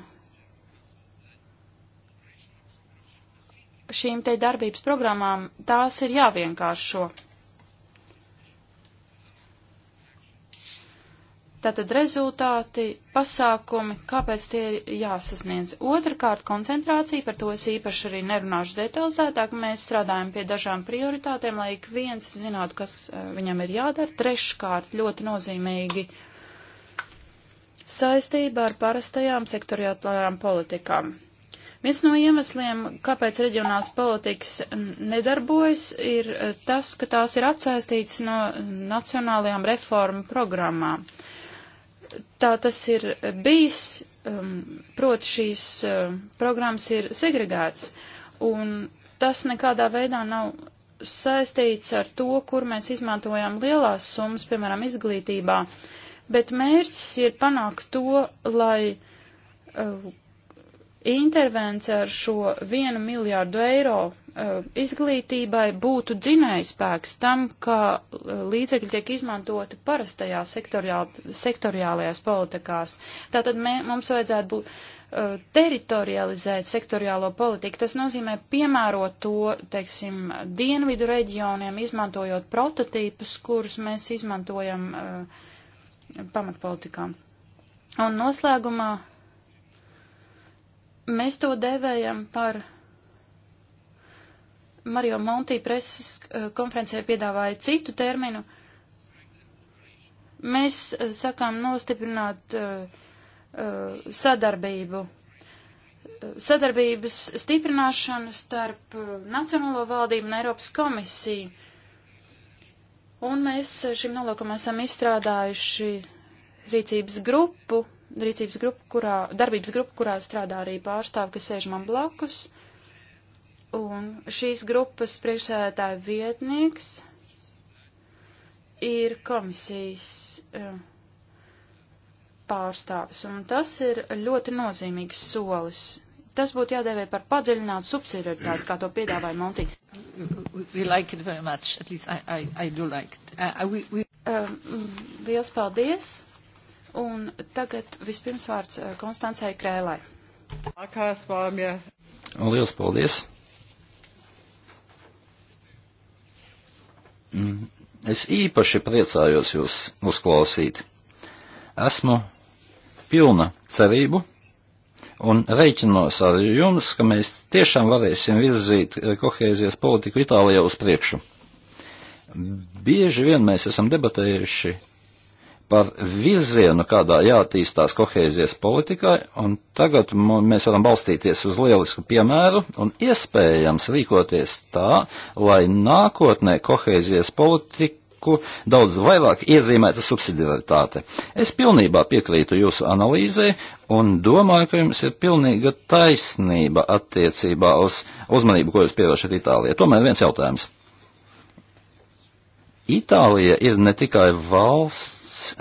šīm te darbības programmām tās ir jāvienkāršo. Tātad rezultāti, pasākumi, kāpēc tie ir jāsasniedz. Otrakārt, koncentrācija, par to es īpaši arī nerunāšu detalizētāk. Mēs strādājam pie dažām prioritātēm, lai ik viens zinātu, kas eh, viņam ir jādara. Treškārt, ļoti nozīmīgi saistība ar parastajām sektoriālajām politikām. Viens no iemesliem, kāpēc reģionāls politikas nedarbojas, ir eh, tas, ka tās ir atsaistītas no nacionālajām reformu programmām tā tas ir bijis, um, proti šīs uh, programmas ir segregētas, un tas nekādā veidā nav saistīts ar to, kur mēs izmantojām lielās summas, piemēram, izglītībā, bet mērķis ir panākt to, lai uh, intervence ar šo vienu miljārdu eiro Uh, izglītībai būtu dzinējspēks tam, kā uh, līdzekļi tiek izmantoti parastajā sektoriālajās politikās. Tātad mē, mums vajadzētu būt uh, teritorializēt sektoriālo politiku. Tas nozīmē piemērot to, teiksim, dienvidu reģioniem, izmantojot prototīpus, kurus mēs izmantojam uh, pamatpolitikām. Un noslēgumā mēs to devējam par Mario Monti preses eh, konferencē piedāvāja citu terminu. Mēs eh, sakām nostiprināt uh, uh, sadarbību. Sadarbības stiprināšana starp Nacionālo valdību un Eiropas komisiju. Un mēs šim nolūkam esam izstrādājuši rīcības grupu, rīcības grupu, kurā, darbības grupu, kurā strādā arī pārstāvi, kas sēž man blakus. Uh, Un šīs grupas priekšsēdētāja vietnieks ir komisijas eh, pārstāvis, un tas ir ļoti nozīmīgs solis. Tas būtu jādēvē par padziļinātu subsidiaritāti, kā to piedāvāja Monti. We like it very much, at least I, I, I do like it. Uh, we, we... Uh, liels paldies, un tagad vispirms vārds eh, Konstancei Krēlai. Liels paldies! Mm. Es īpaši priecājos jūs uzklausīt. Esmu pilna cerību un reiķinos ar jums, ka mēs tiešām varēsim virzīt eh, kohēzijas politiku Itālijā uz priekšu. Bieži vien mēs esam debatējuši par virzienu, kādā jātīstās kohēzijas politikai, un tagad mēs varam balstīties uz lielisku piemēru un iespējams rīkoties tā, lai nākotnē kohēzijas politiku daudz vairāk iezīmēta subsidiaritāte. Es pilnībā piekrītu jūsu analīzē un domāju, ka jums ir pilnīga taisnība attiecībā uz uzmanību, ko jūs pievēršat Itālijai. Tomēr viens jautājums. Itālija ir ne tikai valsts,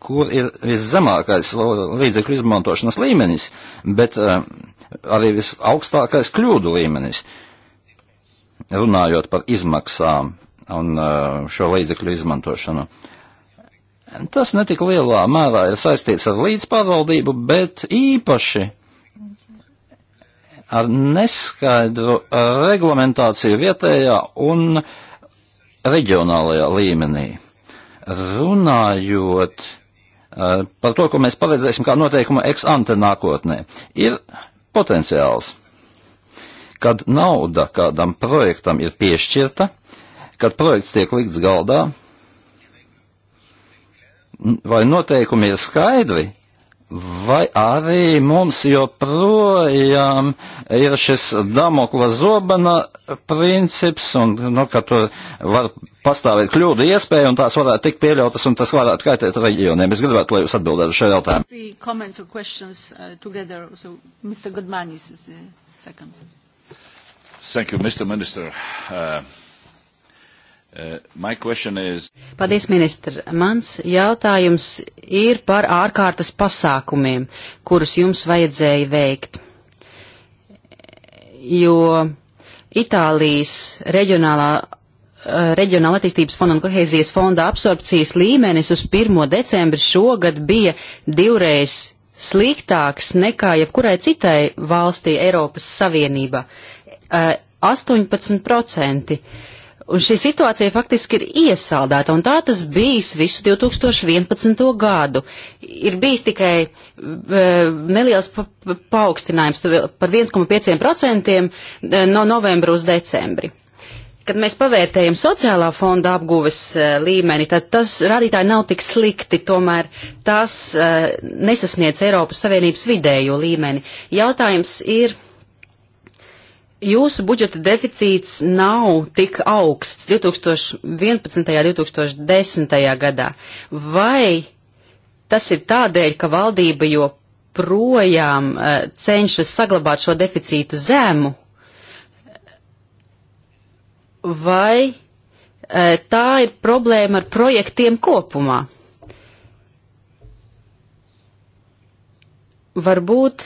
kur ir viszemākais līdzekļu izmantošanas līmenis, bet uh, arī visaugstākais kļūdu līmenis. Runājot par izmaksām un uh, šo līdzekļu izmantošanu. Tas netika lielā mērā ir saistīts ar līdzpārvaldību, bet īpaši ar neskaidru eh, reglamentāciju vietējā un uh, reģionālajā līmenī. Runājot uh, par to, ko mēs paredzēsim kā noteikumu ex ante nākotnē, ir potenciāls, kad nauda kādam projektam ir piešķirta, kad projekts tiek likts galdā, vai noteikumi ir skaidri, Vai arī mums joprojām ir šis Damokla zobena princips, un, nu, ka tur var pastāvēt kļūdu iespēja, un tās varētu tikt pieļautas, un tas varētu kaitēt reģioniem. Es gribētu, lai jūs atbildētu šo jautājumu. Uh, Thank you, Mr. Minister. Uh, Uh, is... Paldies, ministra. Mans jautājums ir par ārkārtas pasākumiem, kurus jums vajadzēja veikt. Jo Itālijas reģionālā, uh, reģionāla attīstības fonda un kohēzijas fonda absorpcijas līmenis uz 1. decembri šogad bija divreiz sliktāks nekā jebkurai citai valstī Eiropas Savienībā uh, - 18%. Un šī situācija faktiski ir iesaldēta, un tā tas bijis visu 2011. gadu. Ir bijis tikai e, neliels pa, pa, paaugstinājums par 1,5% e, no novembra uz decembri. Kad mēs pavērtējam sociālā fonda apguves e, līmeni, tad tas rādītāji nav tik slikti, tomēr tas e, nesasniedz Eiropas Savienības vidējo līmeni. Jautājums ir jūsu budžeta deficīts nav tik augsts 2011. un 2010. gadā. Vai tas ir tādēļ, ka valdība joprojām uh, cenšas saglabāt šo deficītu zemu? Vai uh, tā ir problēma ar projektiem kopumā? Varbūt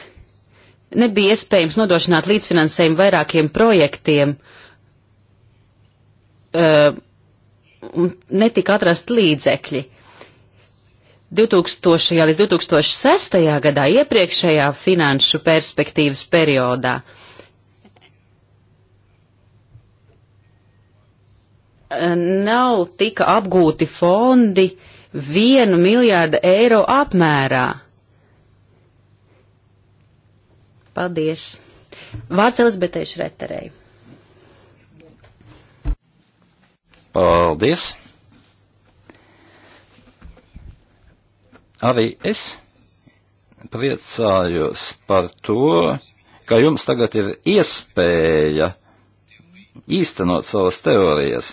nebija iespējams nodošanāt līdzfinansējumu vairākiem projektiem. Uh, netika atrast līdzekļi. 2000. līdz 2006. gadā iepriekšējā finanšu perspektīvas periodā nav tika apgūti fondi vienu miljārdu eiro apmērā. Paldies! Vārds Elizabetei Šreterei. Paldies! Arī es priecājos par to, ka jums tagad ir iespēja īstenot savas teorijas.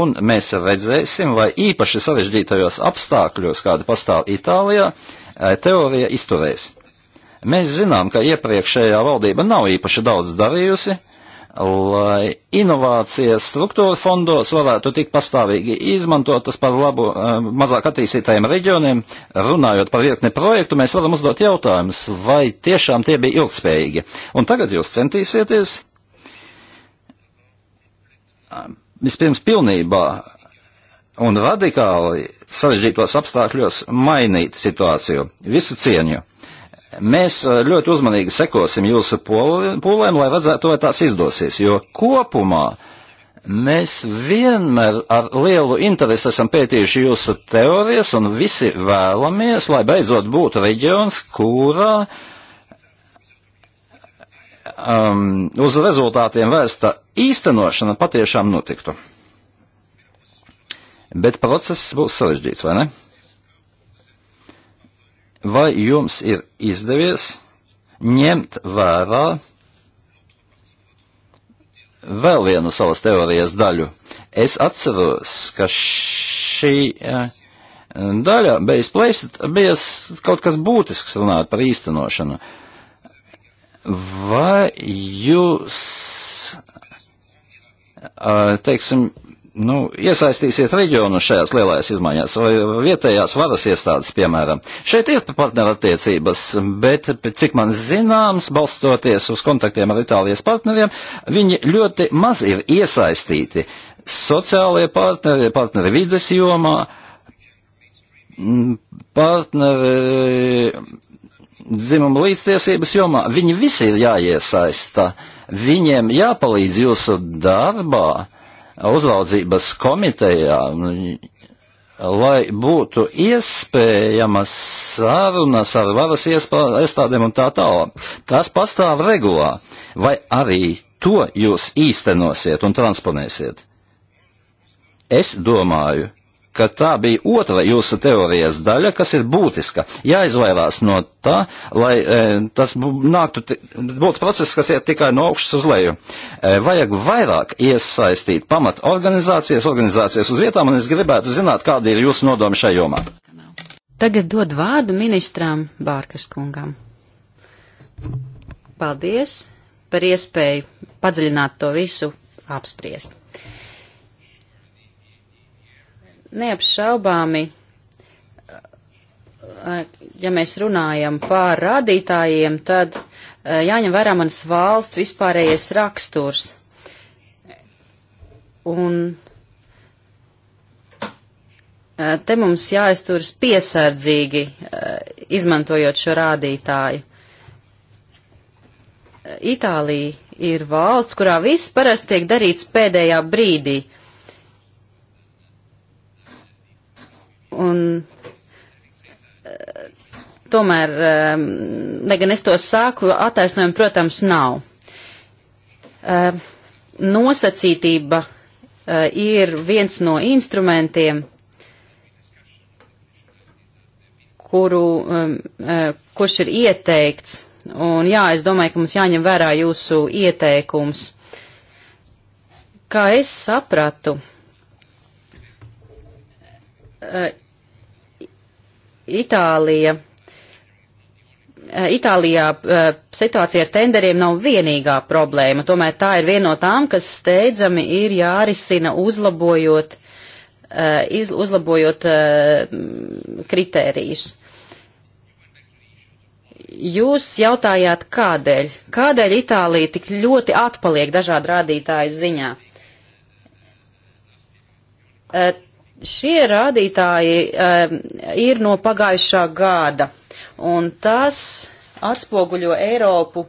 Un mēs redzēsim, vai īpaši sarežģītajos apstākļos, kāda pastāv Itālijā, eh, teorija izturēs. Mēs zinām, ka iepriekšējā valdība nav īpaši daudz darījusi, lai inovācijas struktūra fondos varētu tik pastāvīgi izmantotas par labu eh, mazāk attīstītajiem reģioniem. Runājot par virkni projektu, mēs varam uzdot jautājumus, vai tiešām tie bija ilgspējīgi. Un tagad jūs centīsieties eh, vispirms pilnībā un radikāli sarežģītos apstākļos mainīt situāciju. Visu cieņu. Mēs eh, ļoti uzmanīgi sekosim jūsu pūlēm, lai redzētu, vai tās izdosies, jo kopumā mēs vienmēr ar lielu interesi esam pētījuši jūsu teorijas un visi vēlamies, lai beidzot būtu reģions, kurā um, uz rezultātiem vērsta īstenošana patiešām notiktu. Bet process būs sarežģīts, vai ne? vai jums ir izdevies ņemt vērā vēl vienu savas teorijas daļu. Es atceros, ka šī eh, daļa bez plēsit bija kaut kas būtisks runāt par īstenošanu. Vai jūs, eh, teiksim, nu, iesaistīsiet reģionu šajās lielajās izmaiņās vai vietējās varas iestādes, piemēram. Šeit ir partnerattiecības, bet, cik man zināms, balstoties uz kontaktiem ar Itālijas partneriem, viņi ļoti maz ir iesaistīti. Sociālie partneri, partneri vides jomā, partneri dzimuma līdztiesības jomā, viņi visi ir jāiesaista, viņiem jāpalīdz jūsu darbā uzraudzības komitejā, nu, lai būtu iespējamas sarunas ar varas iestādēm un tā tālāk. Tās pastāv regulā, vai arī to jūs īstenosiet un transponēsiet? Es domāju, ka tā bija otra jūsu teorijas daļa, kas ir būtiska. Jāizvairās no tā, lai e, tas nāktu, būtu process, kas iet tikai no augšas uz leju. E, vajag vairāk iesaistīt pamat organizācijas, organizācijas uz vietām, un es gribētu zināt, kāda ir jūsu nodoma šajā jomā. Tagad dod vārdu ministrām Bārkas kungam. Paldies par iespēju padziļināt to visu apspriest. Neapšaubāmi, ja mēs runājam par rādītājiem, tad eh, jāņem vērā manas valsts vispārējais raksturs. Un eh, te mums jāizturas piesardzīgi, eh, izmantojot šo rādītāju. Itālija ir valsts, kurā viss parasti tiek darīts pēdējā brīdī. Uh, Un eh, tomēr, lai eh, gan es to sāku, attaisnojumi, protams, nav. Eh, nosacītība ir viens no instrumentiem, kuru, kurš ir ieteikts. Un jā, es domāju, ka mums jāņem vērā jūsu ieteikums. Kā es sapratu, Itālija. Itālijā eh, situācija ar tenderiem nav vienīgā problēma, tomēr tā ir viena no tām, kas steidzami ir jārisina uzlabojot, eh, iz, uzlabojot eh, kritērijus. Jūs jautājāt, kādēļ? Kādēļ Itālija tik ļoti atpaliek dažādu rādītāju ziņā? Šie rādītāji um, ir no pagājušā gada, un tas atspoguļo Eiropu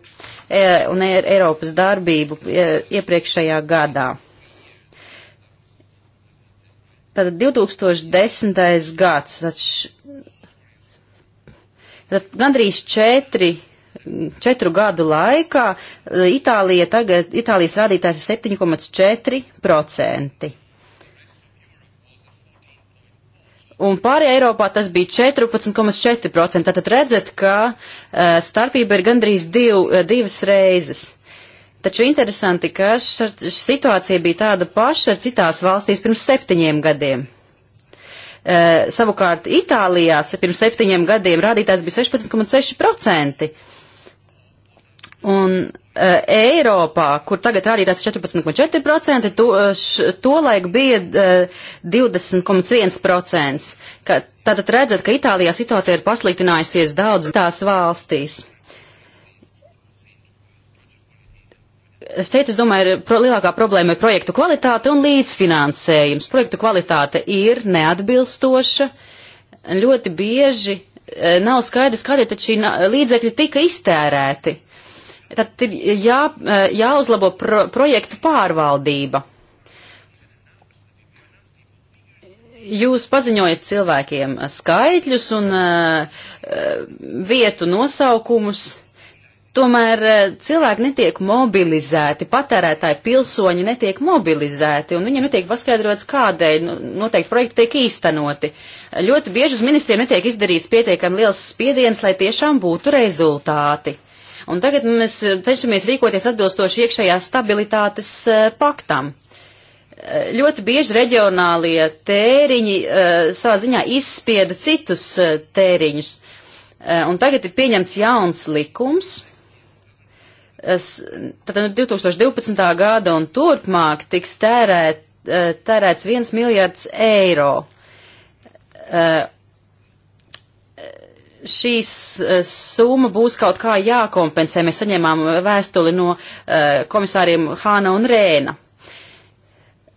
e, un e, Eiropas darbību e, iepriekšējā gadā. Tad 2010. gads, tad, š, tad gandrīz četri, četru gadu laikā e, Itālija tagad, Itālijas rādītājs ir 7,4%. Un pārējā Eiropā tas bija 14,4%. Tātad redzat, ka uh, starpība ir gandrīz div, uh, divas reizes. Taču interesanti, ka šā situācija bija tāda paša citās valstīs pirms septiņiem gadiem. Uh, savukārt Itālijā pirms septiņiem gadiem rādītājs bija 16,6%. Un uh, Eiropā, kur tagad rādītājs 14,4%, to, e, š, tolaik bija uh, e, 20,1%. Ka, tātad redzat, ka Itālijā situācija ir pasliktinājusies daudz tās valstīs. Šeit, es domāju, ir pro, lielākā problēma ir projektu kvalitāte un līdzfinansējums. Projektu kvalitāte ir neatbilstoša. Ļoti bieži uh, nav skaidrs, kādi taču līdzekļi tika iztērēti tad ir jā, eh, jāuzlabo pro, projektu pārvaldība. Jūs paziņojat cilvēkiem skaitļus un uh, vietu nosaukumus, tomēr eh, cilvēki netiek mobilizēti, patērētāji pilsoņi netiek mobilizēti, un viņiem netiek paskaidrots, kādēļ nu, noteikti projekti tiek īstenoti. Ļoti bieži uz ministriem netiek izdarīts pietiekami liels spiediens, lai tiešām būtu rezultāti. Un tagad mēs eh, cenšamies rīkoties atbilstoši iekšējās stabilitātes eh, paktam. Eh, ļoti bieži reģionālie tēriņi savā ziņā izspieda citus tēriņus. Un tagad ir pieņemts jauns likums, tad no nu, 2012. gada un turpmāk tiks tērēt, tērēts 1 miljards eiro šīs eh, summa būs kaut kā jākompensē. Mēs saņēmām vēstuli no eh, komisāriem Hāna un Rēna.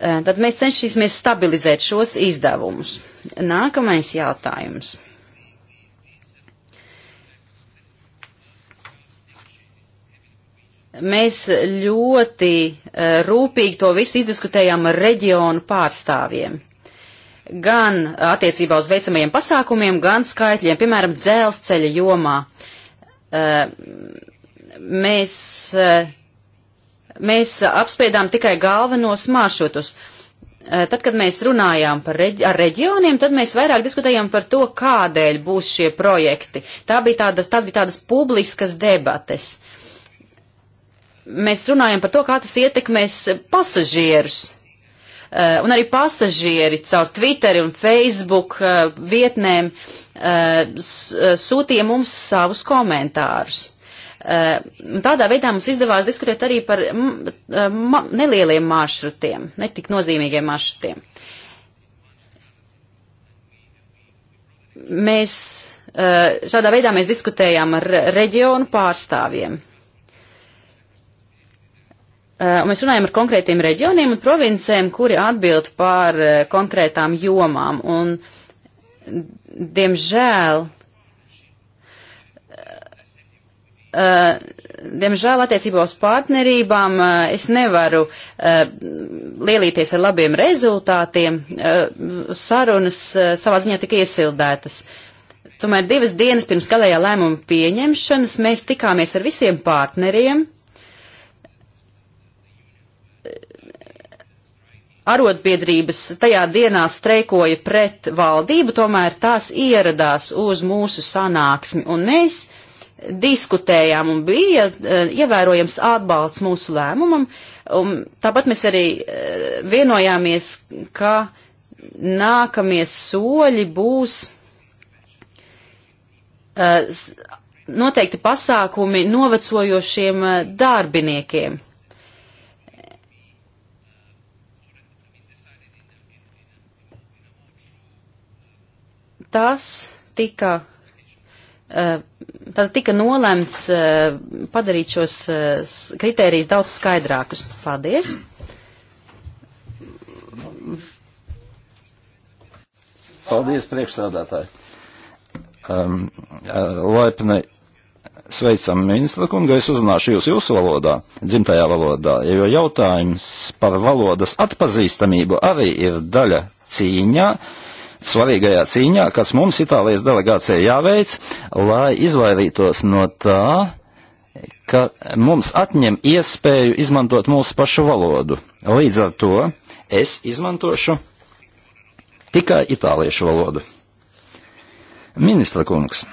Eh, tad mēs cenšamies stabilizēt šos izdevumus. Nākamais jautājums. Mēs ļoti rūpīgi to visu izdiskutējām ar reģionu pārstāvjiem gan attiecībā uz veicamajiem pasākumiem, gan skaitļiem, piemēram, dzelzceļa jomā. Eh, mēs, eh, mēs apspriedām tikai galvenos maršrutus. Eh, tad, kad mēs runājām par reģi ar reģioniem, tad mēs vairāk diskutējām par to, kādēļ būs šie projekti. Tā bija tādas, tās bija tādas publiskas debates. Mēs runājam par to, kā tas ietekmēs pasažierus Eh, un arī pasažieri caur Twitter un Facebook eh, vietnēm eh, sūtīja mums savus komentārus. Tādā veidā mums izdevās diskutēt arī par ma nelieliem maršrutiem, netik nozīmīgiem maršrutiem. Mēs šādā veidā mēs diskutējām ar reģionu pārstāvjiem. Eh, un mēs runājam ar konkrētiem reģioniem un provincēm, kuri atbild par eh, konkrētām jomām. Un, diemžēl, eh, diemžēl attiecībā uz partnerībām es nevaru lielīties ar labiem rezultātiem. Sarunas savā ziņā tika iesildētas. Tomēr divas dienas pirms galējā lēmuma pieņemšanas mēs tikāmies ar visiem partneriem arotbiedrības tajā dienā streikoja pret valdību, tomēr tās ieradās uz mūsu sanāksmi un mēs diskutējām un bija eh, ievērojams atbalsts mūsu lēmumam. Un tāpat mēs arī eh, vienojāmies, ka nākamie soļi būs eh, noteikti pasākumi novecojošiem darbiniekiem. tas tika, eh, tad tika nolemts eh, padarīt šos eh, kritērijus daudz skaidrākus. Paldies! Paldies, priekšstādātāji! Um, laipni sveicam ministra kungu, es uzrunāšu jūs jūsu valodā, dzimtajā valodā, jo jautājums par valodas atpazīstamību arī ir daļa cīņā svarīgajā cīņā, kas mums Itālijas delegācijai jāveic, lai izvairītos no tā, ka mums atņem iespēju izmantot mūsu pašu valodu. Līdz ar to es izmantošu tikai itāliešu valodu. Ministra kungs.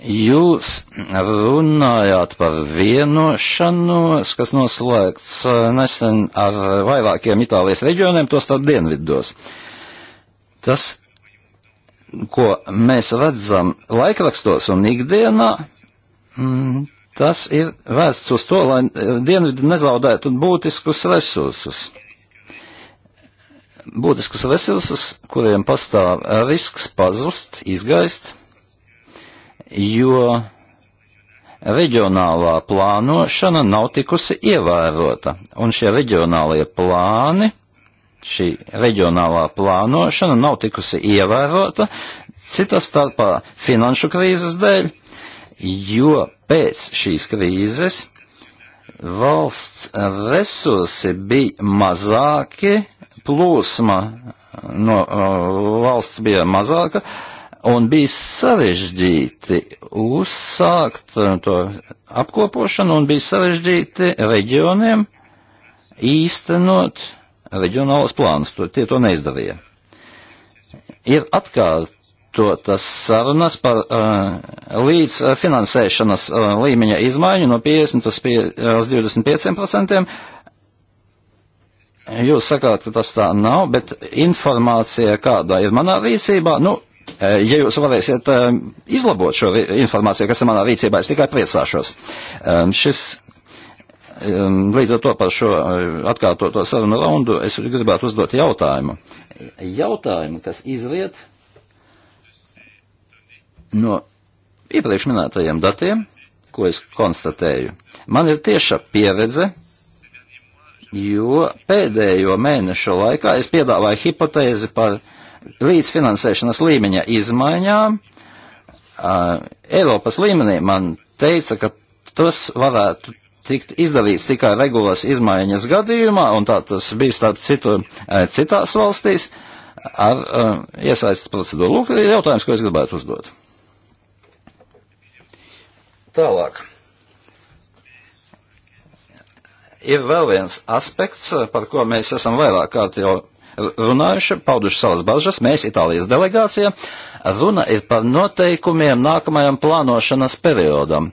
Jūs runājāt par vienošanos, kas noslēgts uh, nesen ar vairākiem Itālijas reģioniem, tos tad dienvidos. Tas, ko mēs redzam laikrakstos un ikdienā, mm, tas ir vērsts uz to, lai eh, dienvidi nezaudētu būtiskus resursus. Būtiskus resursus, kuriem pastāv risks pazust, izgaist jo reģionālā plānošana nav tikusi ievērota, un šie reģionālie plāni, šī reģionālā plānošana nav tikusi ievērota, citas starpā finanšu krīzes dēļ, jo pēc šīs krīzes valsts resursi bija mazāki, plūsma no uh, valsts bija mazāka, uh, un bija sarežģīti uzsākt eh, to apkopošanu, un bija sarežģīti reģioniem īstenot reģionālas plānas. To, tie to neizdarīja. Ir atkārtotas sarunas par uh, līdz eh, finansēšanas uh, līmeņa izmaiņu no 50 uz, pie, uz 25%. Jūs sakāt, ka tas tā nav, bet informācija, kāda ir manā rīcībā, nu, Eh, ja jūs varēsiet eh, izlabot šo informāciju, kas ir manā rīcībā, es tikai priecāšos. Eh, šis līdz ar to par šo atkārtoto sarunu raundu es gribētu uzdot jautājumu. Jautājumu, kas izriet no iepriekš minētajiem datiem, ko es konstatēju. Man ir tieša pieredze, jo pēdējo mēnešu laikā es piedāvāju hipotēzi par uh, līdzfinansēšanas līmeņa izmaiņām uh, Eiropas līmenī man teica, ka tas varētu tikt izdarīts tikai regulas izmaiņas gadījumā, un tā tas bija starp citu uh, citās valstīs ar uh, iesaistas procedūru. Lūk, ir jautājums, ko es gribētu uzdot. Tālāk. Ir vēl viens aspekts, par ko mēs esam vairāk kārt jau runājuši, pauduši savas bažas, mēs Itālijas delegācija, runa ir par noteikumiem nākamajam plānošanas periodam,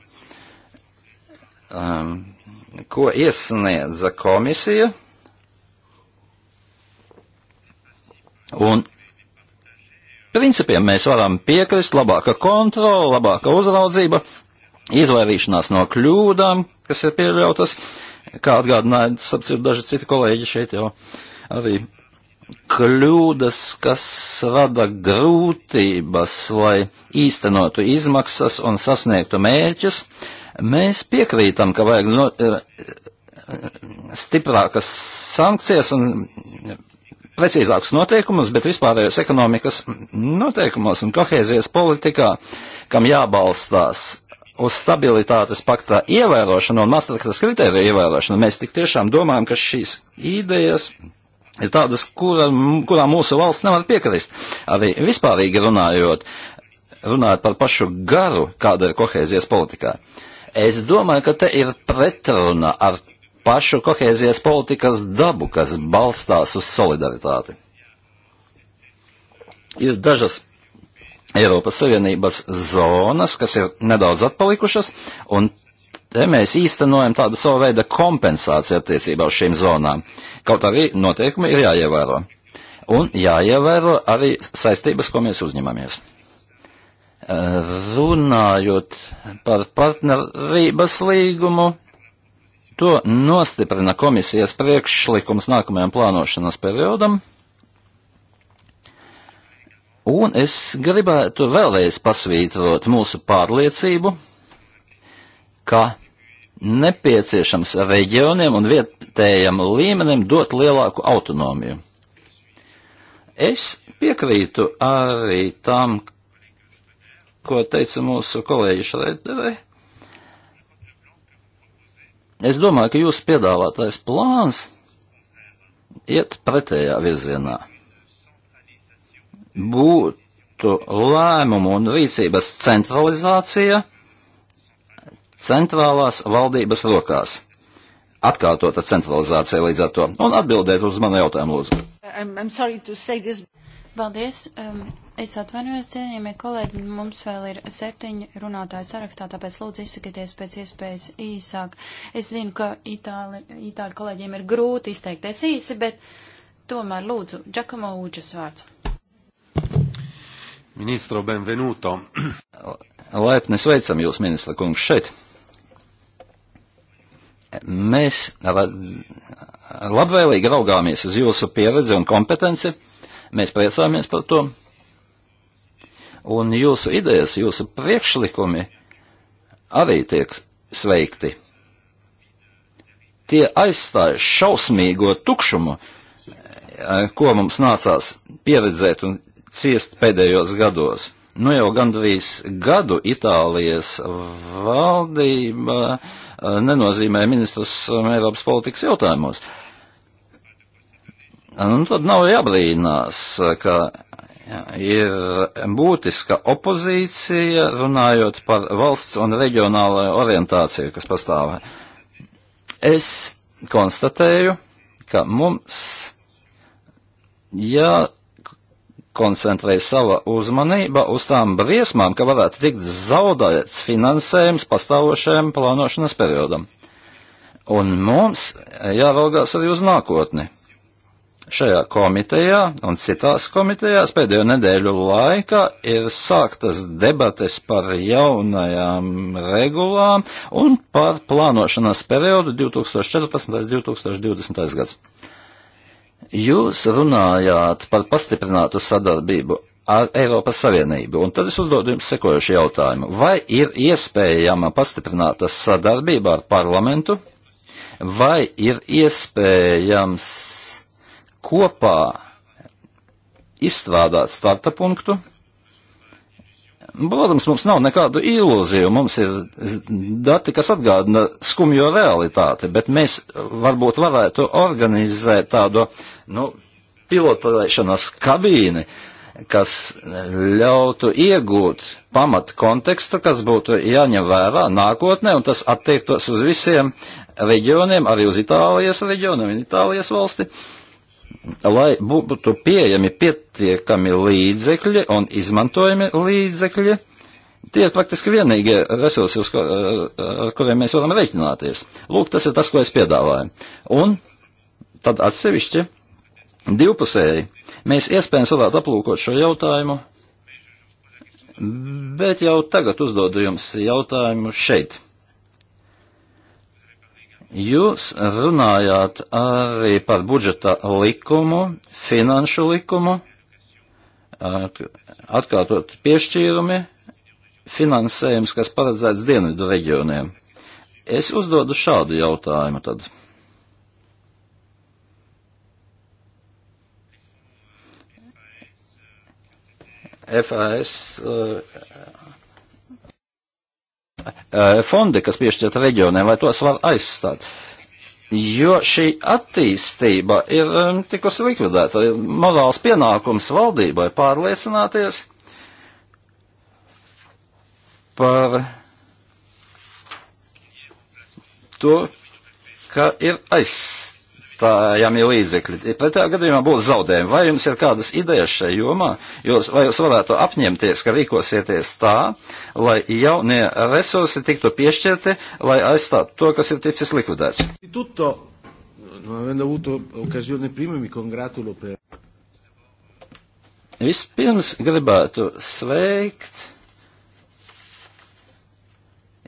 um, ko iesniedza komisija. Un principiem mēs varam piekrist labāka kontrola, labāka uzraudzība, izvairīšanās no kļūdām, kas ir pieļautas, kā atgādināja, sapcīt daži citi kolēģi šeit jau arī kļūdas, kas rada grūtības, lai īstenotu izmaksas un sasniegtu mērķus, mēs piekrītam, ka vajag no, eh, stiprākas sankcijas un precīzākus noteikumus, bet vispārējos ekonomikas noteikumos un kohēzijas politikā, kam jābalstās uz stabilitātes paktā ievērošanu un Maastrichtas kritēriju ievērošanu, mēs tik tiešām domājam, ka šīs idejas ir tādas, kura, kurām mūsu valsts nevar piekrist. Arī vispārīgi runājot, runājot par pašu garu, kāda ir kohēzijas politikā. Es domāju, ka te ir pretruna ar pašu kohēzijas politikas dabu, kas balstās uz solidaritāti. Ir dažas Eiropas Savienības zonas, kas ir nedaudz atpalikušas, un Te mēs īstenojam tādu savu veidu kompensāciju attiecībā uz šīm zonām. Kaut arī noteikumi ir jāievēro. Un jāievēro arī saistības, ko mēs uzņemamies. Runājot par partnerības līgumu, to nostiprina komisijas priekšlikums nākamajam plānošanas periodam. Un es gribētu vēlreiz pasvītrot mūsu pārliecību, ka nepieciešams reģioniem un vietējam līmenim dot lielāku autonomiju. Es piekrītu arī tam, ko teica mūsu kolēģi Šrēdere. Es domāju, ka jūsu piedāvātais plāns iet pretējā virzienā. Būtu lēmumu un rīcības centralizācija centrālās valdības rokās. Atkārtota centralizācija līdz ar to. Un atbildēt uz manu jautājumu, lūdzu. I'm, I'm sorry to say this. Paldies. Um, es atvainojos, cienījamie kolēģi, mums vēl ir septiņi runātāji sarakstā, tāpēc lūdzu izsakieties pēc iespējas īsāk. Es zinu, ka itāli, itāļu kolēģiem ir grūti izteikties īsi, bet tomēr lūdzu, Džakamo Ūģas vārds. Ministro, benvenuto. Laipni sveicam jūs, ministra kungs, šeit. Mēs labvēlīgi raugāmies uz jūsu pieredzi un kompetenci, mēs priecājamies par to, un jūsu idejas, jūsu priekšlikumi arī tiek sveikti. Tie aizstāja šausmīgo tukšumu, ko mums nācās pieredzēt un ciest pēdējos gados. Nu jau gandrīz gadu Itālijas valdība uh, nenozīmē ministrus um, Eiropas politikas jautājumos. Un tad nav jābrīnās, ka ir būtiska opozīcija, runājot par valsts un reģionālo orientāciju, kas pastāv. Es konstatēju, ka mums jā, jākoncentrē sava uzmanība uz tām briesmām, ka varētu tikt zaudēts finansējums pastāvošajam plānošanas periodam. Un mums jāraugās arī uz nākotni. Šajā komitejā un citās komitejās pēdējo nedēļu laikā ir sāktas debates par jaunajām regulām un par plānošanas periodu 2014. un 2020. gads. Jūs runājāt par pastiprinātu sadarbību ar Eiropas Savienību, un tad es uzdodu jums sekojuši jautājumu. Vai ir iespējama pastiprināta sadarbība ar parlamentu, vai ir iespējams kopā izstrādāt starta punktu? Protams, mums nav nekādu ilūziju, mums ir dati, kas atgādina skumjo realitāti, bet mēs varbūt varētu organizēt tādu nu, pilotēšanas kabīni, kas ļautu iegūt pamat kontekstu, kas būtu jāņem vērā nākotnē, un tas attiektos uz visiem reģioniem, arī uz Itālijas reģionu un Itālijas valsti. Uh, lai būtu pieejami pietiekami līdzekļi un izmantojami līdzekļi, tie ir praktiski vienīgie resursi, uz ko, ar kuriem mēs varam reiķināties. Lūk, tas ir tas, ko es piedāvāju. Un tad atsevišķi, divpusēji, mēs iespējams varētu aplūkot šo jautājumu, bet jau tagad uzdodu jums jautājumu šeit. Jūs runājāt arī par budžeta likumu, finanšu likumu, atkārtot piešķīrumi, finansējums, kas paredzēts dienvidu reģioniem. Es uzdodu šādu jautājumu tad. FAS uh, Eh, fondi, kas piešķirta reģioniem, vai tos var aizstāt. Jo šī attīstība ir eh, tikusi likvidēta, ir morāls pienākums valdībai pārliecināties par to, ka ir aizstāt maksājami līdzekļi. Pretējā gadījumā būs zaudējumi. Vai jums ir kādas idejas šai jomā, jūs, vai jūs varētu apņemties, ka rīkosieties tā, lai jaunie resursi tiktu piešķirti, lai aizstātu to, kas ir ticis likvidēts? Eh, Vispirms gribētu sveikt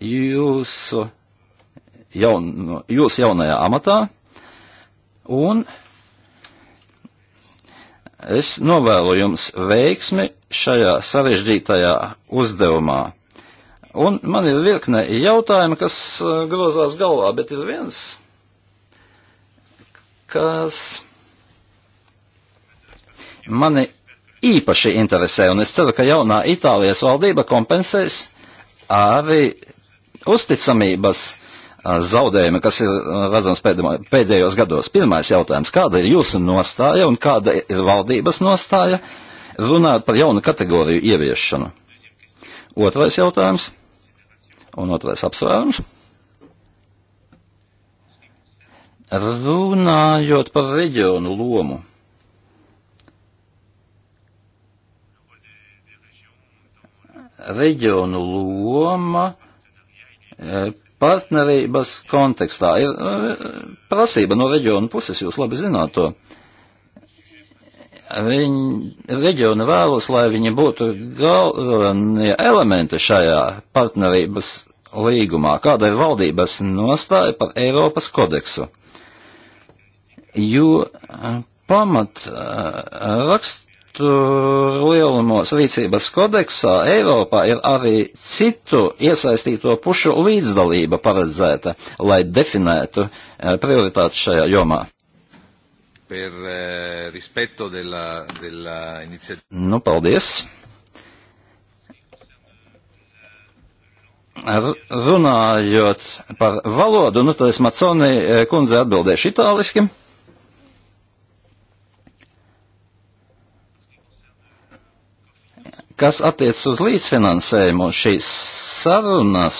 jūsu jaun, jūs jaunajā amatā un es novēlu jums veiksmi šajā sarežģītajā uzdevumā. Un man ir virkne jautājumi, kas eh, grozās galvā, bet ir viens, kas mani īpaši interesē, un es ceru, ka jaunā Itālijas valdība kompensēs arī uzticamības zaudējumi, kas ir redzams pēdējos gados. Pirmais jautājums, kāda ir jūsu nostāja un kāda ir valdības nostāja runāt par jaunu kategoriju ieviešanu? Otrais jautājums un otrais apsvērums. Runājot par reģionu lomu. Reģionu loma e, partnerības kontekstā. Ir eh, prasība no reģiona puses, jūs labi zināt to. Viņi reģiona vēlas, lai viņi būtu galvenie elementi šajā partnerības līgumā, kāda ir valdības nostāja par Eiropas kodeksu. Jo eh, pamat eh, rakst Uh, lielumos rīcības kodeksā Eiropā ir arī citu iesaistīto pušu līdzdalība paredzēta, lai definētu uh, prioritāti šajā jomā. Per, eh, della, della nu, paldies. Runājot par valodu, nu tad es Maconi eh, kundze atbildēšu itāliski. Kas attiecas uz līdzfinansējumu šīs sarunas,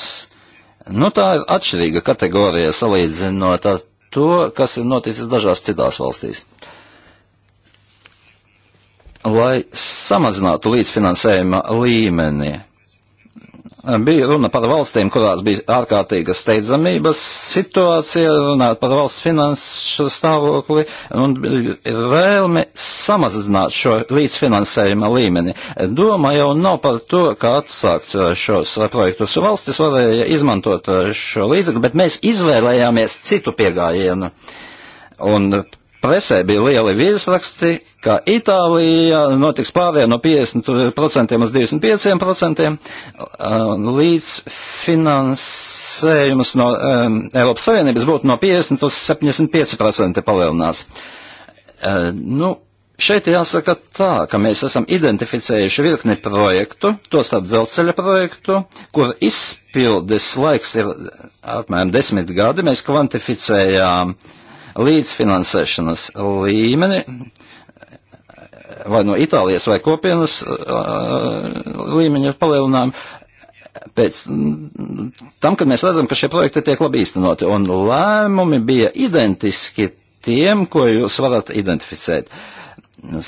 nu tā ir atšķirīga kategorija salīdzinot ar to, kas ir noticis dažās citās valstīs. Lai samazinātu līdzfinansējuma līmeni, bija runa par valstīm, kurās bija ārkārtīga steidzamības situācija, runāt par valsts finanšu stāvokli un ir vēlme samazināt šo līdzfinansējuma līmeni. Doma jau nav par to, kā atsākt uh, šos uh, projektus. Valstis varēja izmantot uh, šo līdzekli, bet mēs izvēlējāmies citu piegājienu. Un Presē bija lieli virsraksti, ka Itālijā notiks pārējā no 50% uz 25% līdz finansējums no um, Eiropas Savienības būtu no 50 uz 75% palielināts. Uh, nu, šeit jāsaka tā, ka mēs esam identificējuši virkni projektu, tostarp dzelzceļa projektu, kur izpildes laiks ir apmēram desmit gadi, mēs kvantificējām uh, līdzfinansēšanas līmeni, vai no Itālijas vai kopienas uh, līmeņa palielinājumu. Pēc tam, kad mēs redzam, ka šie projekti tiek labi īstenoti, un lēmumi bija identiski tiem, ko jūs varat identificēt.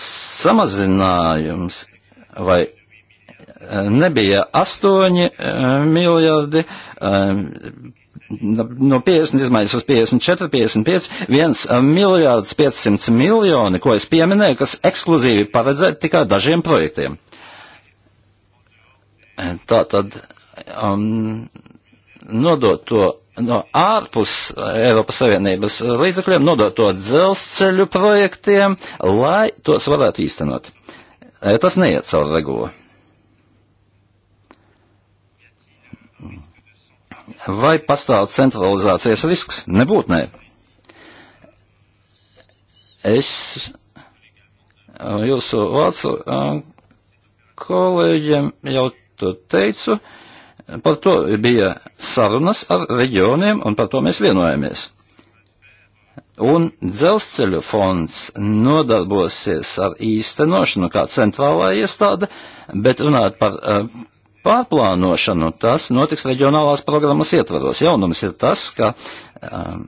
Samazinājums vai nebija 8 miljardi, no 50 izmaiņas uz 54, 55, 1 miljārds 500 miljoni, ko es pieminēju, kas ekskluzīvi paredzēti tikai dažiem projektiem. Eh, tā tad um, nodot to no ārpus Eiropas Savienības līdzekļiem, nodot to dzelzceļu projektiem, lai tos varētu īstenot. Eh, tas neiet cauri regulu. Vai pastāv centralizācijas risks? Nebūtu nē. Es jūsu vācu kolēģiem jau to teicu, par to bija sarunas ar reģioniem un par to mēs vienojamies. Un dzelzceļu fonds nodarbosies ar īstenošanu kā centrālā iestāde, bet runāt par uh, pārplānošanu, tas notiks reģionālās programmas ietvaros. Jaunums ir tas, ka um,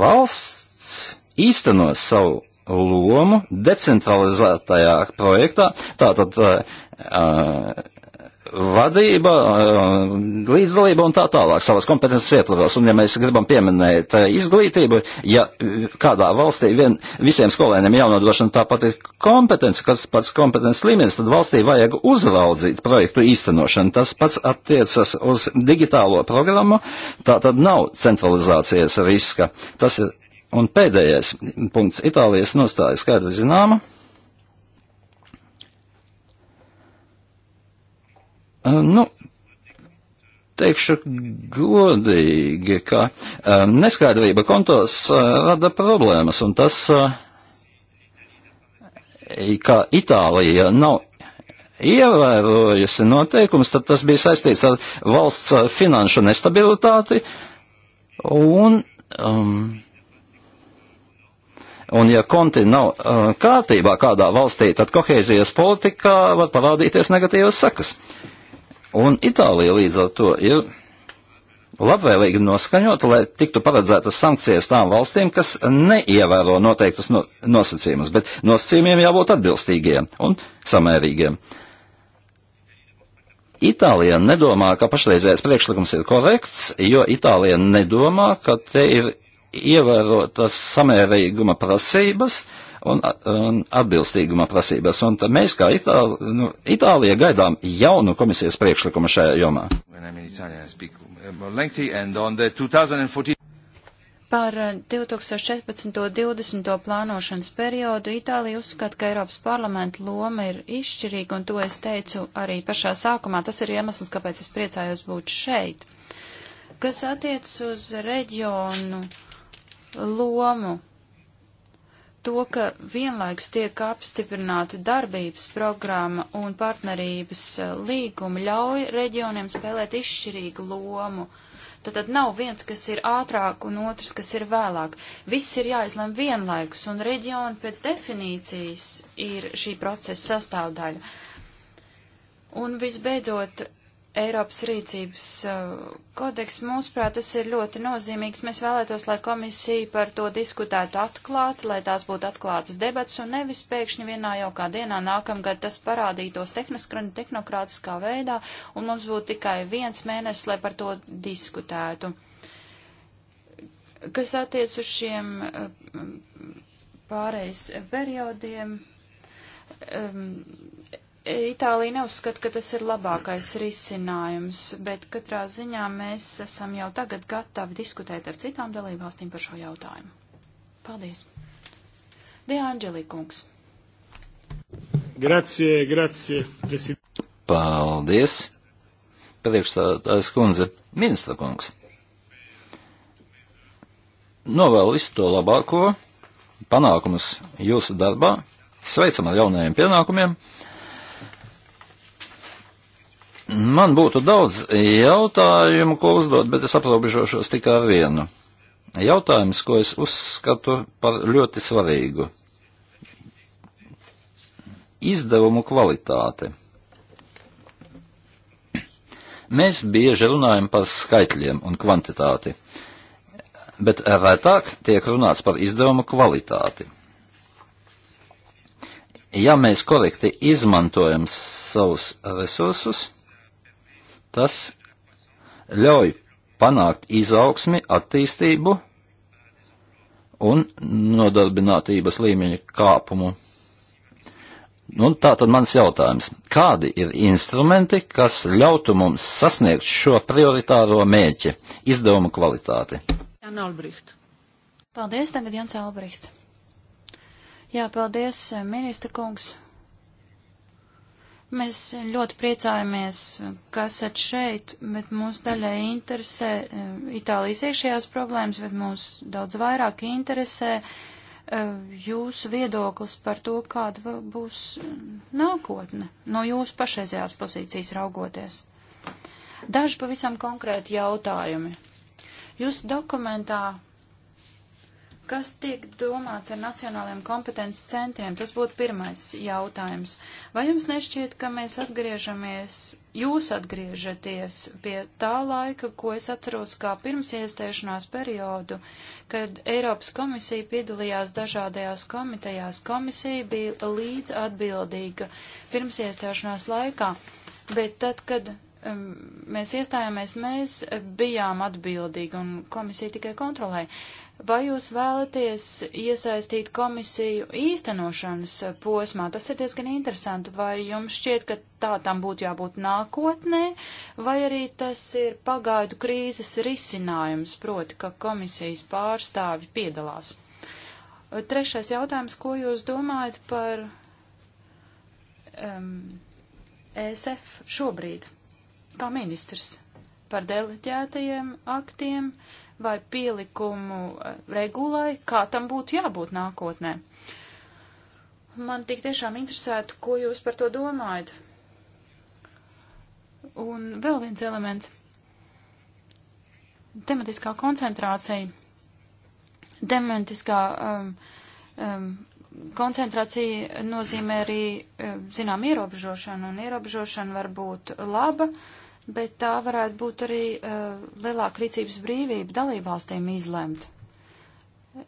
valsts īstenos savu lomu decentralizētajā projektā, tātad uh, vadība, eh, līdzdalība un tā tālāk savas kompetences ietvaros. Un ja mēs gribam pieminēt eh, izglītību, ja eh, kādā valstī vien visiem skolēniem jānodrošina tāpat ir kompetence, kas pats kompetences līmenis, tad valstī vajag uzraudzīt projektu īstenošanu. Tas pats attiecas uz digitālo programmu, tā tad nav centralizācijas riska. Tas ir, un pēdējais punkts Itālijas nostāja skaidri zināma. Nu, teikšu godīgi, ka um, neskaidrība kontos uh, rada problēmas, un tas, uh, ka Itālija nav ievērojusi noteikumus, tad tas bija saistīts ar valsts uh, finanšu nestabilitāti, un, um, un ja konti nav uh, kārtībā kādā valstī, tad kohēzijas politikā var parādīties negatīvas sakas. Uh, Un Itālija līdz ar to ir labvēlīgi noskaņota, lai tiktu paredzētas sankcijas tām valstīm, kas neievēro noteiktus no, nosacījumus, bet nosacījumiem jābūt atbilstīgiem un samērīgiem. Itālija nedomā, ka pašreizējais priekšlikums ir korekts, jo Itālija nedomā, ka te ir ievērotas samērīguma prasības un, un atbilstīguma prasības. Un tad mēs kā Itāli, nu, Itālija gaidām jaunu komisijas priekšlikumu šajā jomā. Uh, Par 2014. Uh, 20. plānošanas periodu Itālija uzskata, ka Eiropas parlamenta loma ir izšķirīga, un to es teicu arī pašā sākumā. Tas ir iemesls, kāpēc es priecājos būt šeit. Kas attiec uz reģionu lomu. To, ka vienlaikus tiek apstiprināta darbības programma un partnerības eh, līguma, ļauj reģioniem spēlēt izšķirīgu lomu. Tātad nav viens, kas ir ātrāk un otrs, kas ir vēlāk. Viss ir jāizlem vienlaikus, un reģioni pēc definīcijas ir šī procesa sastāvdaļa. Un visbeidzot, Eiropas rīcības uh, kodeks, mūsuprāt, tas ir ļoti nozīmīgs. Mēs vēlētos, lai komisija par to diskutētu atklāti, lai tās būtu atklātas debats un nevis pēkšņi vienā jaukā dienā nākamgad tas parādītos tehnokrātiskā veidā un mums būtu tikai viens mēnesis, lai par to diskutētu. Kas attiec uz šiem uh, pārejas periodiem, um, Itālija neuzskata, ka tas ir labākais risinājums, bet katrā ziņā mēs esam jau tagad gatavi diskutēt ar citām dalībvalstīm par šo jautājumu. Paldies. De Anģelī kungs. Grazie, grazie. Paldies. Priekšstādājas kundze, ministra kungs. Novēlu visu to labāko, panākumus jūsu darbā, sveicam ar jaunajiem pienākumiem. Man būtu daudz jautājumu, ko uzdot, bet es aprobežošos tikai vienu. Jautājums, ko es uzskatu par ļoti svarīgu. Izdevumu kvalitāte. Mēs bieži runājam par skaitļiem un kvantitāti, bet retāk tiek runāts par izdevumu kvalitāti ja mēs korekti izmantojam savus resursus, Tas ļauj panākt izaugsmi, attīstību un nodarbinātības līmeņa kāpumu. Un nu, tā tad mans jautājums. Kādi ir instrumenti, kas ļautu mums sasniegt šo prioritāro mēķi - izdevuma kvalitāti? Jāna Albricht. Paldies, tagad Jans Albrichts. Jā, paldies, ministra kungs. Mēs ļoti priecājamies, ka esat šeit, bet mūs daļai interesē eh, Itālijas iekšējās problēmas, bet mūs daudz vairāk interesē eh, jūsu viedoklis par to, kāda būs eh, nākotne no jūsu pašreizējās pozīcijas raugoties. Daži pavisam konkrēti jautājumi. Jūsu dokumentā Kas tiek domāts ar nacionālajiem kompetences centriem? Tas būtu pirmais jautājums. Vai jums nešķiet, ka mēs atgriežamies, jūs atgriežaties pie tā laika, ko es atceros kā pirms iestēšanās periodu, kad Eiropas komisija piedalījās dažādajās komitejās? Komisija bija līdz atbildīga pirms iestēšanās laikā, bet tad, kad um, mēs iestājāmies, mēs bijām atbildīgi un komisija tikai kontrolēja. Vai jūs vēlaties iesaistīt komisiju īstenošanas posmā? Tas ir diezgan interesanti. Vai jums šķiet, ka tā tam būtu jābūt nākotnē, vai arī tas ir pagaidu krīzes risinājums, proti, ka komisijas pārstāvi piedalās? Trešais jautājums, ko jūs domājat par um, ESF šobrīd, kā ministrs, par deleģētajiem aktiem? Uh, vai pielikumu eh, regulai, kā tam būtu jābūt nākotnē. Man tik tiešām interesētu, ko jūs par to domājat. Un vēl viens elements. Tematiskā koncentrācija. Tematiskā um, um, koncentrācija nozīmē arī, eh, zinām, ierobežošanu, un ierobežošana var būt laba, uh, bet tā varētu būt arī uh, lielāka rīcības brīvība dalībvalstīm izlemt.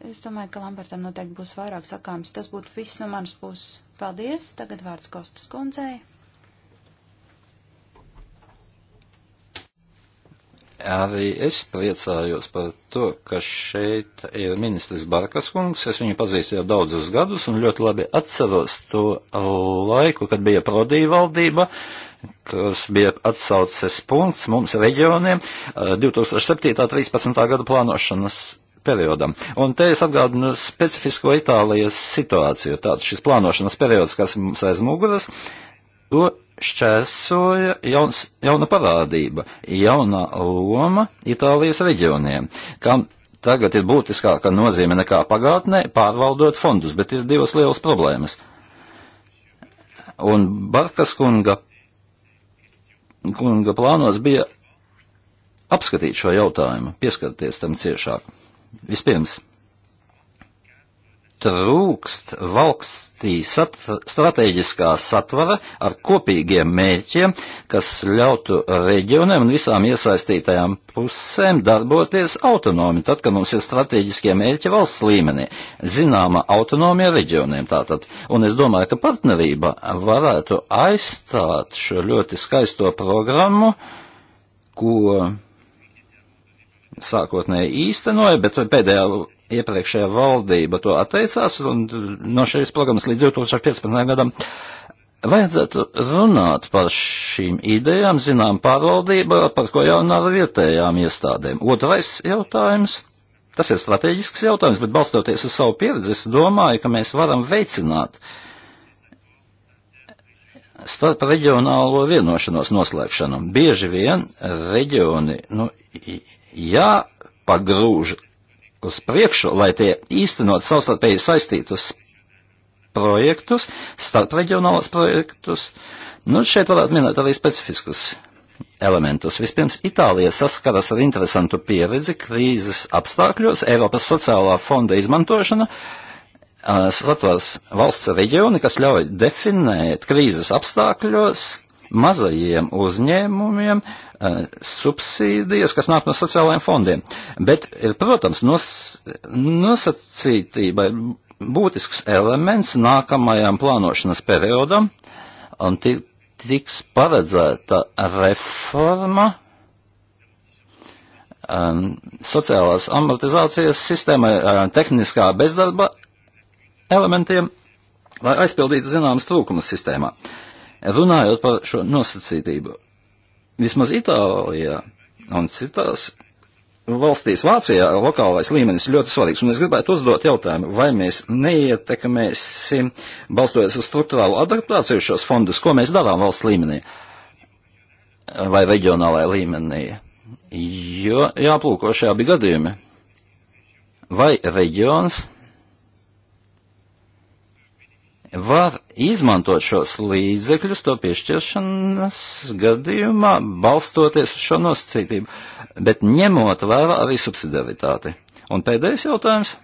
Es domāju, ka Lambertam noteikti būs vairāk sakāms. Tas būtu viss no manas puses. Paldies. Tagad vārds Kostas kundzei. Arī es priecājos par to, ka šeit ir ministrs Barkas kungs. Es viņu pazīstu jau daudzus gadus un ļoti labi atceros to laiku, kad bija prodīja valdība, kas bija atsauces punkts mums reģioniem 2007.13. Eh, gada plānošanas periodam. Un te es atgādinu specifisko Itālijas situāciju. Tāds šis plānošanas periods, kas mums aiz muguras, to šķērsoja jauns, jauna parādība, jauna loma Itālijas reģioniem, kam tagad ir būtiskāka nozīme nekā pagātnē, pārvaldot fondus, bet ir divas lielas problēmas. Un Barkas kunga kunga plānos bija apskatīt šo jautājumu, pieskarties tam ciešāk. Vispirms trūkst valstī sat strateģiskā satvara ar kopīgiem mērķiem, kas ļautu reģioniem un visām iesaistītajām pusēm darboties autonomi, tad, kad mums ir strateģiskie mērķi valsts līmenī, zināma autonomija reģioniem tātad. Un es domāju, ka partnerība varētu aizstāt šo ļoti skaisto programmu, ko sākotnēji īstenoja, bet pēdējā iepriekšējā valdība to atteicās, un no šīs programmas līdz 2015. gadam vajadzētu runāt par šīm idejām, zinām, pārvaldība, par ko jau nav vietējām iestādēm. Otrais jautājums. Tas ir strateģisks jautājums, bet balstoties uz savu pieredzi, es domāju, ka mēs varam veicināt starp reģionālo vienošanos noslēgšanu. Bieži vien reģioni, nu, jā, pagrūž uz priekšu, lai tie īstenot savstarpēji saistītus projektus, starpreģionālus projektus. Nu, šeit varētu minēt arī specifiskus elementus. Vispirms, Itālija saskaras ar interesantu pieredzi krīzes apstākļos, Eiropas sociālā fonda izmantošana, satvars valsts reģioni, kas ļauj definēt krīzes apstākļos, mazajiem uzņēmumiem eh, subsīdijas, kas nāk no sociālajiem fondiem. Bet, eh, protams, nos, nosacītība ir būtisks elements nākamajam plānošanas periodam, un tiks paredzēta reforma um, sociālās amortizācijas sistēmai, um, tehniskā bezdarba elementiem, lai aizpildītu zināmas trūkumus sistēmā. Uh, Runājot par šo nosacītību, vismaz Itālijā un citās valstīs Vācijā lokālais līmenis ļoti svarīgs, un es gribētu uzdot jautājumu, vai mēs neietekmēsim, balstoties uz struktūrālu adaptāciju šos fondus, ko mēs darām valsts līmenī vai reģionālajā līmenī, jo jāplūko šajā bija gadījumi. Vai reģions var izmantot šos līdzekļus to piešķiršanas gadījumā, balstoties uz šo nosacītību, bet ņemot vērā arī subsidiaritāti. Un pēdējais jautājums.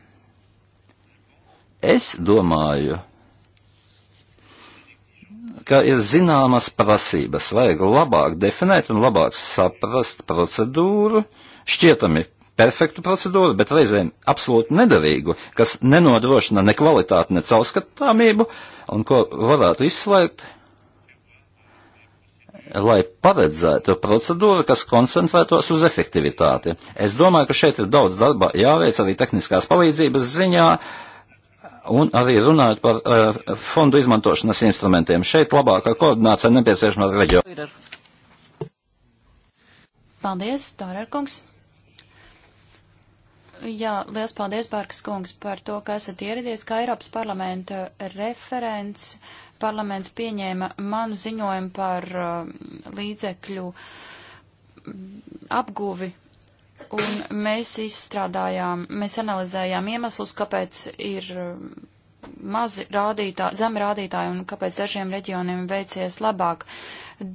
Es domāju, ka ir zināmas prasības, vajag labāk definēt un labāk saprast procedūru, šķietami perfektu procedūru, bet reizēm absolūti nedarīgu, kas nenodrošina ne kvalitāti, ne caurskatāmību, un ko varētu izslēgt, lai paredzētu procedūru, kas koncentrētos uz efektivitāti. Es domāju, ka šeit ir daudz darba jāveic arī tehniskās palīdzības ziņā, un arī runājot par uh, fondu izmantošanas instrumentiem. Šeit labākā koordinācija nepieciešama reģionā. Paldies, Tārērkungs. Jā, liels paldies, Pārkas kungs, par to, ka esat ieradies, kā Eiropas parlamenta referents. Parlaments pieņēma manu ziņojumu par uh, līdzekļu apguvi, un mēs izstrādājām, mēs analizējām iemeslus, kāpēc ir. Uh, mazi rādītāji, zemi rādītāji un kāpēc dažiem reģioniem veicies labāk.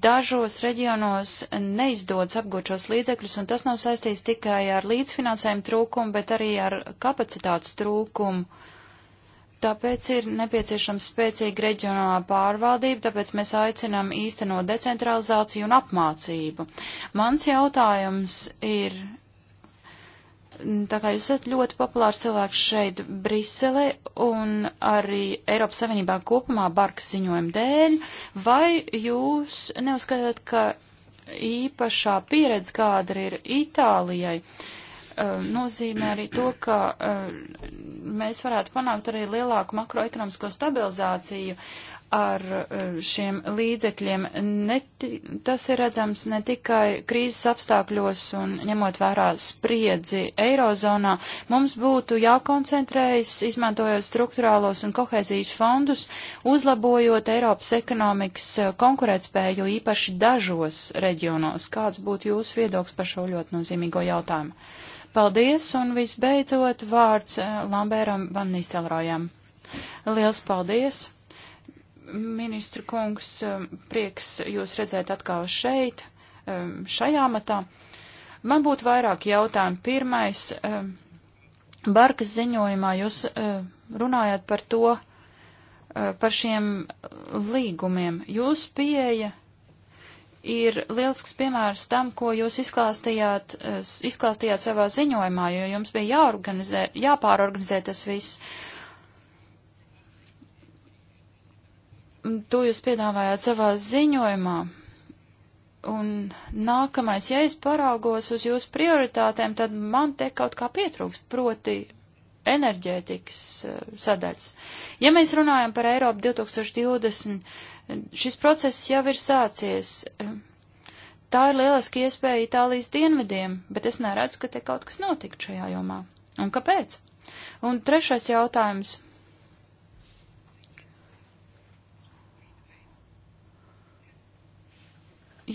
Dažos reģionos neizdodas apgūt šos līdzekļus, un tas nav saistīts tikai ar līdzfinansējumu trūkumu, bet arī ar kapacitātes trūkumu. Tāpēc ir nepieciešama spēcīga reģionālā pārvaldība, tāpēc mēs aicinām īstenot decentralizāciju un apmācību. Mans jautājums ir tā kā jūs esat ļoti populārs cilvēks šeit Brisele un arī Eiropas Savienībā kopumā barka ziņojuma dēļ, vai jūs neuzskatāt, ka īpašā pieredze, kāda ir Itālijai, eh, nozīmē arī to, ka eh, mēs varētu panākt arī lielāku makroekonomisko stabilizāciju ar e, šiem līdzekļiem, neti, tas ir redzams ne tikai krīzes apstākļos un ņemot vērā spriedzi Eirozonā, mums būtu jākoncentrējas, izmantojot struktūrālos un kohēzijas fondus, uzlabojot Eiropas ekonomikas e, konkurētspēju īpaši dažos reģionos. Kāds būtu jūsu viedoklis par šo ļoti nozīmīgo jautājumu? Paldies, un visbeidzot vārds e, Lambēram Van Nīselrojam. Liels paldies! ministra kungs, um, prieks jūs redzēt atkal šeit, um, šajā matā. Man būtu vairāk jautājumu. Pirmais, um, Barkas ziņojumā jūs uh, runājāt par to, uh, par šiem līgumiem. Jūsu pieeja ir lielisks piemērs tam, ko jūs izklāstījāt, uh, izklāstījāt savā ziņojumā, jo jums bija jāorganizē, jāpārorganizē tas viss. to jūs piedāvājāt savā ziņojumā. Un nākamais, ja es paraugos uz jūsu prioritātēm, tad man te kaut kā pietrūkst, proti enerģētikas uh, sadaļas. Ja mēs runājam par Eiropu 2020, šis process jau ir sācies. Tā ir lieliski iespēja Itālijas dienvidiem, bet es neredzu, ka te kaut kas notiktu šajā jomā. Un kāpēc? Un trešais jautājums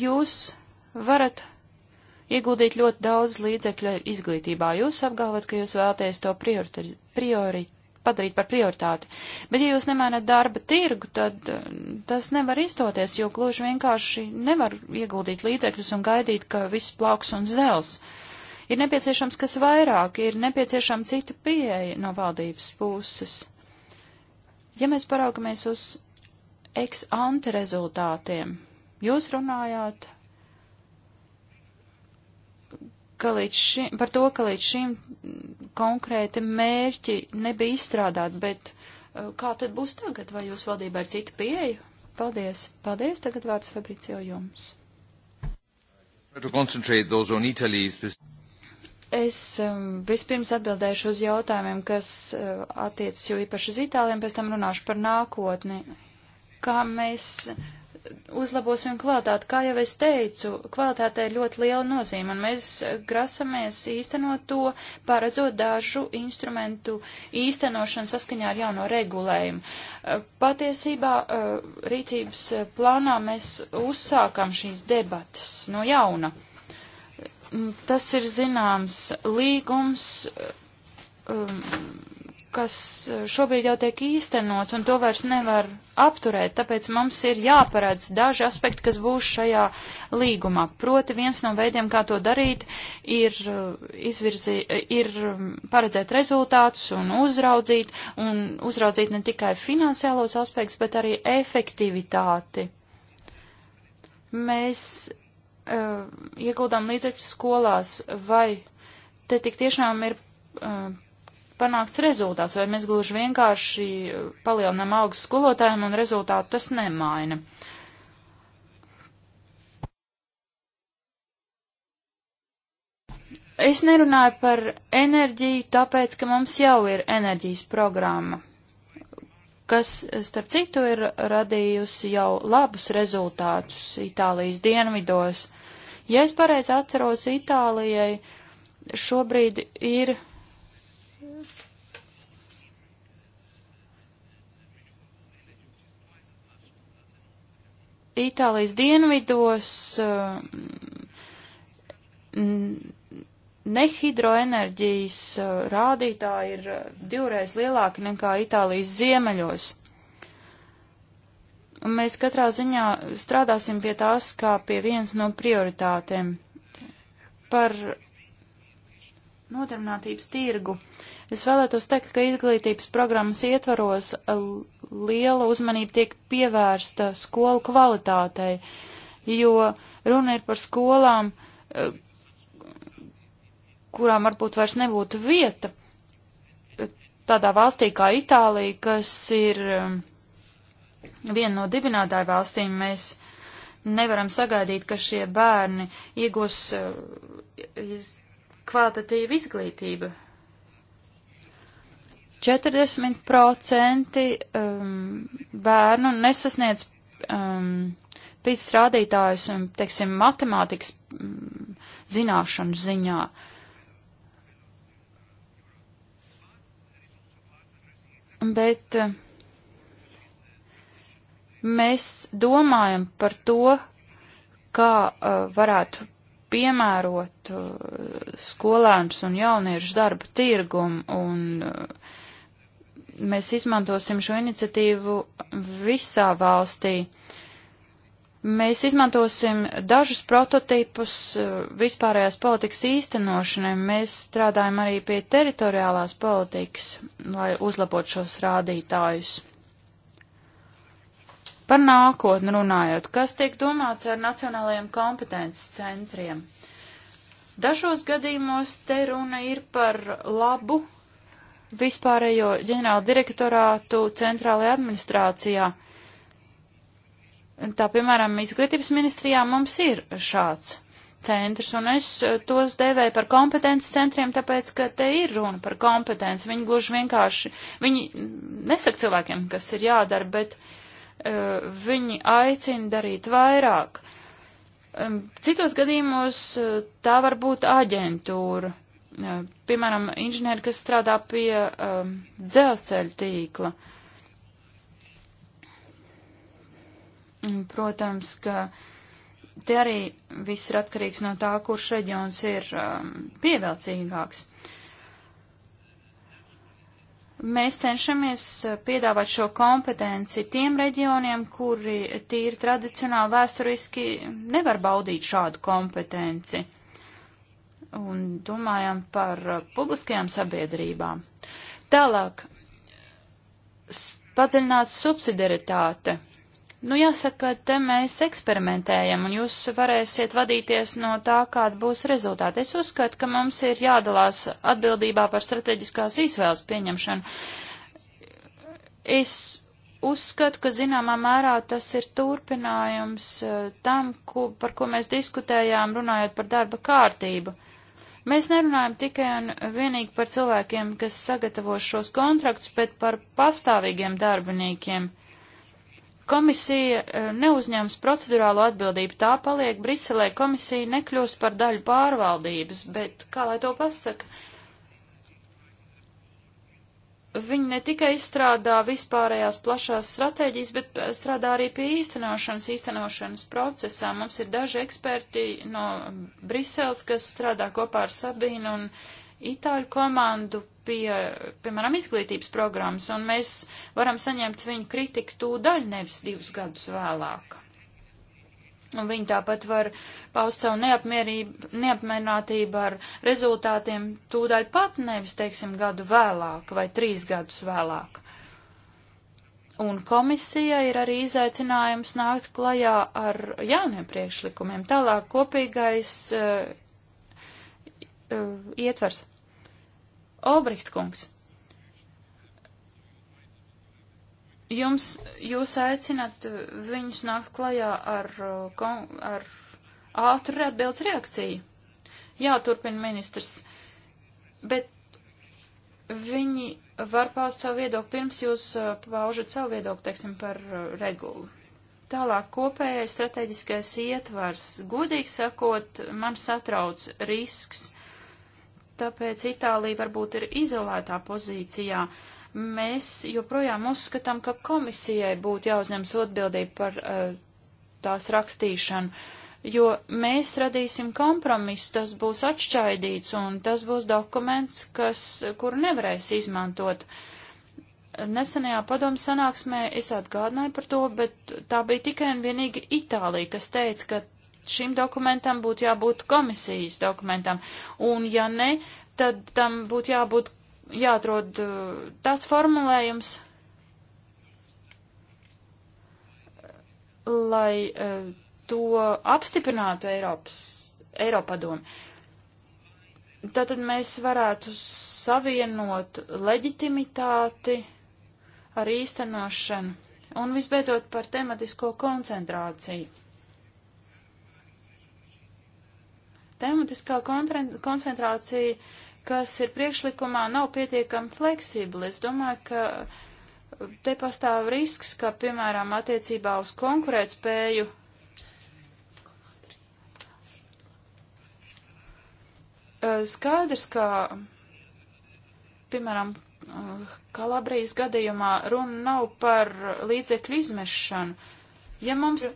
jūs varat ieguldīt ļoti daudz līdzekļu izglītībā. Jūs apgalvat, ka jūs vēlaties to priori, priori, padarīt par prioritāti. Bet, ja jūs nemainat darba tirgu, tad eh, tas nevar izdoties, jo gluži vienkārši nevar ieguldīt līdzekļus un gaidīt, ka viss plauks un zels. Ir nepieciešams kas vairāk, ir nepieciešama cita pieeja no valdības puses. Ja mēs paraugamies uz ex ante rezultātiem, Jūs runājāt ka līdz šim, par to, ka līdz šim konkrēti mērķi nebija izstrādāti, bet eh, kā tad būs tagad, vai jūs valdībā ir cita pieeja? Paldies, paldies, tagad vārds Fabricio jums. Es vispirms atbildēšu uz jautājumiem, kas eh, attiecas jau īpaši uz Itālijiem, pēc tam runāšu par nākotni. Kā mēs uzlabosim kvalitāti. Kā jau es teicu, kvalitātei ir ļoti liela nozīme, un mēs grasamies īstenot to, paredzot dažu instrumentu īstenošanu saskaņā ar jauno regulējumu. Eh, patiesībā eh, rīcības plānā mēs uzsākam šīs debatas no jauna. Mm, tas ir zināms līgums. Eh, um, kas eh, šobrīd jau tiek īstenots, un to vairs nevar apturēt, tāpēc mums ir jāparedz daži aspekti, kas būs šajā līgumā. Proti viens no veidiem, kā to darīt, ir, eh, izvirzi, eh, ir mm, paredzēt rezultātus un uzraudzīt, un uzraudzīt ne tikai finansiālos aspektus, bet arī efektivitāti. Mēs uh, ieguldām līdzekļus skolās, vai te tik tiešām ir uh, panākts rezultāts, vai mēs gluži vienkārši eh, palielinām augstu skolotājiem un rezultātu tas nemaina. Es nerunāju par enerģiju, tāpēc, ka mums jau ir enerģijas programma, kas, starp citu, ir radījusi jau labus rezultātus Itālijas dienvidos. Ja es pareizi atceros, Itālijai šobrīd ir Itālijas dienvidos eh, nehidroenerģijas eh, rādītāji ir eh, divreiz lielāki nekā Itālijas ziemeļos. Un mēs katrā ziņā strādāsim pie tās kā pie vienas no prioritātēm. Par nodarbinātības tirgu. Es vēlētos teikt, ka izglītības programmas ietvaros e, liela uzmanība tiek pievērsta skolu kvalitātei, jo runa ir par skolām, e, kurām varbūt vairs nebūtu vieta e, tādā valstī kā Itālija, kas ir viena no dibinātāju valstīm. Mēs nevaram sagaidīt, ka šie bērni iegūs iz kvalitatīva izglītība. 40% um, bērnu nesasniedz um, PISA rādītājus, un, um, teiksim, matemātikas um, zināšanu ziņā. Bet uh, mēs domājam par to, kā uh, varētu piemērot eh, skolēnus un jauniešus darba tirgumu, un eh, mēs izmantosim šo iniciatīvu visā valstī. Mēs izmantosim dažus prototipus eh, vispārējās politikas īstenošanai. Mēs strādājam arī pie teritoriālās politikas, lai uzlabotu šos rādītājus. Par nākotni runājot, kas tiek domāts ar nacionālajiem kompetences centriem? Dažos gadījumos te runa ir par labu vispārējo ģenerālu direktorātu centrālajā administrācijā. Tā, piemēram, izglītības ministrijā mums ir šāds centrs, un es tos devēju par kompetences centriem, tāpēc, ka te ir runa par kompetenci. Viņi gluži vienkārši, viņi nesaka cilvēkiem, kas ir jādara, bet uh, Eh, viņi aicina darīt vairāk. Citos gadījumos eh, tā var būt aģentūra, eh, piemēram, inženieri, kas strādā pie um, dzelzceļa tīkla. Protams, ka te arī viss ir atkarīgs no tā, kurš reģions ir um, pievilcīgāks. Uh, Mēs cenšamies eh, piedāvāt šo kompetenci tiem reģioniem, kuri tīri tradicionāli vēsturiski nevar baudīt šādu kompetenci. Un domājam par eh, publiskajām sabiedrībām. Tālāk, padziļināta subsidiaritāte. Nu, jāsaka, te mēs eksperimentējam, un jūs varēsiet vadīties no tā, kāda būs rezultāti. Es uzskatu, ka mums ir jādalās atbildībā par strateģiskās izvēles pieņemšanu. Es uzskatu, ka zināmā mērā tas ir turpinājums eh, tam, ko, par ko mēs diskutējām, runājot par darba kārtību. Mēs nerunājam tikai un vienīgi par cilvēkiem, kas sagatavo šos kontraktus, bet par pastāvīgiem darbiniekiem. Uh, Komisija e, neuzņems procedurālo atbildību, tā paliek Briselē. Komisija nekļūst par daļu pārvaldības, bet kā lai to pasaka? Viņi ne tikai izstrādā vispārējās plašās stratēģijas, bet strādā arī pie īstenošanas, īstenošanas procesā. Mums ir daži eksperti no Briseles, kas strādā kopā ar Sabīnu un uh, itāļu komandu pie, piemēram, izglītības programmas, un mēs varam saņemt viņu kritiku tūdaļ, nevis divus gadus vēlāk. Un viņi tāpat var paust savu neapmierinātību ar rezultātiem tūdaļ pat, nevis, teiksim, gadu vēlāk vai trīs gadus vēlāk. Un komisija ir arī izaicinājums nākt klajā ar jauniem priekšlikumiem. Tālāk kopīgais uh, uh, ietvers. Olbricht kungs, jums, jūs aicinat viņus nākt klajā ar, uh, ar ātru atbildes reakciju. Jā, turpina ministrs, bet viņi var paust savu viedokli pirms jūs uh, paužat savu viedokli, teiksim, par uh, regulu. Tālāk kopējais strateģiskais ietvars. Godīgi sakot, man satrauc risks, tāpēc Itālija varbūt ir izolētā pozīcijā. Mēs joprojām uzskatām, ka komisijai būtu jāuzņems atbildība par uh, tās rakstīšanu, jo mēs radīsim kompromisu, tas būs atšķaidīts un tas būs dokuments, kas, kuru nevarēs izmantot. Nesenajā padomu sanāksmē es atgādināju par to, bet tā bija tikai un vienīgi Itālija, kas teica, ka šim dokumentam būtu jābūt komisijas dokumentam, un ja ne, tad tam būtu jābūt jāatrod uh, tāds formulējums, lai uh, to apstiprinātu Eiropas, Eiropadomi. Tātad mēs varētu savienot leģitimitāti ar īstenošanu un visbeidzot par tematisko koncentrāciju. tematiskā koncentrācija, kas ir priekšlikumā, nav pietiekami fleksibla. Es domāju, ka te pastāv risks, ka, piemēram, attiecībā uz konkurētspēju. Eh, skaidrs, ka, piemēram, eh, Kalabrijas gadījumā runa nav par līdzekļu izmešanu. Ja mums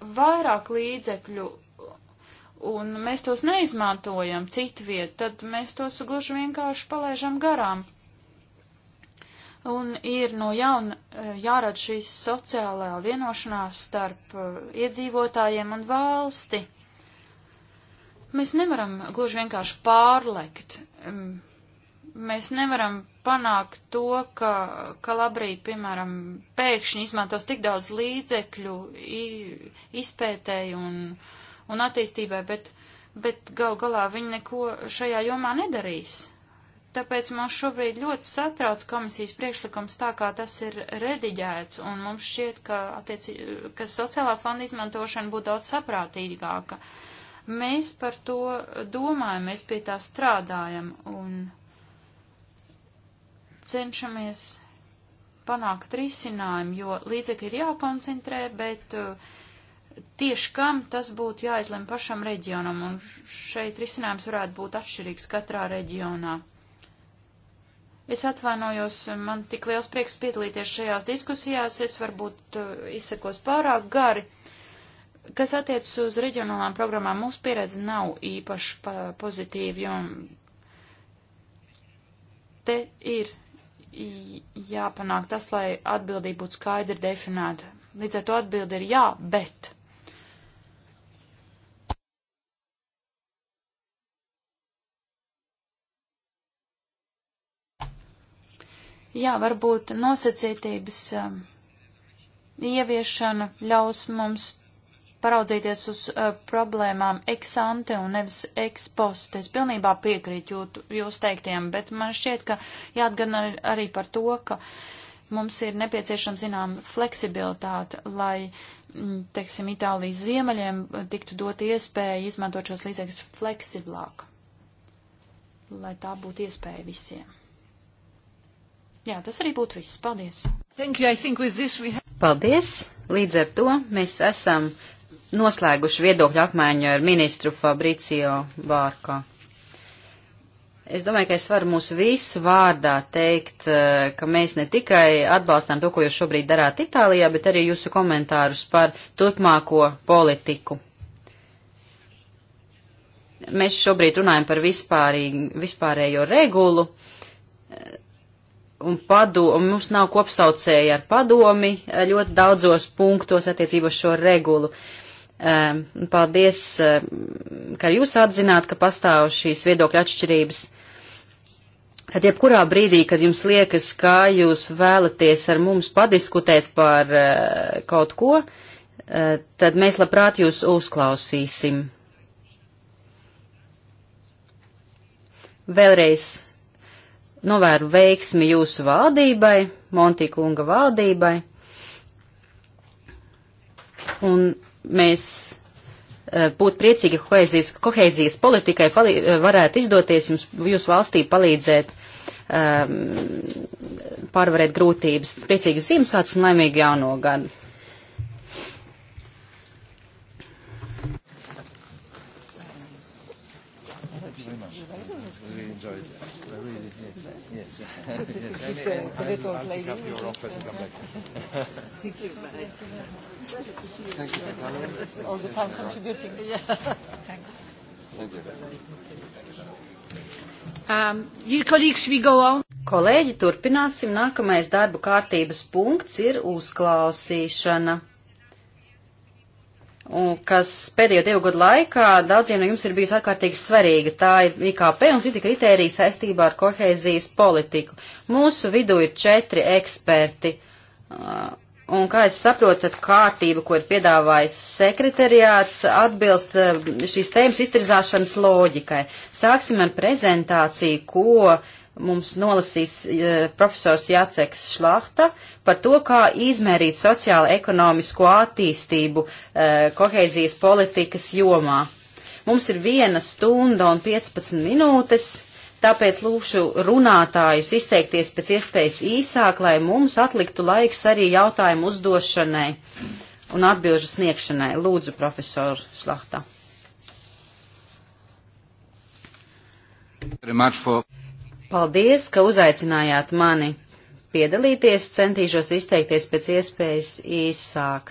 vairāk līdzekļu un mēs tos neizmantojam citviet, tad mēs tos gluži vienkārši palaižam garām. Un ir no jauna jārada šī sociālā vienošanās starp eh, iedzīvotājiem un valsti. Mēs nevaram gluži vienkārši pārlekt. Mēs nevaram panākt to, ka, ka labrīt, piemēram, pēkšņi izmantos tik daudz līdzekļu izpētēji un uh, un attīstībai, bet, bet gal galā viņi neko šajā jomā nedarīs. Tāpēc mums šobrīd ļoti satrauc komisijas priekšlikums tā, kā tas ir rediģēts, un mums šķiet, ka, attiec, ka sociālā fonda izmantošana būtu daudz saprātīgāka. Mēs par to domājam, mēs pie tā strādājam un cenšamies panākt risinājumu, jo līdzekļi ir jākoncentrē, bet uh, tieši kam tas būtu jāizlem pašam reģionam, un šeit risinājums varētu būt atšķirīgs katrā reģionā. Es atvainojos, man tik liels prieks piedalīties šajās diskusijās, es varbūt uh, izsakos pārāk gari. Kas attiecas uz reģionālām programmām, mūsu pieredze nav īpaši pozitīva, jo te ir jāpanāk tas, lai atbildība būtu skaidri definēta. Līdz ar to atbildi ir jā, bet. Jā, varbūt nosacītības um, ieviešana ļaus mums paraudzīties uz uh, problēmām eksante un nevis ekspost. Es pilnībā piekrītu jūt, jūs teiktiem, bet man šķiet, ka jāatgana arī par to, ka mums ir nepieciešama zinām fleksibilitāte, lai, mm, teiksim, Itālijas ziemeļiem tiktu dot iespēja izmantot šos līdzekļus fleksiblāk, lai tā būtu iespēja visiem. Jā, tas arī būtu viss. Paldies! Thank you. I think with this we have... Paldies! Līdz ar to mēs esam noslēguši viedokļu apmaiņu ar ministru Fabricio Vārko. Es domāju, ka es varu mūsu visu vārdā teikt, eh, ka mēs ne tikai atbalstām to, ko jūs šobrīd darāt Itālijā, bet arī jūsu komentārus par turpmāko politiku. Mēs šobrīd runājam par vispārī, vispārējo regulu. Uh, un padomi, mums nav kopsaucēji ar padomi eh, ļoti daudzos punktos attiecībā uz šo regulu. Ehm, paldies, ehm, ka jūs atzināt, ka pastāv šīs viedokļa atšķirības. Tad jebkurā brīdī, kad jums liekas, ka jūs vēlaties ar mums padiskutēt par eh, kaut ko, eh, tad mēs labprāt jūs uzklausīsim. Vēlreiz novēru veiksmi jūsu valdībai, Monti kunga valdībai. Un mēs e, būtu priecīgi, ka kohēzijas, kohēzijas politikai palī, e, varētu izdoties jums, jūsu valstī palīdzēt um, pārvarēt grūtības. Priecīgas Ziemassvētkus un laimīgu jauno gadu! the little I'll lady. I'll pick up your offer to come back. Thank you. Thank you for coming. All the time contributing. Yeah. Thanks. Thank you. Um, dear colleagues, we go on. Kolēģi, turpināsim. Nākamais darba kārtības punkts ir uzklausīšana kas pēdējo divu gadu laikā daudziem no jums ir bijusi ārkārtīgi svarīga. Tā ir IKP un citi kriteriji saistībā ar kohēzijas politiku. Mūsu vidū ir četri eksperti. Uh, un, kā es saprotu, tad kārtība, ko ir piedāvājis sekretariāts, atbilst uh, šīs tēmas iztirzāšanas loģikai. Sāksim ar prezentāciju, ko uh, mums nolasīs uh, profesors Jāceks Šlahta par to, kā izmērīt sociāla-ekonomisko attīstību uh, e, kohēzijas politikas jomā. Mums ir viena stunda un 15 minūtes, tāpēc lūšu runātājus izteikties pēc iespējas īsāk, lai mums atliktu laiks arī jautājumu uzdošanai un atbilžu sniegšanai. Lūdzu, profesor Šlahta. Very much for Paldies, ka uzaicinājāt mani piedalīties, centīšos izteikties pēc iespējas īsāk.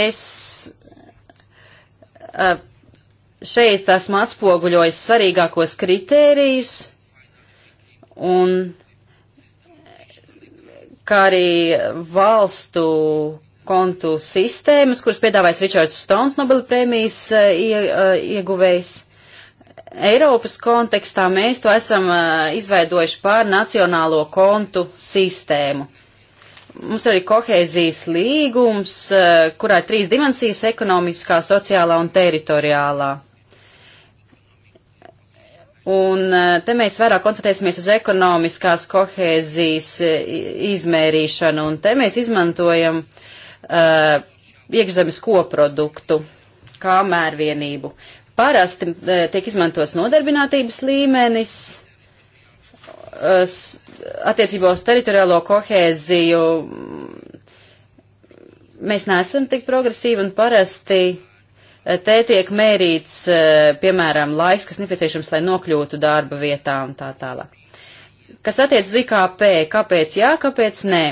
Es šeit esmu atspoguļojis svarīgākos kritērijus un kā arī valstu kontu sistēmas, kuras piedāvājas Ričards Stons Nobel prēmijas ie, ieguvējs. Eiropas kontekstā mēs to esam izveidojuši pār nacionālo kontu sistēmu. Mums ir arī kohēzijas līgums, kurā ir trīs dimensijas - ekonomiskā, sociālā un teritoriālā. Un te mēs vairāk koncentrēsimies uz ekonomiskās kohēzijas izmērīšanu, un te mēs izmantojam uh, iekšzemes koproduktu kā mērvienību. Parasti e, tiek izmantos nodarbinātības līmenis e, attiecībā uz teritoriālo kohēziju. Mēs neesam tik progresīvi un parasti e, te tiek mērīts, piemēram, laiks, kas nepieciešams, lai nokļūtu darba vietā un tā tālāk. Kas attiec uz IKP, kāpēc jā, kāpēc nē?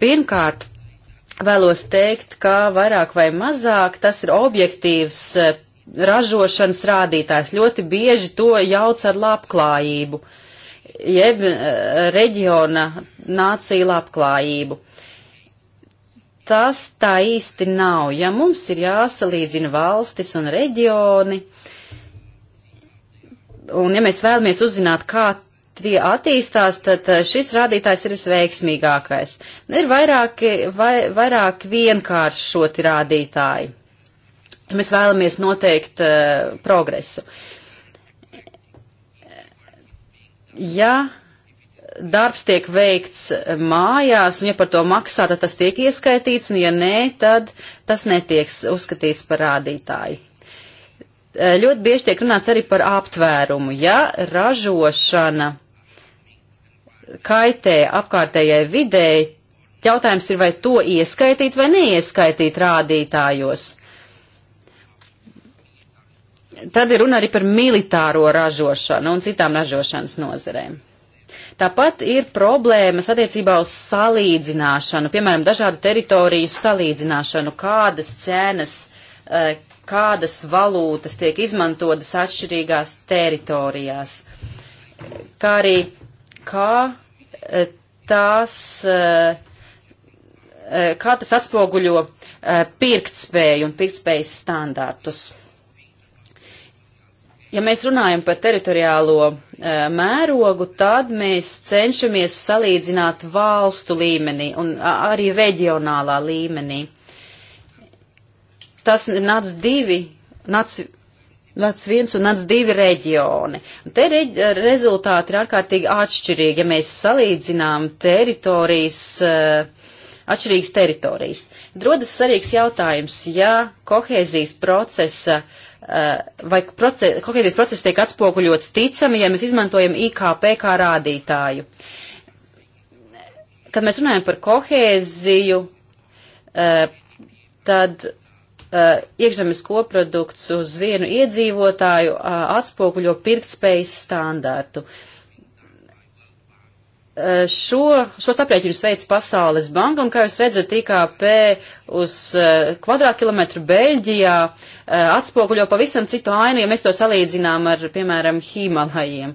Pirmkārt, vēlos teikt, ka vairāk vai mazāk tas ir objektīvs ražošanas rādītājs. Ļoti bieži to jauc ar labklājību, jeb eh, reģiona nācija labklājību. Tas tā īsti nav. Ja mums ir jāsalīdzina valstis un reģioni, un ja mēs vēlamies uzzināt, kā tie attīstās, tad eh, šis rādītājs ir visveiksmīgākais. Ir vairāki, vai, vairāk vienkāršoti rādītāji. Mēs vēlamies noteikt uh, progresu. Ja darbs tiek veikts eh, mājās, un ja par to maksā, tad tas tiek ieskaitīts, un ja nē, tad tas netiek uzskatīts par rādītāju. Eh, ļoti bieži tiek runāts arī par aptvērumu. Ja ražošana kaitē apkārtējai videi, jautājums ir, vai to ieskaitīt vai neieskaitīt rādītājos tad ir runa arī par militāro ražošanu un citām ražošanas nozerēm. Tāpat ir problēmas attiecībā uz salīdzināšanu, piemēram, dažādu teritoriju salīdzināšanu, kādas cenas, eh, kādas valūtas tiek izmantotas atšķirīgās teritorijās, kā arī kā eh, tās, eh, kā tas atspoguļo pirktspēju un pirktspējas standartus. Ja mēs runājam par teritoriālo e, mērogu, tad mēs cenšamies salīdzināt valstu līmenī un arī reģionālā līmenī. Tas ir nāc divi, nāc Nāc viens un nāc divi reģioni. Un te reģ e, rezultāti ir ārkārtīgi atšķirīgi, ja mēs salīdzinām teritorijas, e, atšķirīgas teritorijas. Drodas svarīgs jautājums, ja kohēzijas procesa uh, Eh, vai proces, kohēzijas process tiek atspoguļots ticami, ja mēs izmantojam IKP kā rādītāju. Kad mēs runājam par kohēziju, eh, tad eh, iekšzemes koprodukts uz vienu iedzīvotāju atspoguļo pirktspējas standārtu. Uh, Eh, šo, šos aprēķinus veids Pasaules banka, un kā jūs redzat, IKP uz eh, kvadrātkilometru Beļģijā eh, atspoguļo pavisam citu ainu, ja mēs to salīdzinām ar, piemēram, Himalajiem.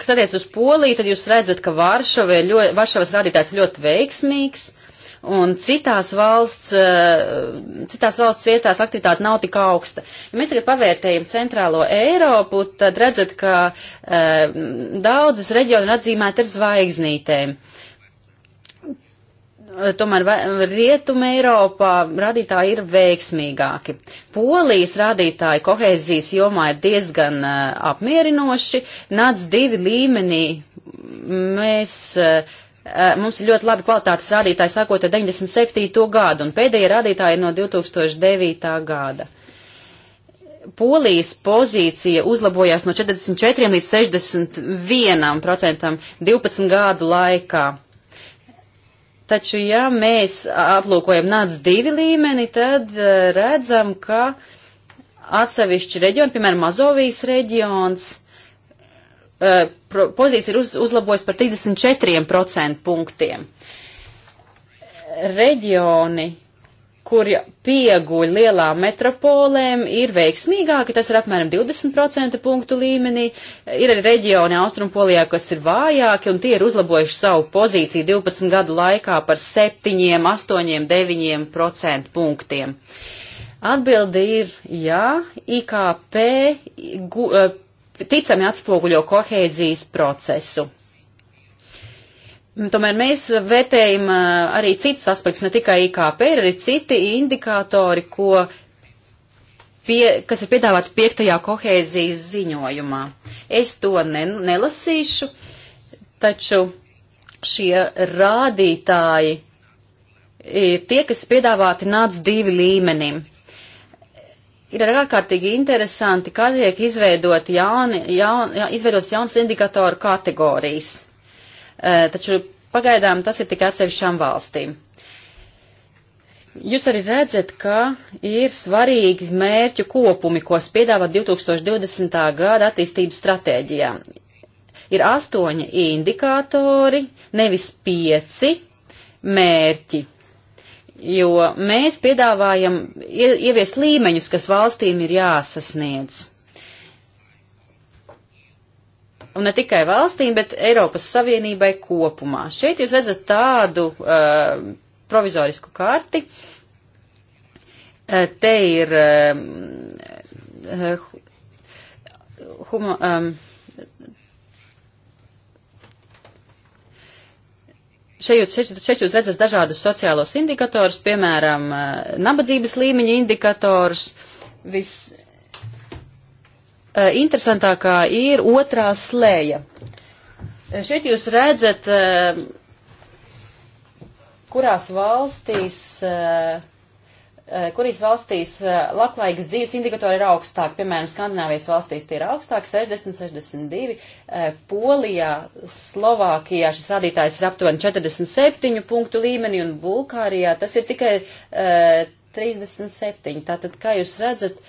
Kas attiec uz Poliju, tad jūs redzat, ka Varšava ir ļoti, Varšavas rādītājs ļoti veiksmīgs un citās valsts, eh, citās valsts vietās aktivitāte nav tik augsta. Ja mēs tagad pavērtējam centrālo Eiropu, tad redzat, ka eh, daudzas reģionu atzīmēt ar zvaigznītēm. Tomēr rietuma Eiropā rādītāji ir veiksmīgāki. Polijas rādītāji kohēzijas jomā ir diezgan eh, apmierinoši. Nāc divi līmenī mēs uh, Eh, mums ir ļoti labi kvalitātes rādītāji sākot ar 97. gadu, un pēdējie rādītāji ir no 2009. gada. Polijas pozīcija uzlabojās no 44 līdz 61 procentam 12 gadu laikā. Taču, ja mēs aplūkojam nāc divi līmeni, tad eh, redzam, ka atsevišķi reģioni, piemēram, Mazovijas reģions, eh, pozīcija ir uz, uzlabojusi par 34% punktiem. Reģioni, kur pieguļ lielām metropolēm, ir veiksmīgāki, tas ir apmēram 20% punktu līmenī. Ir arī reģioni Austrumpolijā, kas ir vājāki, un tie ir uzlabojuši savu pozīciju 12 gadu laikā par 7, 8, 9% punktiem. Atbildi ir jā, IKP gu, eh, ticami atspoguļo kohēzijas procesu. Tomēr mēs vērtējam arī citus aspektus, ne tikai IKP, ir arī citi indikātori, ko pie, kas ir piedāvāti piektajā kohēzijas ziņojumā. Es to ne, nelasīšu, taču šie rādītāji ir tie, kas piedāvāti nāc divi līmenim ir ārkārtīgi interesanti, kā tiek izveidot jauni, jaun, ja, izveidotas jaunas indikatoru kategorijas. E, taču pagaidām tas ir tikai atsevišķām valstīm. Jūs arī redzat, ka ir svarīgi mērķu kopumi, ko spiedāvā 2020. gada attīstības stratēģijā. Ir astoņi indikātori, nevis pieci mērķi, jo mēs piedāvājam ieviest līmeņus, kas valstīm ir jāsasniedz. Un ne tikai valstīm, bet Eiropas Savienībai kopumā. Šeit jūs redzat tādu uh, provizorisku karti. Uh, te ir um, uh, uh, huma, um, šajos sešos redzas dažādus sociālos indikatorus, piemēram, eh, nabadzības līmeņa indikatorus. Viss eh, interesantākā ir otrā slēja. Eh, šeit jūs redzat, kurās valstīs Eh, kurīs valstīs eh, labklājīgas dzīves indikatori ir augstāki, piemēram, Skandināvijas valstīs tie ir augstāki, 60, 62, eh, Polijā, Slovākijā šis rādītājs ir aptuveni 47 punktu līmenī un Bulgārijā tas ir tikai uh, 37. Tātad, kā jūs redzat,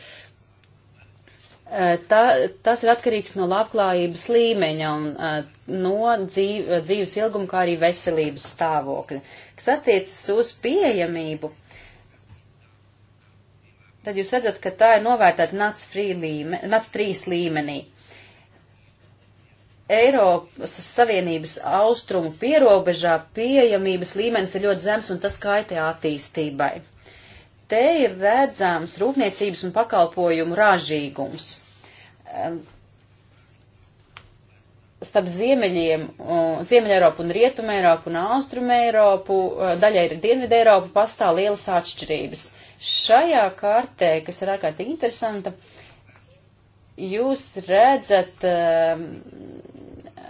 tā, tas ir atkarīgs no labklājības līmeņa un uh, no dzīv, dzīves ilguma, kā arī veselības stāvokļa. Kas attiecas uz pieejamību, tad jūs redzat, ka tā ir novērtēta NAC, līme, NAC 3 līmenī. Eiropas Savienības austrumu pierobežā pieejamības līmenis ir ļoti zems un tas kaitē attīstībai. Te ir redzams rūpniecības un pakalpojumu ražīgums. Starp ziemeļiem, ziemeļa Eiropu un rietumē Eiropu un austrumē Eiropu, daļai ir Dienvidē Eiropu, pastāv lielas atšķirības. Šajā kartē, kas ir ārkārtīgi interesanta, jūs redzat, um,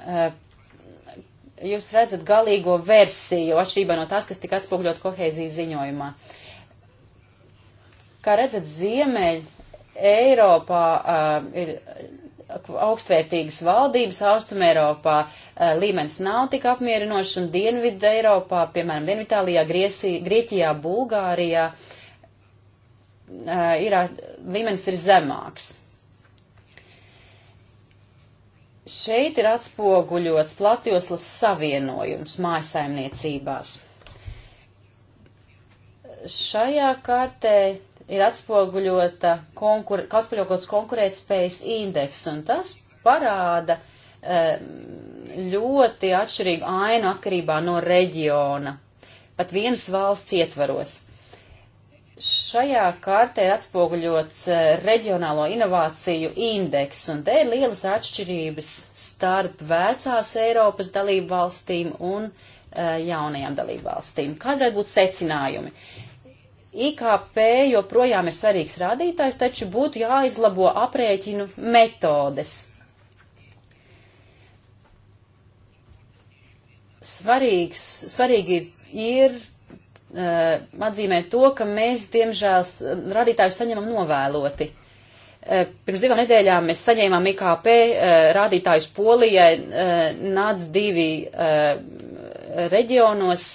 uh, jūs redzat galīgo versiju, atšķirībā no tās, kas tika atspūgļot kohēzijas ziņojumā. Kā redzat, Ziemeļ Eiropā uh, ir augstvērtīgas valdības, Austrum Eiropā uh, līmenis nav tik apmierinošs, un Dienvidu Eiropā, piemēram, Dienvidālijā, Grieķijā, Bulgārijā, uh, Eh, ir, līmenis ir zemāks. Šeit ir atspoguļots platjoslas savienojums mājasaimniecībās. Šajā kartē ir atspoguļota konkur, atspoguļots konkurētspējas indeks, un tas parāda ļoti atšķirīgu ainu atkarībā no reģiona, pat vienas valsts ietvaros. Šajā kārtē ir atspoguļots eh, reģionālo inovāciju indeks, un te ir lielas atšķirības starp vecās Eiropas dalību valstīm un eh, jaunajām dalību valstīm. Kāda varētu būt secinājumi? IKP joprojām ir svarīgs rādītājs, taču būtu jāizlabo aprēķinu metodes. Svarīgs, svarīgi ir, ir Uh, atzīmē to, ka mēs, diemžēl, rādītājus saņemam novēloti. Uh, pirms divām nedēļām mēs saņēmām IKP uh, rādītājus Polijai, nāc divi reģionos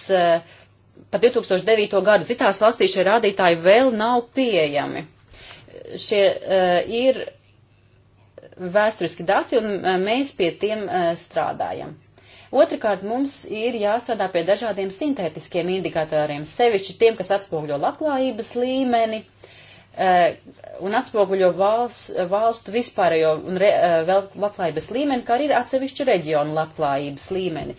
pa 2009. gadu. Citās valstīs šie rādītāji vēl nav pieejami. Šie ir vēsturiski dati un mēs pie tiem strādājam. Otrakārt, mums ir jāstrādā pie dažādiem sintētiskiem indikatoriem, sevišķi tiem, kas atspoguļo labklājības līmeni eh, un atspoguļo valsts, valstu vispārējo un re, eh, vēl labklājības līmeni, kā arī atsevišķu reģionu labklājības līmeni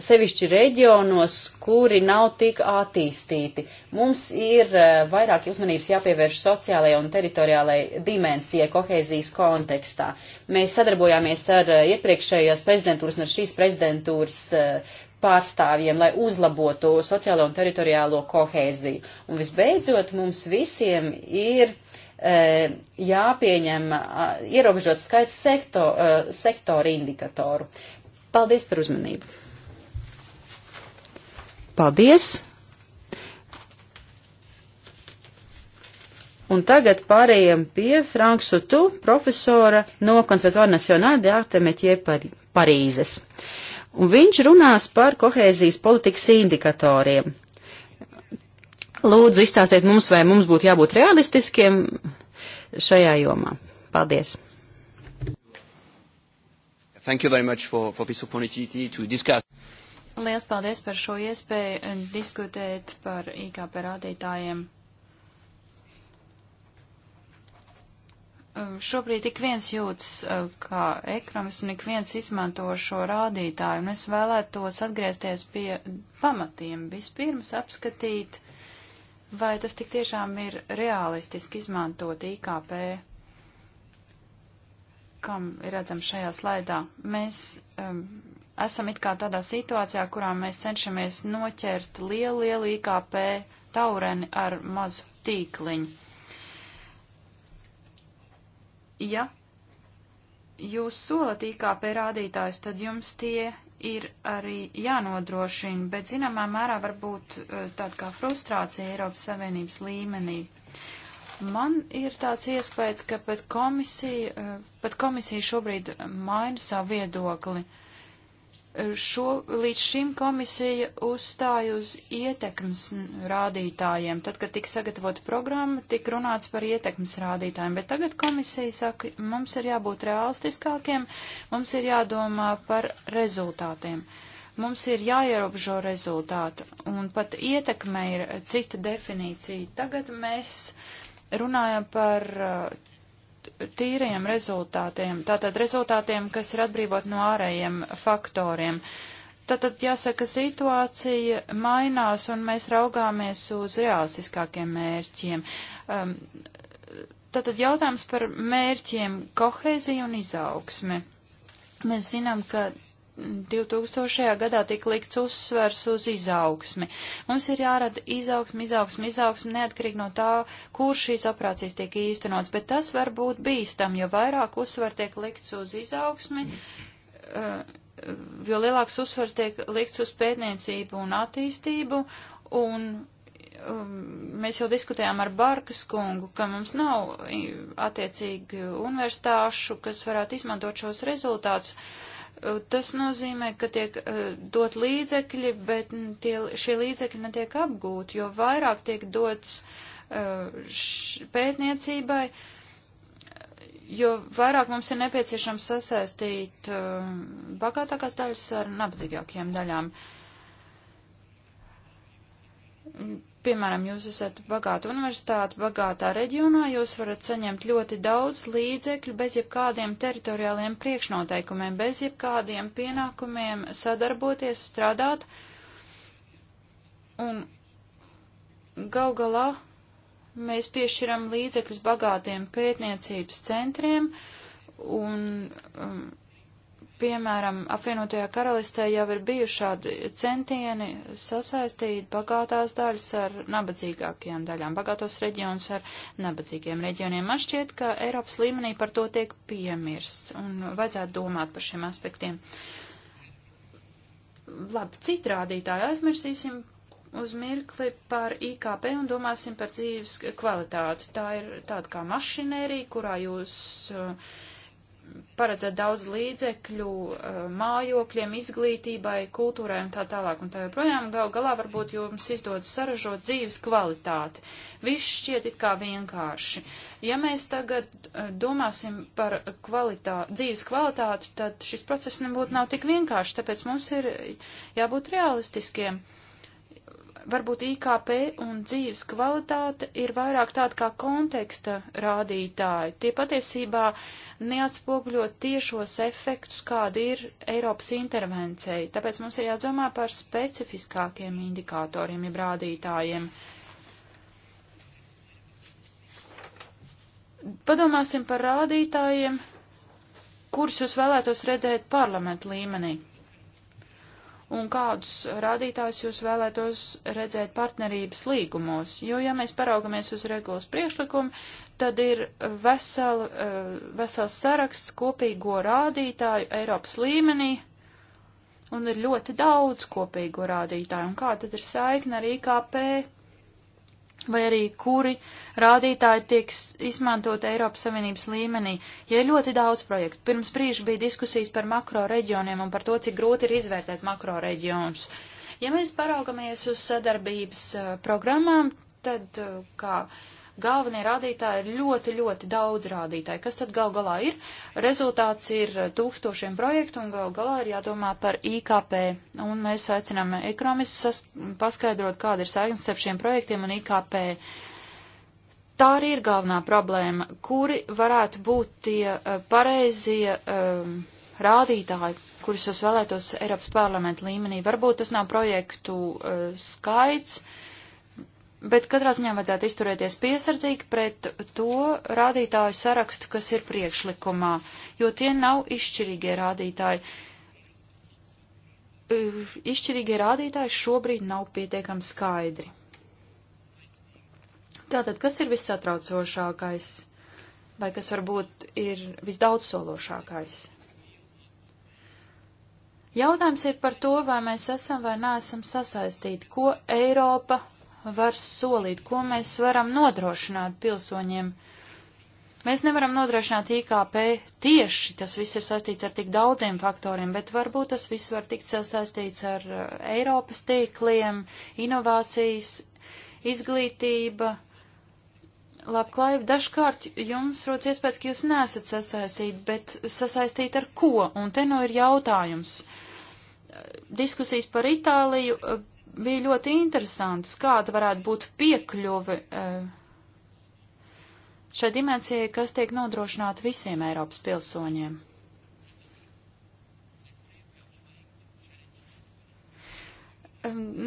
sevišķi reģionos, kuri nav tik attīstīti. Mums ir eh, vairāk uzmanības jāpievērš sociālajai un teritoriālajai dimensijai kohēzijas kontekstā. Mēs sadarbojāmies ar eh, iepriekšējās prezidentūras un ar šīs prezidentūras eh, pārstāvjiem, lai uzlabotu sociālo un teritoriālo kohēziju. Un visbeidzot, mums visiem ir jāpieņem ierobežot skaits sektor, sektoru indikatoru. Paldies par uzmanību! Paldies! Un tagad pārējiem pie Franks Sutu, profesora no Konservatoire Nationale de Arte Metie Parīzes. Un viņš runās par kohēzijas politikas indikatoriem. Lūdzu, izstāstiet mums, vai mums būtu jābūt realistiskiem šajā jomā. Paldies! Thank you very much for, for this opportunity to discuss. Liels paldies par šo iespēju eh, diskutēt par IKP rādītājiem. Eh, šobrīd ik viens jūtas eh, kā ekonomists un ik viens izmanto šo rādītāju, un es vēlētos atgriezties pie pamatiem. Vispirms apskatīt, vai tas tik tiešām ir realistiski izmantot IKP, kam ir redzams šajā slaidā. Mēs um, esam it kā tādā situācijā, kurā mēs cenšamies noķert lielu, lielu IKP taureni ar mazu tīkliņu. Ja jūs solat IKP rādītājs, tad jums tie ir arī jānodrošina, bet zināmā mērā var būt e, tāda kā frustrācija Eiropas Savienības līmenī. Man ir tāds iespējas, ka pat komisija, e, pat komisija šobrīd maina savu viedokli. Uh, Šo līdz šim komisija uzstāja uz ietekmes rādītājiem. Tad, kad tika sagatavota programma, tika runāts par ietekmes rādītājiem, bet tagad komisija saka, mums ir jābūt realistiskākiem, mums ir jādomā par rezultātiem. Mums ir jāierobežo rezultātu, un pat ietekme ir cita definīcija. Tagad mēs runājam par uh, tīriem rezultātiem, tātad rezultātiem, kas ir atbrīvot no ārējiem faktoriem. Tātad jāsaka, situācija mainās un mēs raugāmies uz realistiskākiem mērķiem. Um, tātad jautājums par mērķiem kohēziju un izaugsmi. Mēs zinām, ka 2000. gadā tika likts uzsvers uz izaugsmi. Mums ir jārada izaugsmi, izaugsmi, izaugsmi, neatkarīgi no tā, kur šīs operācijas tiek īstenots, bet tas var būt bīstam, jo vairāk uzsver tiek likts uz izaugsmi, eh, jo lielāks uzsvers tiek likts uz pētniecību un attīstību, un um, mēs jau diskutējām ar Barkas kungu, ka mums nav attiecīgi universitāšu, kas varētu izmantot šos rezultātus. Tas nozīmē, ka tiek eh, dot līdzekļi, bet tie, šie līdzekļi netiek apgūti, jo vairāk tiek dots eh, š, pētniecībai, jo vairāk mums ir nepieciešams sasaistīt eh, bagātākās daļas ar nabadzīgākajām daļām piemēram, jūs esat bagāta universitāte, bagātā reģionā, jūs varat saņemt ļoti daudz līdzekļu bez jebkādiem teritoriāliem priekšnoteikumiem, bez jebkādiem pienākumiem sadarboties, strādāt. Un gal galā mēs piešķiram līdzekļus bagātiem pētniecības centriem un um, Piemēram, apvienotajā karalistē jau ir bijušādi centieni sasaistīt bagātās daļas ar nabadzīgākajām daļām, bagātos reģionus ar nabadzīgiem reģioniem. Man šķiet, ka Eiropas līmenī par to tiek piemirsts un vajadzētu domāt par šiem aspektiem. Labi, citu rādītāju aizmirsīsim uz mirkli par IKP un domāsim par dzīves kvalitāti. Tā ir tāda kā mašinērija, kurā jūs. Uh, paredzēt daudz līdzekļu eh, mājokļiem, izglītībai, kultūrai un tā tālāk un tā joprojām. Gal galā varbūt jums izdodas saražot dzīves kvalitāti. Viss šķiet it kā vienkārši. Ja mēs tagad eh, domāsim par kvalitā, dzīves kvalitāti, tad šis process nebūtu nav tik vienkārši, tāpēc mums ir jābūt realistiskiem. Uh, varbūt IKP un dzīves kvalitāte ir vairāk tāda kā konteksta rādītāji. Tie patiesībā neatspogļo tiešos efektus, kāda ir Eiropas intervencija. Tāpēc mums ir jādomā par specifiskākiem indikatoriem, jeb rādītājiem. Padomāsim par rādītājiem, kurus jūs vēlētos redzēt parlamentu līmenī un kādus rādītājus jūs vēlētos redzēt partnerības līgumos. Jo, ja mēs paraugamies uz regulas priekšlikumu, tad ir vesel, eh, vesels saraksts kopīgo rādītāju Eiropas līmenī, un ir ļoti daudz kopīgo rādītāju, un kā tad ir saikna ar IKP vai arī kuri rādītāji tiek izmantot Eiropas Savienības līmenī. Ja ir ļoti daudz projektu, pirms brīža bija diskusijas par makro reģioniem un par to, cik grūti ir izvērtēt makro reģionus. Ja mēs paraugamies uz sadarbības uh, programmām, tad uh, kā uh, galvenie rādītāji ir ļoti, ļoti daudz rādītāji. Kas tad gal galā ir? Rezultāts ir tūkstošiem projektu un gal galā ir jādomā par IKP. Un mēs aicinām ekonomistus paskaidrot, kāda ir saiknes starp šiem projektiem un IKP. Tā arī ir galvenā problēma, kuri varētu būt tie eh, pareizie um, rādītāji, kurus es vēlētos Eiropas parlamenta līmenī. Varbūt tas nav projektu uh, skaits, uh, Bet katrā ziņā vajadzētu izturēties piesardzīgi pret to rādītāju sarakstu, kas ir priekšlikumā, jo tie nav izšķirīgie rādītāji. E, izšķirīgie rādītāji šobrīd nav pietiekami skaidri. Tātad, kas ir vissatraucošākais? Vai kas varbūt ir visdaudzsološākais? Jautājums ir par to, vai mēs esam vai neesam sasaistīti, ko Eiropa var solīt, ko mēs varam nodrošināt pilsoņiem. Mēs nevaram nodrošināt IKP tieši, tas viss ir saistīts ar tik daudziem faktoriem, bet varbūt tas viss var tikt sasaistīts ar uh, Eiropas tīkliem, inovācijas, izglītība, labklājība. Dažkārt jums rodas iespējas, ka jūs nesat sasaistīti, bet sasaistīti ar ko? Un te nu ir jautājums. Diskusijas par Itāliju uh, bija ļoti interesants, kāda varētu būt piekļuve eh, šai dimensijai, kas tiek nodrošināta visiem Eiropas pilsoņiem.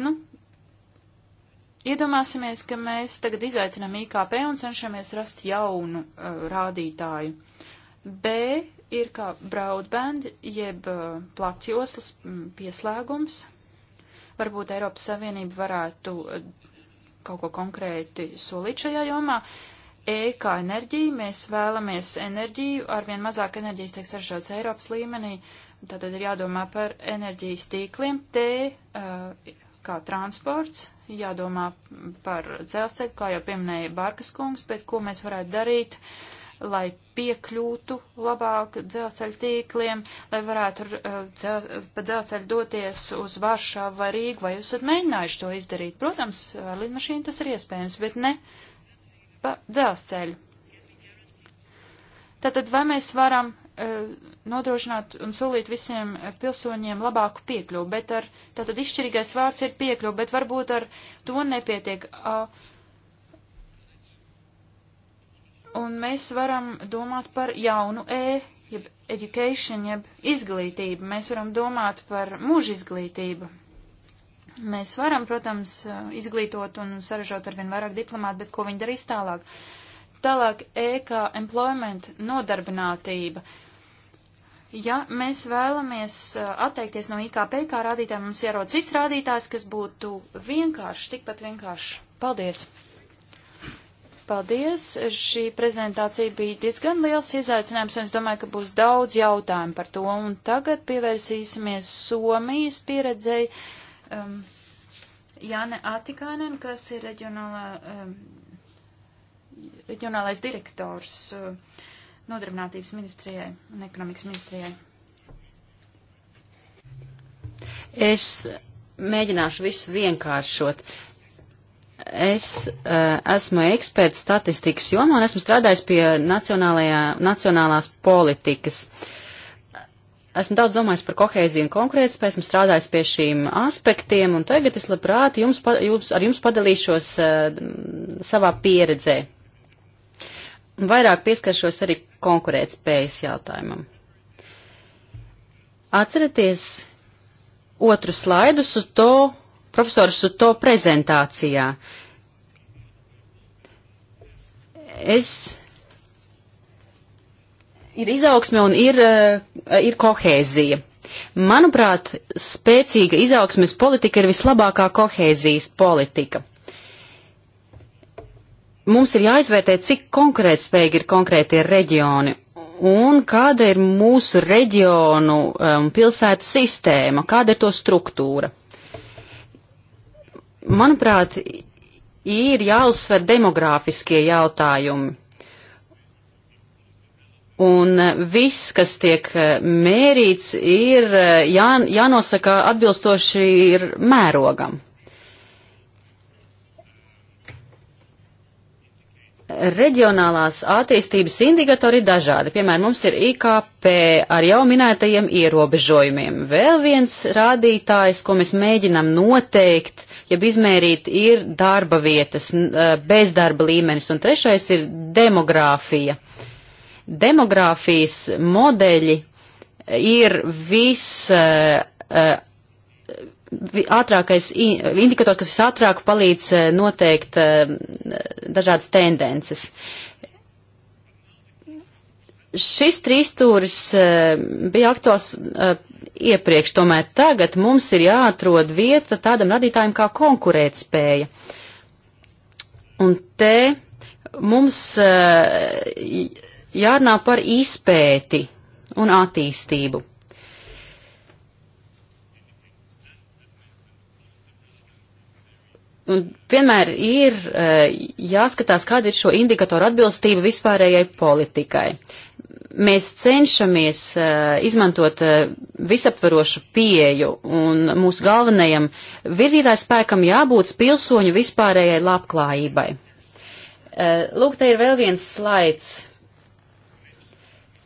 Nu, iedomāsimies, ka mēs tagad izaicinām IKP un cenšamies rast jaunu uh, rādītāju. B ir kā broadband, jeb uh, platjoslas mm, pieslēgums, Varbūt Eiropas Savienība varētu eh, kaut ko konkrēti solīt šajā jomā. E kā enerģija, mēs vēlamies enerģiju, arvien mazāk enerģijas tiek saražots Eiropas līmenī, tātad ir jādomā par enerģijas tīkliem. T eh, kā transports, jādomā par dzelzceļu, kā jau pieminēja Barkas kungs, bet ko mēs varētu darīt, uh, lai piekļūtu labāk dzelzceļa tīkliem, lai varētu uh, dzel, pa dzelzceļu doties uz Varšavu vai Rīgu, vai jūs esat mēģinājuši to izdarīt? Protams, ar lidmašīnu tas ir iespējams, bet ne pa dzelzceļu. Tātad, vai mēs varam uh, nodrošināt un solīt visiem pilsoņiem labāku piekļuvu, bet ar, tātad izšķirīgais vārds ir piekļuvu, bet varbūt ar to nepietiek. Uh, un mēs varam domāt par jaunu E, jeb education, jeb izglītību. Mēs varam domāt par mūža izglītību. Mēs varam, protams, izglītot un saražot ar vien vairāk diplomātu, bet ko viņi darīs tālāk? Tālāk E kā employment, nodarbinātība. Ja mēs vēlamies uh, atteikties no IKP kā rādītājiem, mums jāro cits rādītājs, kas būtu vienkārši, tikpat vienkārši. Paldies! Paldies! Šī prezentācija bija diezgan liels izaicinājums, un es domāju, ka būs daudz jautājumu par to. Un tagad pievērsīsimies Somijas pieredzei. Um, Jāne Atikainen, kas ir reģionālā, um, reģionālais direktors uh, nodarbinātības ministrijai un ekonomikas ministrijai. Es mēģināšu visu vienkāršot. Es uh, esmu eksperts statistikas jomā un esmu strādājis pie nacionālās politikas. Esmu daudz domājis par kohēziju un konkurētspēju, esmu strādājis pie šīm aspektiem, un tagad es labprāt jums, jums, ar jums padalīšos uh, savā pieredzē. Vairāk pieskaršos arī konkurētspējas jautājumam. Atcerieties otru slaidus uz to profesora Suto prezentācijā. Es ir izaugsme un ir, eh, ir kohēzija. Manuprāt, spēcīga izaugsmes politika ir vislabākā kohēzijas politika. Mums ir jāizvērtē, cik konkurētspējīgi ir konkrētie reģioni un kāda ir mūsu reģionu um, pilsētu sistēma, kāda ir to struktūra manuprāt, ir jāuzsver demogrāfiskie jautājumi. Un viss, kas tiek eh, mērīts, ir eh, jā, jānosaka atbilstoši ir mērogam. Reģionālās attīstības indikatori ir dažādi. Piemēram, mums ir IKP ar jau minētajiem ierobežojumiem. Vēl viens rādītājs, ko mēs mēģinam noteikt, jeb izmērīt, ir darba vietas, eh, bezdarba līmenis, un trešais ir demogrāfija. Demogrāfijas modeļi ir viss eh, eh, ātrākais indikators, kas visātrāk palīdz eh, noteikt eh, dažādas tendences. Šis trīstūris eh, bija aktuāls iepriekš, tomēr tagad mums ir jāatrod vieta tādam radītājam kā konkurētspēja. Un te mums jārunā par izpēti un attīstību. Un vienmēr ir eh, jāskatās, kāda ir šo indikatoru atbilstība vispārējai politikai. Mēs cenšamies eh, izmantot eh, visaptvarošu pieju un mūsu galvenajam virzītājs spēkam jābūt pilsoņu vispārējai labklājībai. Lūk, te ir vēl viens slaids,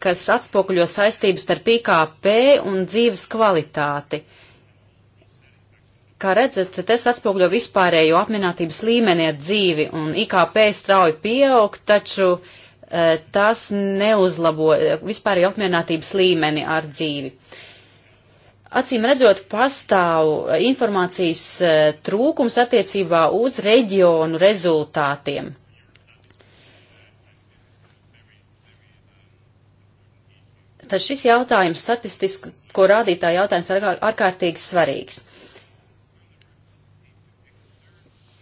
kas atspoguļo saistības starp IKP un dzīves kvalitāti kā redzat, tas atspogļo vispārējo apmierinātības līmeni ar dzīvi, un IKP strauji pieaug, taču e, tas neuzlabo eh, vispārējo apmierinātības līmeni ar dzīvi. Acīm redzot, pastāv eh, informācijas e, trūkums attiecībā uz reģionu rezultātiem. Tad šis jautājums, statistisko rādītāju jautājums, ir ārkārtīgi svarīgs.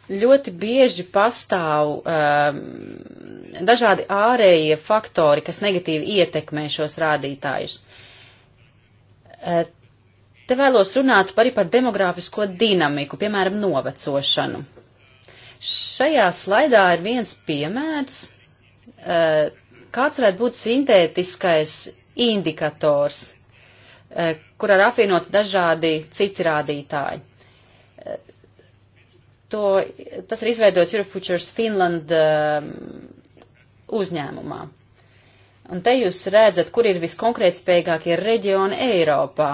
ļoti bieži pastāv um, dažādi ārējie faktori, kas negatīvi ietekmē šos rādītājus. Uh, te vēlos runāt arī par demogrāfisko dinamiku, piemēram, novecošanu. Šajā slaidā ir viens piemērs, uh, kāds varētu būt sintētiskais indikators, uh, kur ir apvienot dažādi citi rādītāji to, tas ir izveidots Eurofutures Finland um, uzņēmumā. Un te jūs redzat, kur ir viskonkrētspējīgākie reģioni Eiropā.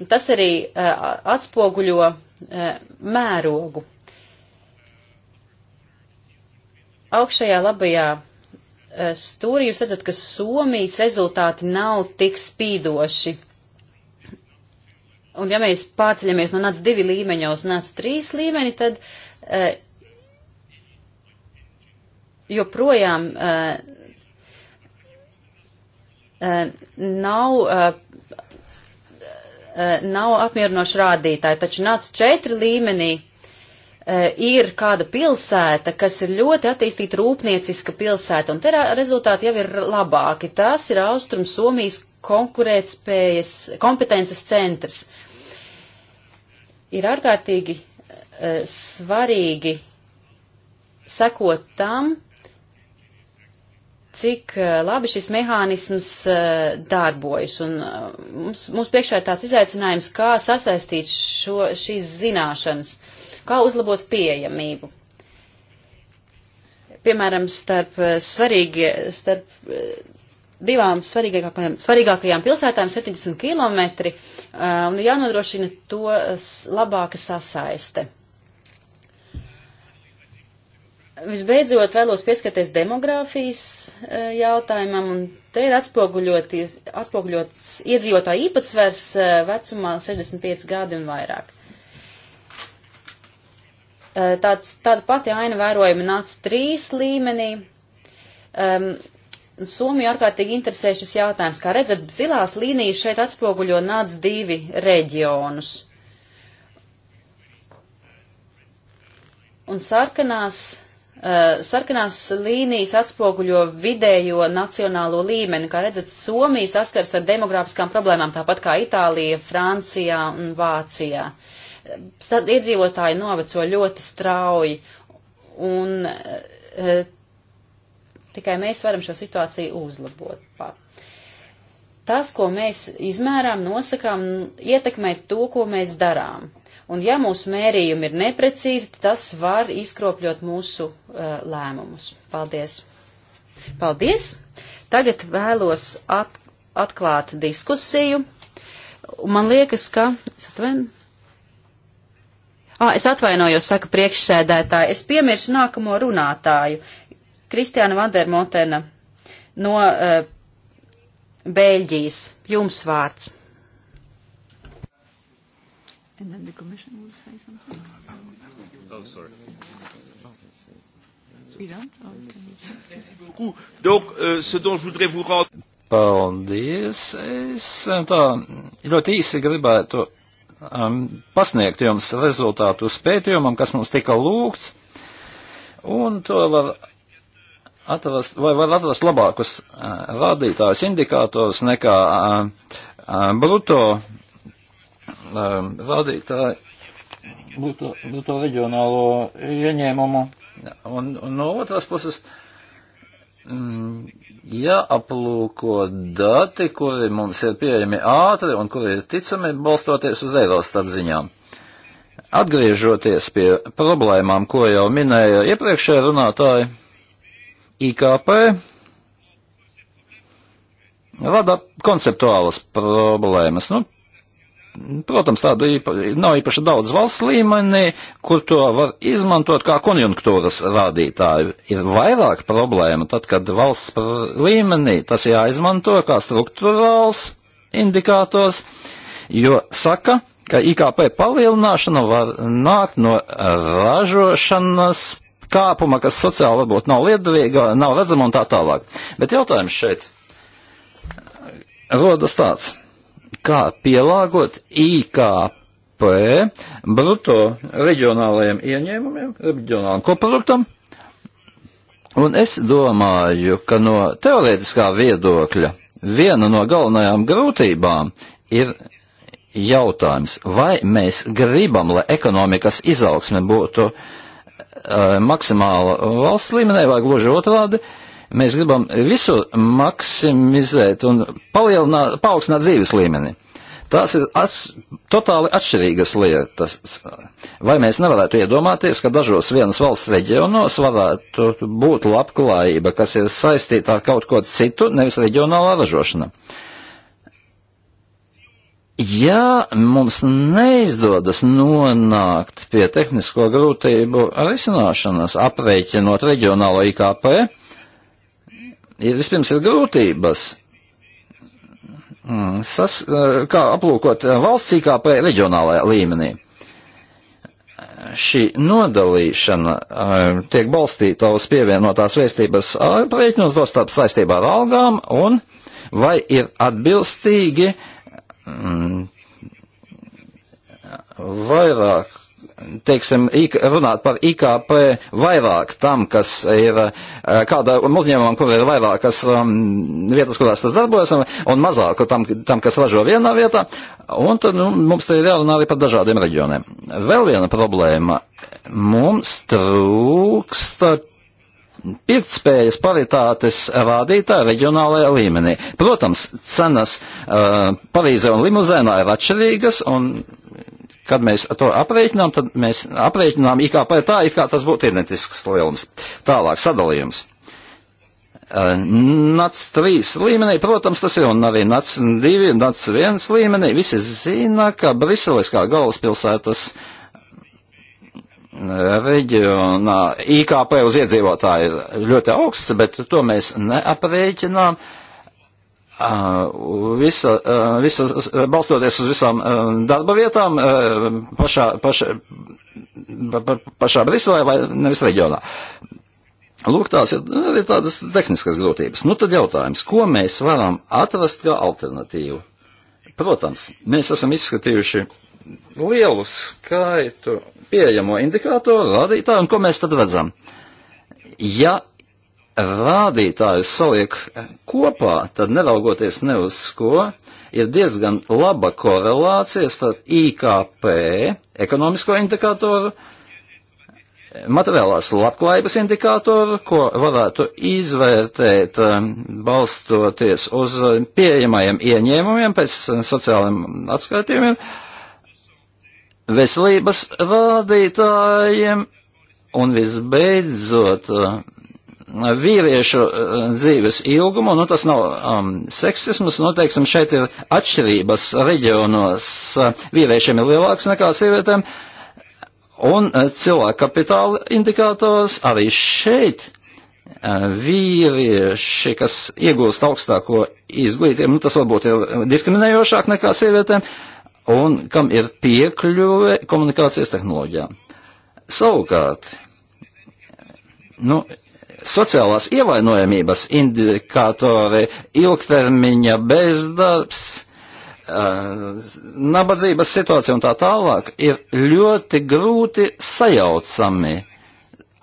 Un tas arī uh, atspoguļo uh, mērogu. Augšējā labajā uh, stūrī jūs redzat, ka Somijas rezultāti nav tik spīdoši. Un ja mēs pārceļamies no nāc divi līmeņa uz nāc trīs līmeni, tad uh, Eh, joprojām eh, eh, nav nav apmierinoši rādītāji, taču nāc četri līmenī ir kāda pilsēta, kas ir ļoti attīstīta rūpnieciska pilsēta, un te rezultāti jau ir labāki. Tas ir Austrum Somijas konkurētspējas kompetences centrs. Ir ārkārtīgi Eh, svarīgi sekot tam, cik eh, labi šis mehānisms eh, darbojas. Un mums, mums priekšā ir tāds izaicinājums, kā sasaistīt šo, šīs zināšanas, kā uzlabot pieejamību. Piemēram, starp, svarīgi, starp divām svarīgākajām, svarīgākajām pilsētām 70 km un jānodrošina to labāka sasaiste. Visbeidzot, vēlos pieskaties demogrāfijas e, jautājumam, un te ir atspoguļots iedzīvotāju īpatsvers e, vecumā 65 gadi un vairāk. E, tāds, tāda pati aina vērojama nāca trīs līmenī. Um, Somiju ārkārtīgi interesē šis jautājums. Kā redzat, zilās līnijas šeit atspoguļo nāc divi reģionus. Un sarkanās Eh, sarkanās līnijas atspoguļo vidējo nacionālo līmeni. Kā redzat, Somija saskars ar demografiskām problēmām, tāpat kā Itālija, Francijā un Vācijā. Sad iedzīvotāji noveco ļoti strauji, un e, tikai mēs varam šo situāciju uzlabot. Pār. Tas, ko mēs izmērām, nosakām, ietekmē to, ko mēs darām. Un ja mūsu mērījumi ir neprecīzi, tas var izkropļot mūsu uh, lēmumus. Paldies! Paldies! Tagad vēlos at, atklāt diskusiju. Man liekas, ka. Es, atvain... ah, es atvainojos, saka priekšsēdētāji. Es piemiršu nākamo runātāju. Kristiāna Vandermotena no uh, Bēļģijas. Jums vārds. And then the Commission will say something. Oh, sorry. We don't? Or can we... Merci beaucoup. Donc, euh, ce dont je voudrais vous rendre... Paldies. Es eh, tā ļoti īsi gribētu um, pasniegt jums rezultātu pētījumam, kas mums tika lūgts. Un to var atrast, vai var atrast labākus uh, rādītājus, indikātors nekā uh, uh, bruto um, valdītāji būtu, būtu reģionālo ieņēmumu. Un, un no otras puses, mm, jāaplūko dati, kuri mums ir pieejami ātri un kuri ir ticami balstoties uz Eirostat ziņām. Atgriežoties pie problēmām, ko jau minēja iepriekšējā runātāja, IKP rada konceptuālas problēmas. Nu, Protams, tādu īpa, nav īpaši daudz valsts līmenī, kur to var izmantot kā konjunktūras rādītāju. Ir vairāk problēma tad, kad valsts līmenī tas jāizmanto kā struktūrāls indikators, jo saka, ka IKP palielināšana var nākt no ražošanas kāpuma, kas sociāli varbūt nav liederīga, nav redzama un tā tālāk. Bet jautājums šeit rodas tāds kā pielāgot IKP bruto reģionālajiem ieņēmumiem, reģionālam koproduktam. Un es domāju, ka no teorētiskā viedokļa viena no galvenajām grūtībām ir jautājums, vai mēs gribam, lai ekonomikas izaugsme būtu uh, maksimāla valsts līmenī, vai gluži otrādi, uh, Mēs gribam visu maksimizēt un palielināt, paaugstināt dzīves līmeni. Tās ir ats, totāli atšķirīgas lietas. Vai mēs nevarētu iedomāties, ka dažos vienas valsts reģionos varētu būt labklājība, kas ir saistīta ar kaut ko citu, nevis reģionālā ražošana? Ja mums neizdodas nonākt pie tehnisko grūtību risināšanas, aprēķinot reģionālo IKP, ir vispirms ir grūtības. Mm, sas, eh, kā aplūkot eh, valsts IKP reģionālajā līmenī. Šī nodalīšana eh, tiek balstīta uz pievienotās vēstības aprēķinos, dostāp saistībā ar algām, un vai ir atbilstīgi mm, vairāk teiksim, ik, runāt par IKP vairāk tam, kas ir eh, kāda uzņēmumam, kur ir vairākas um, vietas, kurās tas darbojas, un, un mazāk tam, tam, kas ražo vienā vietā. Un tad nu, mums te ir jārunā arī par dažādiem reģioniem. Vēl viena problēma. Mums trūksta pirtspējas paritātes rādītāja reģionālajā līmenī. Protams, cenas uh, Parīzē un Limuzēnā ir atšķirīgas, un Kad mēs to aprēķinām, tad mēs aprēķinām IKP tā, it kā tas būtu identisks lielums. Tālāk sadalījums. Eh, NAC 3 līmenī, protams, tas ir, un arī NAC 2, NAC 1 līmenī. Visi zina, ka Briseles kā galvaspilsētas reģionā IKP uz iedzīvotāju ir ļoti augsts, bet to mēs neaprēķinām. Uh, Uh, visa, uh, visa, uh, balstoties uz visām darba vietām pašā, pašā, pašā Briselē vai nevis reģionā. Lūk, tās ir, nu, ir tādas tehniskas grūtības. Nu tad jautājums, ko mēs varam atrast kā alternatīvu? Protams, mēs esam izskatījuši lielu skaitu pieejamo indikātoru, rādītāju, un ko mēs tad redzam? Ja rādītājus saliek kopā, tad neraugoties ne uz ko, ir diezgan laba korelācija starp IKP, ekonomisko indikatoru, materiālās labklājības indikātoru, ko varētu izvērtēt um, balstoties uz um, pieejamajiem ieņēmumiem pēc um, sociālajiem atskaitījumiem, veselības rādītājiem un visbeidzot vīriešu eh, dzīves ilgumu, nu tas nav um, seksisms, nu teiksim, šeit ir atšķirības reģionos, eh, vīriešiem ir lielāks nekā sievietēm, un eh, cilvēka kapitāla indikātors arī šeit vīrieši, kas iegūst augstāko izglītību, nu, tas varbūt ir diskriminējošāk nekā sievietēm, un kam ir piekļuve komunikācijas tehnoloģijām. Savukārt, nu, sociālās ievainojamības indikātori, ilgtermiņa bezdarbs, eh, nabadzības situācija un tā tālāk ir ļoti grūti sajaucami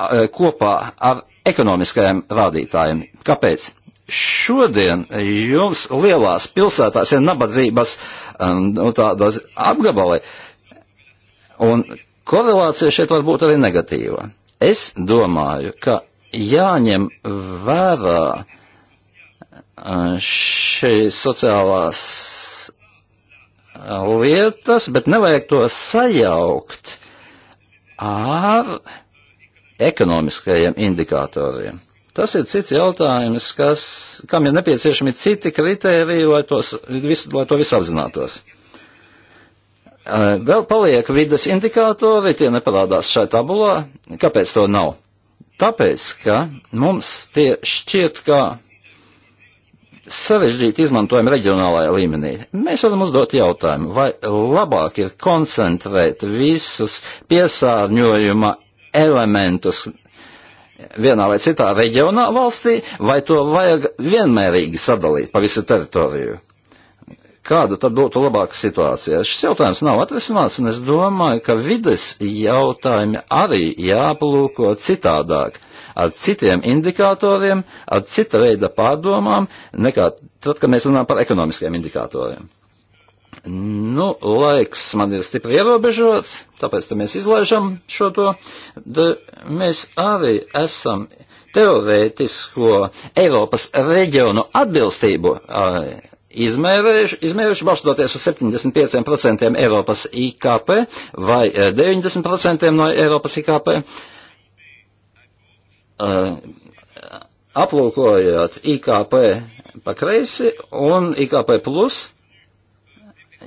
eh, kopā ar ekonomiskajiem rādītājiem. Kāpēc? Šodien jums lielās pilsētās ir nabadzības eh, nu, tādas apgabali, un korelācija šeit var būt arī negatīva. Es domāju, ka jāņem vērā šīs sociālās lietas, bet nevajag to sajaukt ar ekonomiskajiem indikatoriem. Tas ir cits jautājums, kas, kam ir nepieciešami citi kriteriji, lai, tos, visu, lai to visu apzinātos. Vēl paliek vidas indikātori, tie neparādās šai tabulā. Kāpēc to nav? Tāpēc, ka mums tie šķiet, ka sarežģīti izmantojami reģionālajā līmenī. Mēs varam uzdot jautājumu, vai labāk ir koncentrēt visus piesārņojuma elementus vienā vai citā reģionā valstī, vai to vajag vienmērīgi sadalīt pa visu teritoriju kāda tad būtu labāka situācija. Šis jautājums nav atrisināts, un es domāju, ka vides jautājumi arī jāplūko citādāk, ar citiem indikatoriem, ar cita veida pārdomām, nekā tad, kad mēs runājam par ekonomiskiem indikatoriem. Nu, laiks man ir stipri ierobežots, tāpēc mēs izlaižam šo to. Da, mēs arī esam teorētisko Eiropas reģionu atbilstību. Uh, izmērējuši, izmērējuši balstoties uz 75% Eiropas IKP vai 90% eh, no Eiropas IKP. Uh, eh, aplūkojot IKP pa kreisi un IKP plus,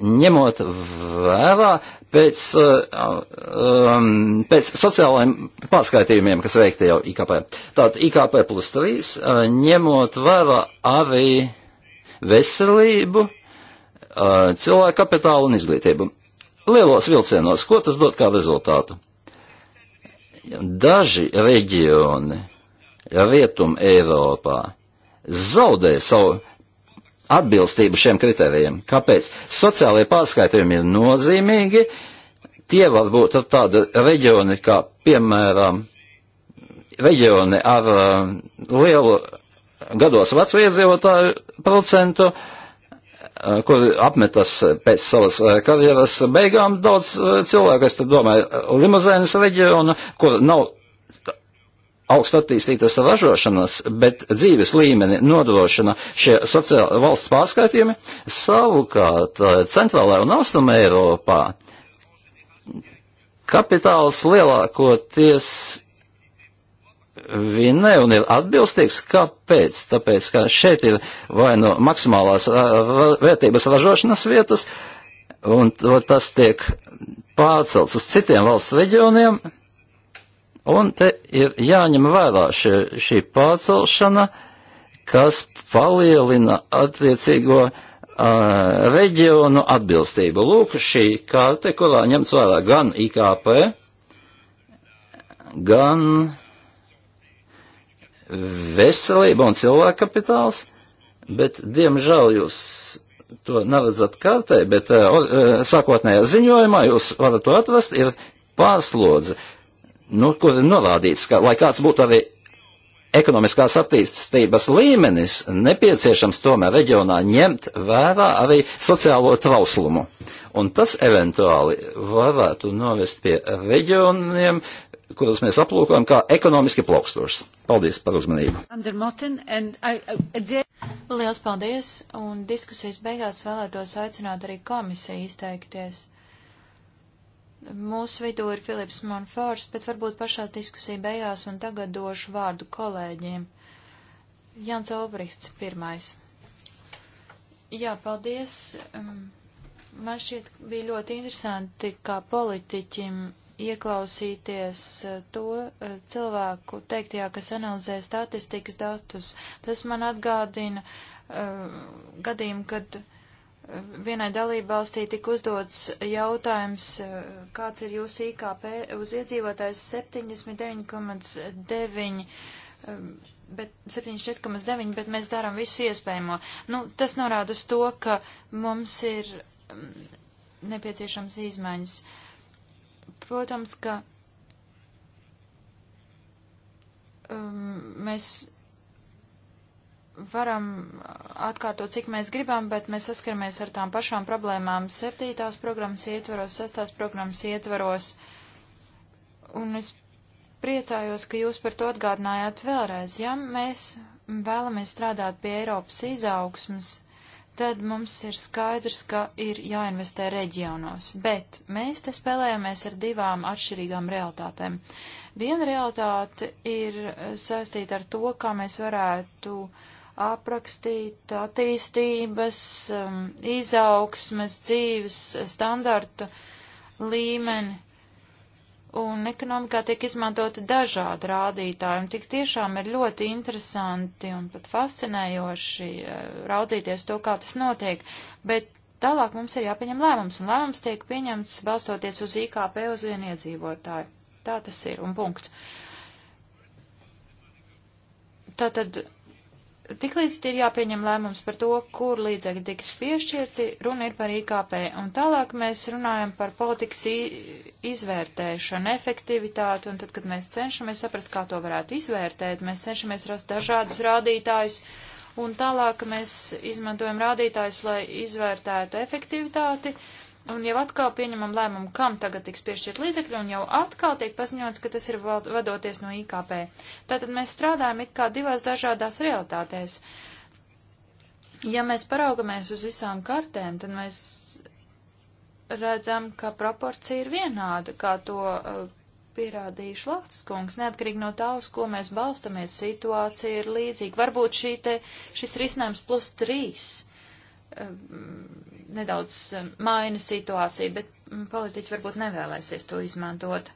ņemot vērā pēc, uh, um, pēc sociālajiem pārskaitījumiem, kas veikti jau IKP. Tātad IKP plus 3, uh, ņemot vērā arī veselību, eh, cilvēku kapitālu un izglītību. Lielos vilcienos, ko tas dod kā rezultātu? Daži reģioni rietum Eiropā zaudē savu atbilstību šiem kritērijiem. Kāpēc? Sociālajie pārskaitījumi ir nozīmīgi, tie var būt tādi reģioni kā, piemēram, reģioni ar uh, lielu gados vecu iedzīvotāju procentu, eh, kur apmetas pēc savas eh, karjeras beigām daudz eh, cilvēku, es tad domāju, limuzēnas reģionu, kur nav augst attīstītas ražošanas, bet dzīves līmeni nodrošina šie sociāla valsts pārskaitījumi. Savukārt centrālajā un austrumē Eiropā kapitāls lielākoties vienai un ir atbilstīgs. Kāpēc? Tāpēc, ka šeit ir vai nu no maksimālās vērtības ražošanas vietas, un tas tiek pārcelts uz citiem valsts reģioniem, un te ir jāņem vērā šī, šī pārcelšana, kas palielina attiecīgo uh, reģionu atbilstību. Lūk, šī karte, kurā ņemts vērā gan IKP, gan veselība un cilvēka kapitāls, bet, diemžēl, jūs to neredzat kartē, bet uh, sākotnējā ziņojumā jūs varat to atrast, ir pārslodze, nu, kur ir norādīts, ka, lai kāds būtu arī ekonomiskās attīstības līmenis, nepieciešams tomēr reģionā ņemt vērā arī sociālo trauslumu. Un tas eventuāli varētu novest pie reģioniem, kurus mēs aplūkojam kā ekonomiski plaukstošs. Paldies par uzmanību. Uh, Lielas paldies, un diskusijas beigās vēlētos aicināt arī komisiju izteikties. Mūsu vidū ir Filips Monfors, bet varbūt pašās diskusija beigās un tagad došu vārdu kolēģiem. Jans Obrichts pirmais. Jā, paldies. Um, man šķiet bija ļoti interesanti kā politiķim ieklausīties eh, to eh, cilvēku teiktajā, kas analizē statistikas datus. Tas man atgādina uh, gadījumu, kad vienai dalībvalstī tika uzdots jautājums, kāds ir jūsu IKP uz iedzīvotājs 79,9 bet 74,9, bet mēs darām visu iespējamo. Nu, tas norāda uz to, ka mums ir mm, nepieciešams izmaiņas. Uh, Protams, ka um, mēs varam atkārtot, cik mēs gribam, bet mēs saskaramies ar tām pašām problēmām septītās programmas ietvaros, sestās programmas ietvaros. Un es priecājos, ka jūs par to atgādinājāt vēlreiz. Ja mēs vēlamies strādāt pie Eiropas izaugsmas, tad mums ir skaidrs, ka ir jāinvestē reģionos. Bet mēs te spēlējamies ar divām atšķirīgām realitātēm. Viena realitāte ir saistīta ar to, kā mēs varētu aprakstīt attīstības, um, izaugsmes, dzīves standartu līmeni un ekonomikā tiek izmantoti dažādi rādītāji, un tik tiešām ir ļoti interesanti un pat fascinējoši eh, raudzīties to, kā tas notiek, bet tālāk mums ir jāpieņem lēmums, un lēmums tiek pieņemts balstoties uz IKP uz vienu iedzīvotāju. Tā tas ir, un punkts. Tātad Tiklīdz ir jāpieņem lēmums par to, kur līdzekļi tiks piešķirti, runa ir par IKP, un tālāk mēs runājam par politikas izvērtēšanu, efektivitāti, un tad, kad mēs cenšamies saprast, kā to varētu izvērtēt, mēs cenšamies rast dažādus rādītājus, un tālāk mēs izmantojam rādītājus, lai izvērtētu efektivitāti, uh, Un jau atkal pieņemam lēmumu, kam tagad tiks piešķirt līdzekļi, un jau atkal tiek paziņots, ka tas ir vadoties no IKP. Tātad mēs strādājam it kā divās dažādās realitātēs. Ja mēs paraugamies uz visām kartēm, tad mēs redzam, ka proporcija ir vienāda, kā to uh, pierādīja Šlachtas kungs, neatkarīgi no tā, uz ko mēs balstamies, situācija ir līdzīga. Varbūt šī te, šis risinājums plus trīs uh, nedaudz um, maina situāciju, bet mm, politiķi varbūt nevēlēsies to izmantot,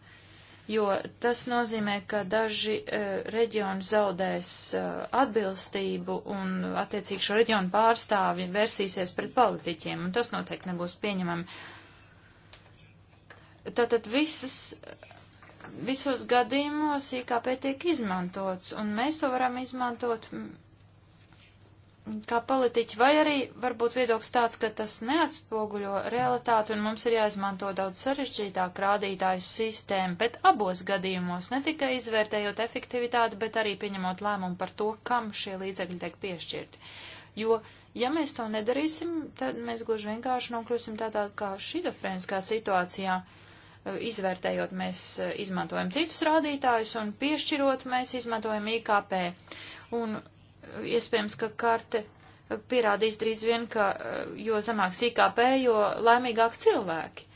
jo tas nozīmē, ka daži e, reģioni zaudēs e, atbilstību un attiecīgi šo reģionu pārstāvi versīsies pret politiķiem, un tas noteikti nebūs pieņemami. Tātad visas visos gadījumos IKP tiek izmantots, un mēs to varam izmantot kā politiķi, vai arī varbūt viedoklis tāds, ka tas neatspoguļo realitāti un mums ir jāizmanto daudz sarežģītāk rādītāju sistēmu, bet abos gadījumos, ne tikai izvērtējot efektivitāti, bet arī pieņemot lēmumu par to, kam šie līdzekļi tiek piešķirti. Jo, ja mēs to nedarīsim, tad mēs gluži vienkārši nokļūsim tādā kā šidofrēniskā situācijā. Eh, izvērtējot, mēs eh, izmantojam citus rādītājus un piešķirot, mēs izmantojam IKP. Un Iespējams, ka karte pierādīs drīz vien, ka eh, jo zemāks IKP, jo laimīgāk cilvēki.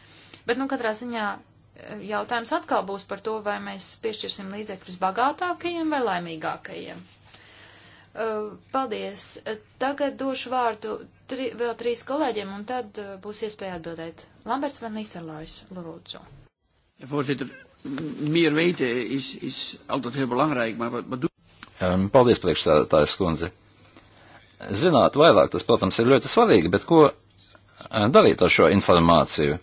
Bet, nu, katrā ziņā eh, jautājums atkal būs par to, vai mēs piešķirsim līdzekļus bagātākajiem vai laimīgākajiem. Eh, paldies. Tagad došu vārdu tri, vēl trīs kolēģiem, un tad būs iespēja atbildēt. Lamberts van Nistelrooys, lūdzu. Voorzitter, meer weten is, is altijd heel belangrijk, maar wat, wat doe Paldies, priekšstādātājs kundze. Zināt vairāk, tas, protams, ir ļoti svarīgi, bet ko eh, darīt ar šo informāciju?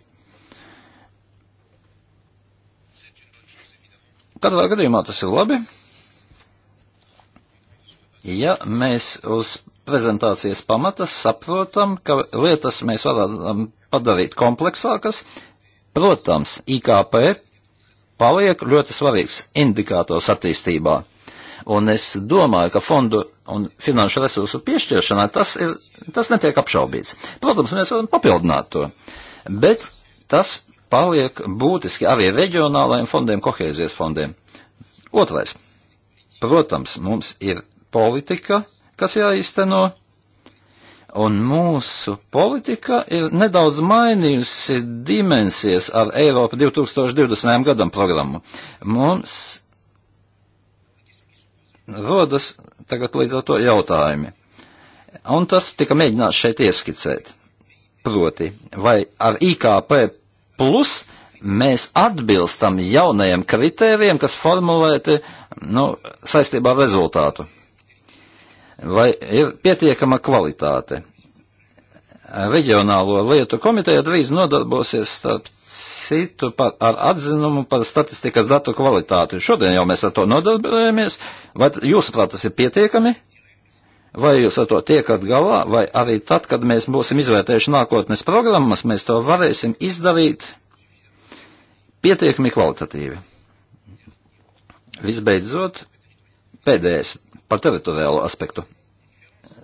Katrā gadījumā tas ir labi. Ja mēs uz prezentācijas pamata saprotam, ka lietas mēs varam padarīt kompleksākas, protams, IKP paliek ļoti svarīgs indikators attīstībā. Un es domāju, ka fondu un finanšu resursu piešķiršanā tas, ir, tas netiek apšaubīts. Protams, mēs varam papildināt to, bet tas paliek būtiski arī reģionālajiem fondiem, kohēzijas fondiem. Otrais. Protams, mums ir politika, kas jāizteno, un mūsu politika ir nedaudz mainījusi dimensijas ar Eiropa 2020. gadam programmu. Mums rodas tagad līdz ar to jautājumi. Un tas tika mēģināts šeit ieskicēt. Proti, vai ar IKP plus mēs atbilstam jaunajiem kritērijiem, kas formulēti nu, saistībā ar rezultātu? Vai ir pietiekama kvalitāte? Reģionālo lietu komiteja drīz nodarbosies starp citu par, ar atzinumu par statistikas datu kvalitāti. Šodien jau mēs ar to nodarbojamies. Vai jūsuprāt tas ir pietiekami? Vai jūs ar to tiekat galā, vai arī tad, kad mēs būsim izvērtējuši nākotnes programmas, mēs to varēsim izdarīt pietiekami kvalitatīvi. Visbeidzot, pēdējais par teritoriālo aspektu.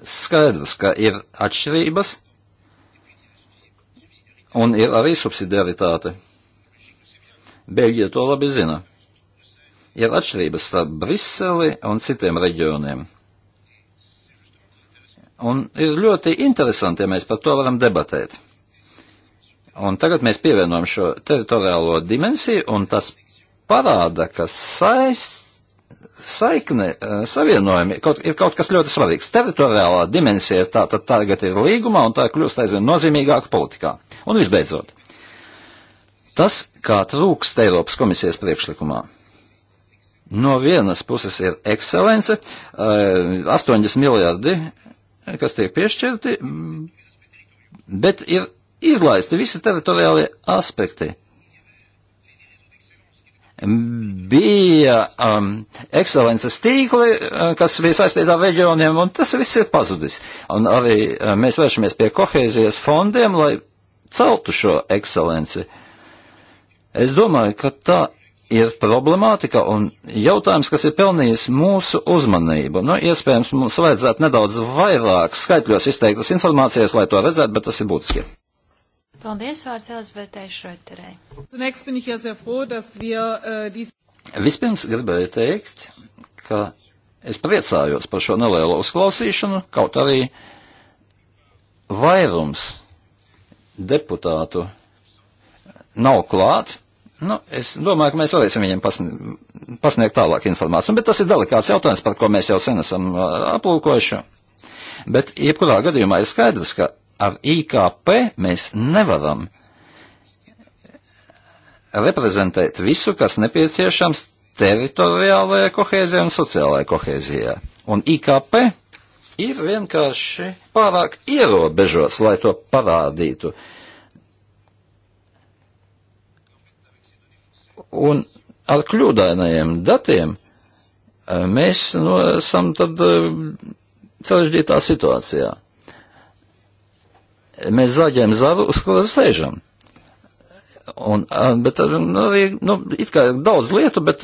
Skaidrs, ka ir atšķirības Un ir arī subsidiaritāte. Beļģija to labi zina. Ir atšķirības starp Briseli un citiem reģioniem. Un ir ļoti interesanti, ja mēs par to varam debatēt. Un tagad mēs pievienojam šo teritoriālo dimensiju, un tas parāda, ka saist, saikne, eh, savienojumi kaut, ir kaut kas ļoti svarīgs. Teritoriālā dimensija tā tad tagad ir līgumā, un tā kļūst aizvien nozīmīgāka politikā. Un visbeidzot, tas, kā trūkst Eiropas komisijas priekšlikumā. No vienas puses ir ekscelence, 80 eh, miljardi, eh, kas tiek piešķirti, mm, bet ir izlaisti visi teritoriālie aspekti. Bija um, ekscelences tīkli, eh, kas bija saistītā reģioniem, un tas viss ir pazudis. Un arī mēs vēršamies pie kohēzijas fondiem, lai celtu šo ekscelenci. Es domāju, ka tā ir problemātika un jautājums, kas ir pelnījis mūsu uzmanību. Nu, iespējams, mums vajadzētu nedaudz vairāk skaitļos izteiktas informācijas, lai to redzētu, bet tas ir būtiski. Paldies, vārds Elizabetei Šroiterei. Äh, Vispirms gribēju teikt, ka es priecājos par šo nelielo uzklausīšanu, kaut arī vairums deputātu nav klāt. Nu, es domāju, ka mēs varēsim viņiem pasniegt, pasniegt tālāk informāciju, bet tas ir delikāts jautājums, par ko mēs jau sen esam aplūkojuši. Bet jebkurā gadījumā ir skaidrs, ka ar IKP mēs nevaram reprezentēt visu, kas nepieciešams teritoriālajai kohēzijai un sociālajai kohēzijai. Un IKP ir vienkārši pārāk ierobežots, lai to parādītu. Un ar kļūdainajiem datiem eh, mēs nu, esam tad eh, sarežģītā situācijā. Mēs zaļiem zaru, uz kuras lēžam. Un, eh, bet nu, arī, nu, it kā ir daudz lietu, bet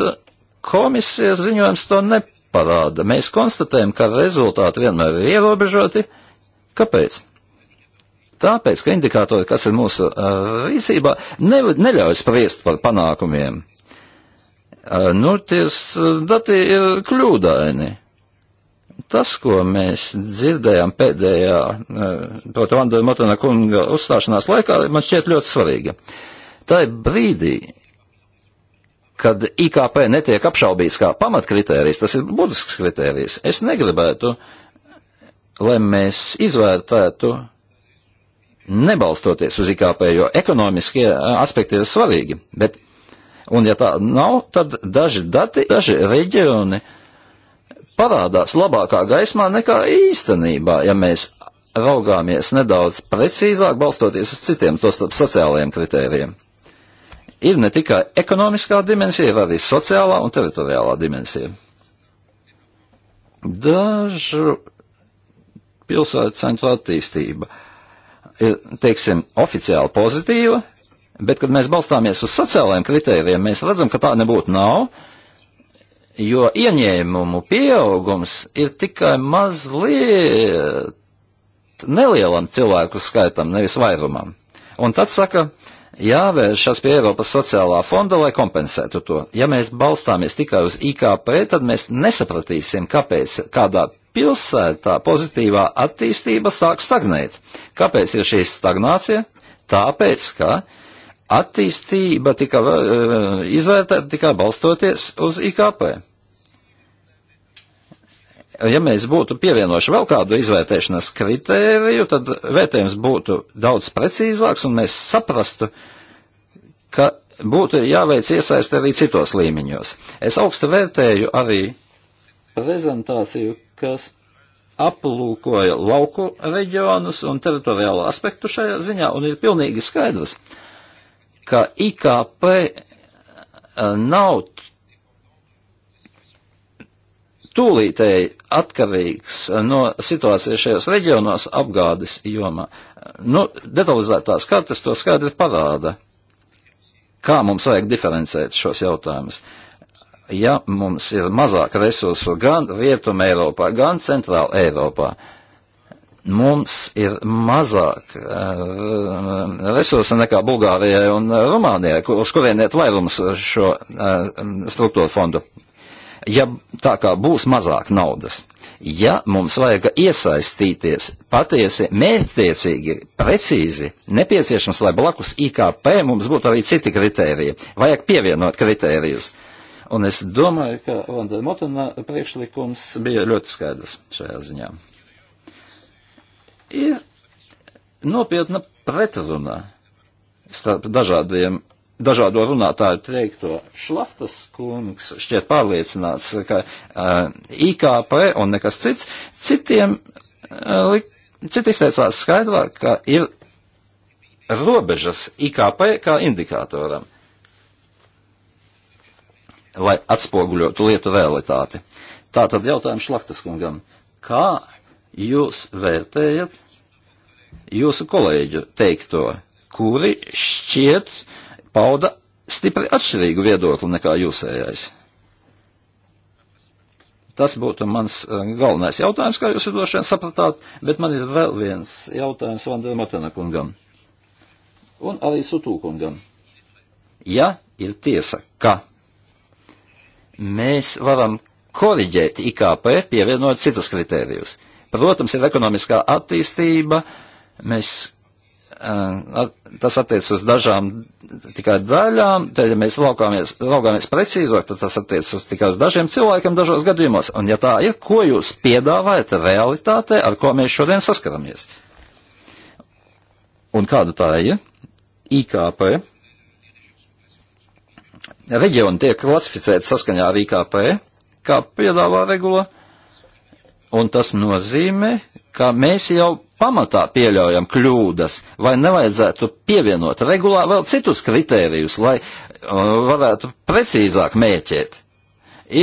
komisijas ziņojums to nepārādīja parāda. Mēs konstatējam, ka rezultāti vienmēr ir ierobežoti. Kāpēc? Tāpēc, ka indikātori, kas ir mūsu uh, rīcībā, ne, neļauj spriest par panākumiem. Uh, nu, tie dati ir kļūdaini. Tas, ko mēs dzirdējām pēdējā, uh, proti, Vandera Matona kunga uzstāšanās laikā, man šķiet ļoti svarīgi. Tā ir brīdī, kad IKP netiek apšaubīts kā pamatkritērijs, tas ir būtisks kritērijs. Es negribētu, lai mēs izvērtētu nebalstoties uz IKP, jo ekonomiskie eh, aspekti ir svarīgi. Bet, un ja tā nav, tad daži dati, daži reģioni parādās labākā gaismā nekā īstenībā, ja mēs raugāmies nedaudz precīzāk, balstoties uz citiem, tostarp sociālajiem kritērijiem ir ne tikai ekonomiskā dimensija, bet arī sociālā un teritoriālā dimensija. Dažu pilsētu centru attīstība ir, teiksim, oficiāli pozitīva, bet, kad mēs balstāmies uz sociālajiem kritērijiem, mēs redzam, ka tā nebūtu nav, jo ieņēmumu pieaugums ir tikai mazliet nelielam cilvēku skaitam, nevis vairumam. Un tad saka, jāvēršas pie Eiropas sociālā fonda, lai kompensētu to. Ja mēs balstāmies tikai uz IKP, tad mēs nesapratīsim, kāpēc kādā pilsētā pozitīvā attīstība sāk stagnēt. Kāpēc ir šī stagnācija? Tāpēc, ka attīstība tika uh, izvērtēta tikai balstoties uz IKP. Ja mēs būtu pievienojuši vēl kādu izvērtēšanas kritēriju, tad vērtējums būtu daudz precīzāks un mēs saprastu, ka būtu jāveic iesaist arī citos līmeņos. Es augstu vērtēju arī prezentāciju, kas aplūkoja lauku reģionus un teritoriālo aspektu šajā ziņā, un ir pilnīgi skaidrs, ka IKP eh, nav tūlītēji atkarīgs eh, no situācijas šajos reģionos apgādes jomā. Nu, detalizētās kartes to skaidri parāda, kā mums vajag diferencēt šos jautājumus. Ja mums ir mazāk resursu gan Rietuma Eiropā, gan Centrāla Eiropā, mums ir mazāk uh, resursu nekā Bulgārijai un Rumānijai, kur, uz kurien iet vairums šo uh, eh, struktūru fondu ja tā kā būs mazāk naudas, ja mums vajag iesaistīties patiesi, mērķtiecīgi, precīzi, nepieciešams, lai blakus IKP mums būtu arī citi kritēriji, vajag pievienot kritērijus. Un es domāju, ka Vanda Motona priekšlikums bija ļoti skaidrs šajā ziņā. Ir nopietna pretruna starp dažādiem dažādo runātāju teikto šlachtas kungs šķiet pārliecināts, ka uh, eh, IKP un nekas cits, citiem uh, lik, citi izteicās skaidrāk, ka ir robežas IKP kā indikātoram, lai atspoguļotu lietu realitāti. Tā tad jautājums šlachtas kungam, kā jūs vērtējat jūsu kolēģu teikto, kuri šķiet, uh, pauda stipri atšķirīgu viedokli nekā jūsējais. Tas būtu mans eh, galvenais jautājums, kā jūs droši vien sapratāt, bet man ir vēl viens jautājums Vandera Matena kungam un arī Sutūkungam. Ja ir tiesa, ka mēs varam koriģēt IKP, pievienot citus kritērijus. Protams, ir ekonomiskā attīstība, mēs tas attiec uz dažām tikai daļām, tad, ja mēs laukāmies, laukāmies precīzāk, tad tas attiec uz tikai uz dažiem cilvēkiem dažos gadījumos. Un ja tā ir, ko jūs piedāvājat realitātē, ar ko mēs šodien saskaramies? Un kāda tā ir? IKP. Reģioni tiek klasificēti saskaņā ar IKP, kā piedāvā regula, un tas nozīmē, ka mēs jau pamatā pieļaujam kļūdas, vai nevajadzētu pievienot regulā vēl citus kritērijus, lai uh, varētu precīzāk mēķēt.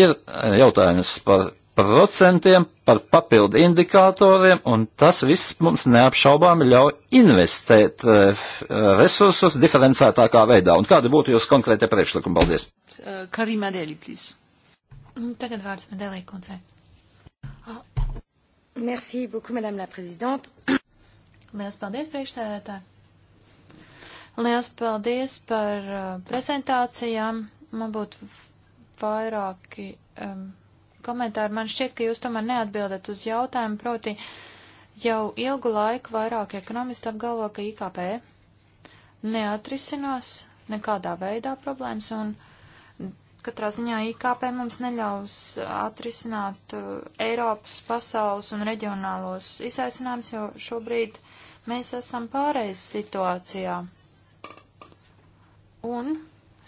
Ir uh, jautājums par procentiem, par papildu indikatoriem, un tas viss mums neapšaubāmi ļauj investēt uh, resursus diferencētākā veidā. Un kādi būtu jūs konkrētie priekšlikumi? Paldies! Karima Dēlī, plīs. Mm, tagad vārds Medelī kundzei. Ah. Merci beaucoup, Madame la Présidente. Liels paldies, priekšsēdētāji. Liels paldies par uh, prezentācijām. Man būtu vairāki um, komentāri. Man šķiet, ka jūs tomēr neatbildat uz jautājumu, proti jau ilgu laiku vairāk ekonomisti apgalvo, ka IKP neatrisinās nekādā veidā problēmas un. Uh, Katrā ziņā IKP mums neļaus atrisināt uh, Eiropas, pasaules un reģionālos izaicinājumus, jo šobrīd mēs esam pārējais situācijā. Un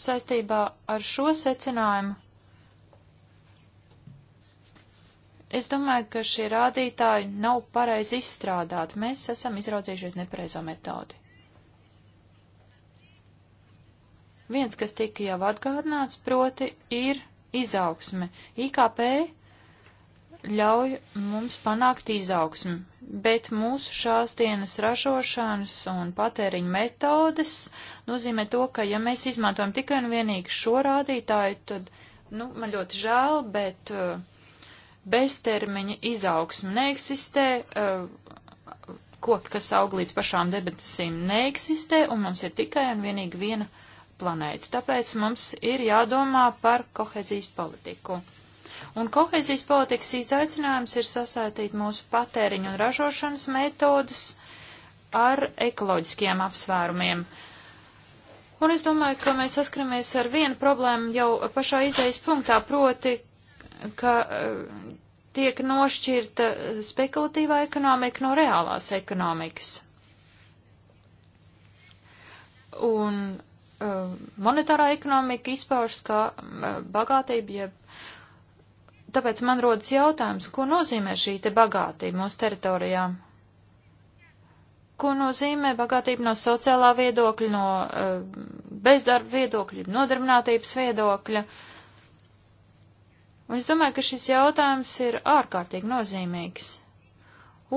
saistībā ar šo secinājumu es domāju, ka šie rādītāji nav pareizi izstrādāti. Mēs esam izraudzījušies nepareizo metodi. Viens, kas tika jau atgādināts, proti, ir izaugsme. IKP ļauj mums panākt izaugsmi, bet mūsu šās dienas ražošanas un patēriņa metodes nozīmē to, ka ja mēs izmantojam tikai un vienīgi šo rādītāju, tad, nu, man ļoti žēl, bet uh, beztermiņa izaugsme neeksistē, uh, koki, kas aug līdz pašām debesīm, neeksistē, un mums ir tikai un vienīgi viena planētu. Tāpēc mums ir jādomā par kohezijas politiku. Un kohezijas politikas izaicinājums ir sasaistīt mūsu patēriņu un ražošanas metodas ar ekoloģiskiem apsvērumiem. Un es domāju, ka mēs saskaramies ar vienu problēmu jau pašā izējas punktā, proti, ka eh, tiek nošķirta spekulatīvā ekonomika no reālās ekonomikas. Un Uh, monetārā ekonomika izpaužas kā uh, bagātība, jeb tāpēc man rodas jautājums, ko nozīmē šī te bagātība mūsu teritorijām? Ko nozīmē bagātība no sociālā viedokļa, no uh, bezdarba viedokļa, nodarbinātības viedokļa? Un es domāju, ka šis jautājums ir ārkārtīgi nozīmīgs.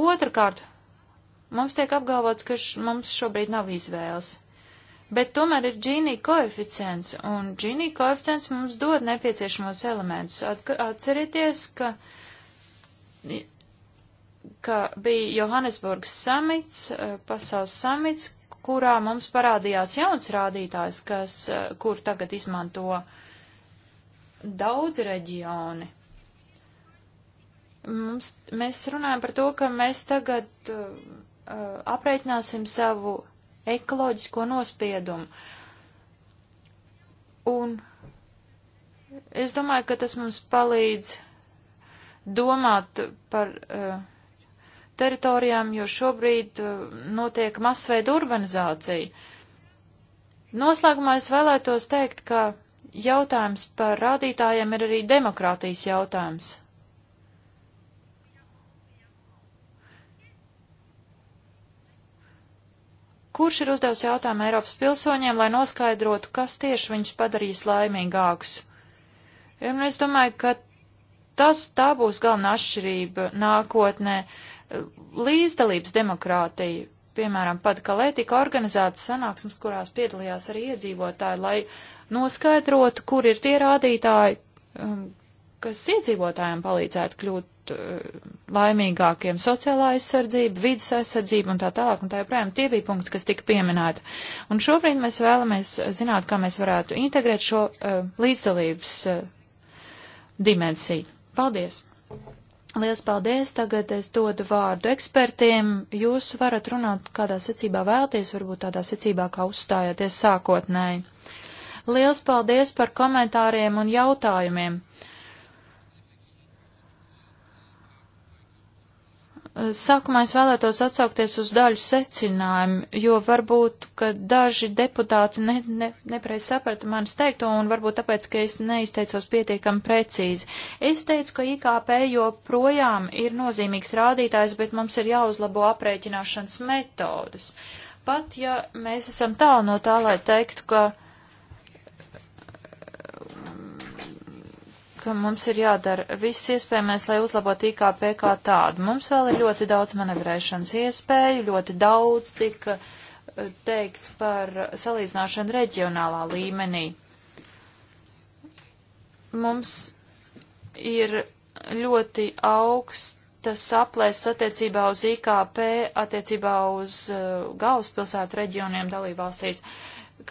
Otrakārt, mums tiek apgalvots, ka š, mums šobrīd nav izvēles. Bet tomēr ir džīnī koeficients, un džīnī koeficients mums dod nepieciešamos elementus. Atcerieties, ka, ka bija Johannesburgas samits, eh, pasaules samits, kurā mums parādījās jauns rādītājs, kas, eh, kur tagad izmanto daudz reģioni. Mums, mēs runājam par to, ka mēs tagad uh, aprēķināsim savu ekoloģisko nospiedumu. Un es domāju, ka tas mums palīdz domāt par uh, teritorijām, jo šobrīd uh, notiek masveida urbanizācija. Noslēgumā es vēlētos teikt, ka jautājums par rādītājiem ir arī demokrātijas jautājums. kurš ir uzdevis jautājumu Eiropas pilsoņiem, lai noskaidrotu, kas tieši viņus padarīs laimīgākus. Un es domāju, ka tas tā būs galvenā atšķirība nākotnē. Līdzdalības demokrātija, piemēram, pat Kalē tika organizētas sanāksmes, kurās piedalījās arī iedzīvotāji, lai noskaidrotu, kur ir tie rādītāji, um, kas iedzīvotājiem palīdzētu kļūt uh, laimīgākiem - sociālā aizsardzība, vidas aizsardzība un tā tālāk un tā joprojām. Tie bija punkti, kas tika pieminēti. Un šobrīd mēs vēlamies zināt, kā mēs varētu integrēt šo uh, līdzdalības uh, dimensiju. Paldies! Lielas paldies! Tagad es dodu vārdu ekspertiem. Jūs varat runāt kādā secībā vēlties, varbūt tādā secībā, kā uzstājāties sākotnēji. Lielas paldies par komentāriem un jautājumiem! Uh, Sākumā es vēlētos atsaukties uz daļu secinājumu, jo varbūt, ka daži deputāti ne, ne, nepreiz saprata manis teikto un varbūt tāpēc, ka es neizteicos pietiekam precīzi. Es teicu, ka IKP joprojām ir nozīmīgs rādītājs, bet mums ir jāuzlabo aprēķināšanas metodas. Pat ja mēs esam tālu no tā, lai teiktu, ka ka mums ir jādara viss iespējamais, lai uzlabotu IKP kā tādu. Mums vēl ir ļoti daudz manevrēšanas iespēju, ļoti daudz tika eh, teikts par salīdzināšanu reģionālā līmenī. Mums ir ļoti augstas aplēses attiecībā uz IKP, attiecībā uz uh, galvaspilsētu reģioniem dalībvalstīs.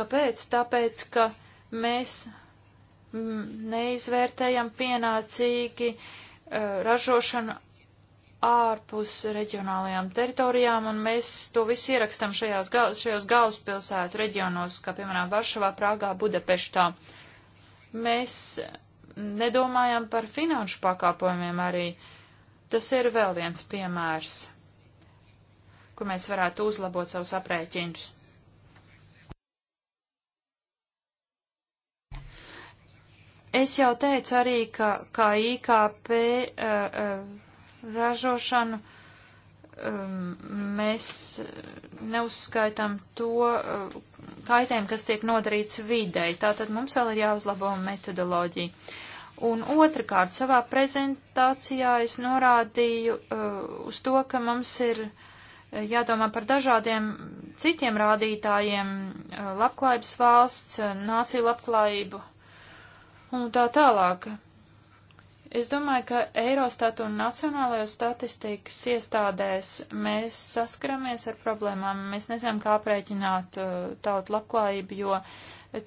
Kāpēc? Tāpēc, ka mēs Mm, neizvērtējam pienācīgi eh, ražošanu ārpus reģionālajām teritorijām, un mēs to visu ierakstam šajās, gal, šajos galvaspilsētu reģionos, kā piemēram Varšavā, Prāgā, Budapeštā. Mēs nedomājam par finanšu pakāpojumiem arī. Tas ir vēl viens piemērs, kur mēs varētu uzlabot savus aprēķinus. Es jau teicu arī, ka kā IKP uh, eh, uh, eh, ražošanu um, mēs neuzskaitām to uh, eh, kaitēm, kas tiek nodarīts videi. Tātad mums vēl ir jāuzlabo metodoloģija. Un otrkārt, savā prezentācijā es norādīju uh, uz to, ka mums ir jādomā par dažādiem citiem rādītājiem - labklājības valsts, nāciju labklājību un tā tālāk. Es domāju, ka Eirostat un Nacionālajos statistikas iestādēs mēs saskaramies ar problēmām. Mēs nezinām, kā aprēķināt uh, tautu labklājību, jo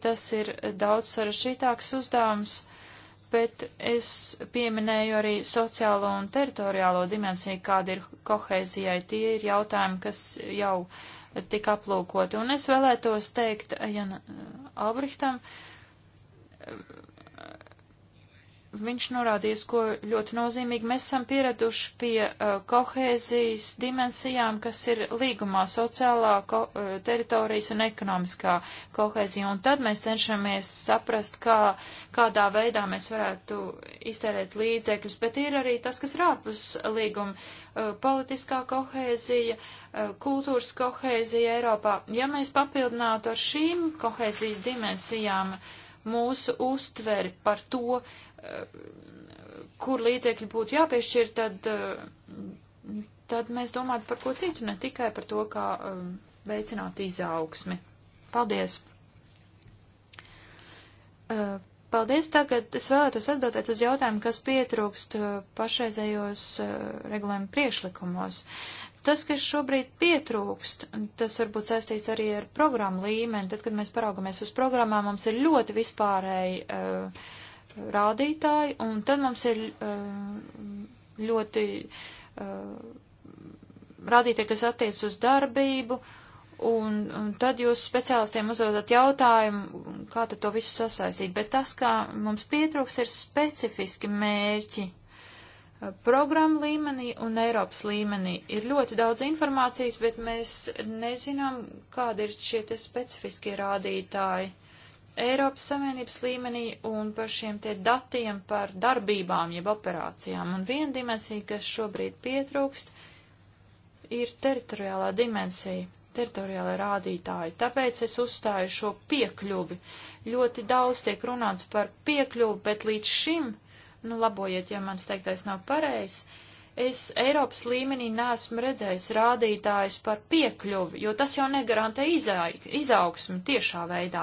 tas ir daudz sarežģītāks uzdevums, bet es pieminēju arī sociālo un teritoriālo dimensiju, kāda ir kohēzijai. Tie ir jautājumi, kas jau tika aplūkoti. Un es vēlētos teikt Jan Albrihtam, viņš norādījis, ko ļoti nozīmīgi mēs esam pieraduši pie uh, kohēzijas dimensijām, kas ir līgumā sociālā ko, uh, teritorijas un ekonomiskā kohēzija. Un tad mēs cenšamies saprast, kā, kādā veidā mēs varētu iztērēt līdzekļus, bet ir arī tas, kas rāpus līguma uh, politiskā kohēzija, uh, kultūras kohēzija Eiropā. Ja mēs papildinātu ar šīm kohēzijas dimensijām mūsu uztveri par to, uh, kur līdzekļi būtu jāpiešķir, tad, eh, tad mēs domātu par ko citu, ne tikai par to, kā eh, veicināt izaugsmi. Paldies! Eh, paldies, tagad es vēlētos atbildēt uz jautājumu, kas pietrūkst pašreizējos regulējuma priekšlikumos. Tas, kas šobrīd pietrūkst, tas varbūt saistīts arī ar programmu līmeni. Tad, kad mēs paraugamies uz programmām, mums ir ļoti vispārēji uh, rādītāji, un tad mums ir eh, ļoti eh, rādītāji, kas attiec uz darbību, un, un tad jūs speciālistiem uzdodat jautājumu, kā tad to visu sasaistīt. Bet tas, kā mums pietrūks, ir specifiski mērķi programmu līmenī un Eiropas līmenī. Ir ļoti daudz informācijas, bet mēs nezinām, kāda ir šie specifiskie rādītāji. Eiropas Savienības līmenī un par šiem te datiem par darbībām, jeb operācijām. Un viena dimensija, kas šobrīd pietrūkst, ir teritoriālā dimensija, teritoriālai rādītāji. Tāpēc es uzstāju šo piekļuvi. Ļoti daudz tiek runāts par piekļuvi, bet līdz šim, nu labojiet, ja mans teiktais nav pareizs, uh, Es Eiropas līmenī neesmu redzējis rādītājus par piekļuvi, jo tas jau negarantē izaugsmu tiešā veidā,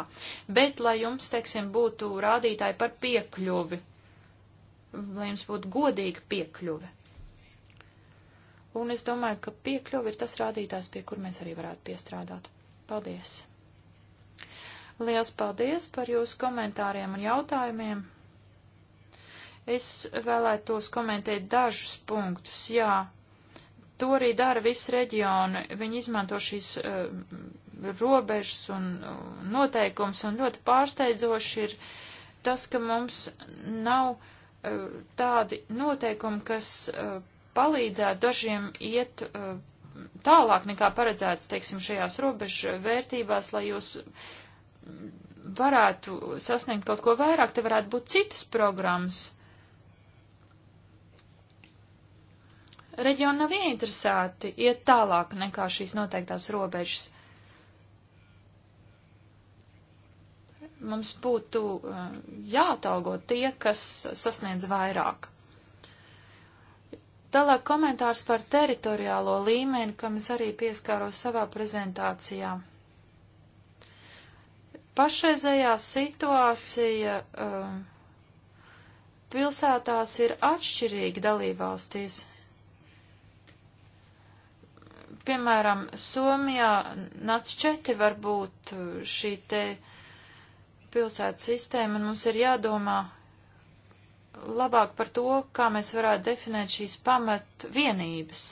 bet lai jums, teiksim, būtu rādītāji par piekļuvi, lai jums būtu godīga piekļuve. Un es domāju, ka piekļuvi ir tas rādītājs, pie kur mēs arī varētu piestrādāt. Paldies! Liels paldies par jūsu komentāriem un jautājumiem! Es vēlētos komentēt dažus punktus. Jā, to arī dara visi reģioni. Viņi izmanto šīs uh, robežas un uh, noteikums, un ļoti pārsteidzoši ir tas, ka mums nav uh, tādi noteikumi, kas uh, palīdzētu dažiem iet. Uh, tālāk nekā paredzēts, teiksim, šajās robežu vērtībās, lai jūs varētu sasniegt kaut ko vairāk, te varētu būt citas programmas. reģioni nav ieinteresēti iet tālāk nekā šīs noteiktās robežas. Mums būtu eh, jāatalgo tie, kas sasniedz vairāk. Tālāk komentārs par teritoriālo līmeni, kam es arī pieskāros savā prezentācijā. Pašreizējā situācija um, pilsētās ir atšķirīga dalībvalstīs piemēram, Somijā nāc četri varbūt uh, šī te pilsētas sistēma, un mums ir jādomā labāk par to, kā mēs varētu definēt šīs pamat vienības.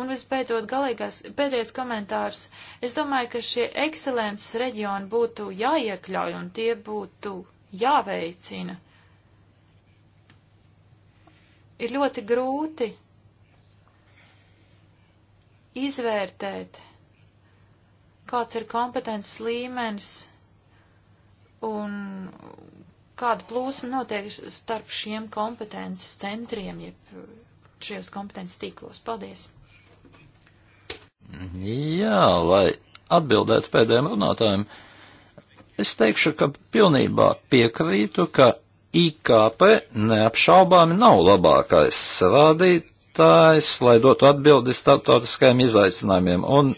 Un visbeidzot, galīgās, pēdējais komentārs. Es domāju, ka šie ekscelences reģioni būtu jāiekļauj un tie būtu jāveicina. Ir ļoti grūti izvērtēt, kāds ir kompetences līmenis un kāda plūsma notiek starp šiem kompetences centriem, jeb šajos kompetences tīklos. Paldies! Jā, lai atbildētu pēdējiem runātājiem, es teikšu, ka pilnībā piekrītu, ka IKP neapšaubāmi nav labākais rādīt, vadītājs, lai dotu atbildi starptautiskajiem izaicinājumiem un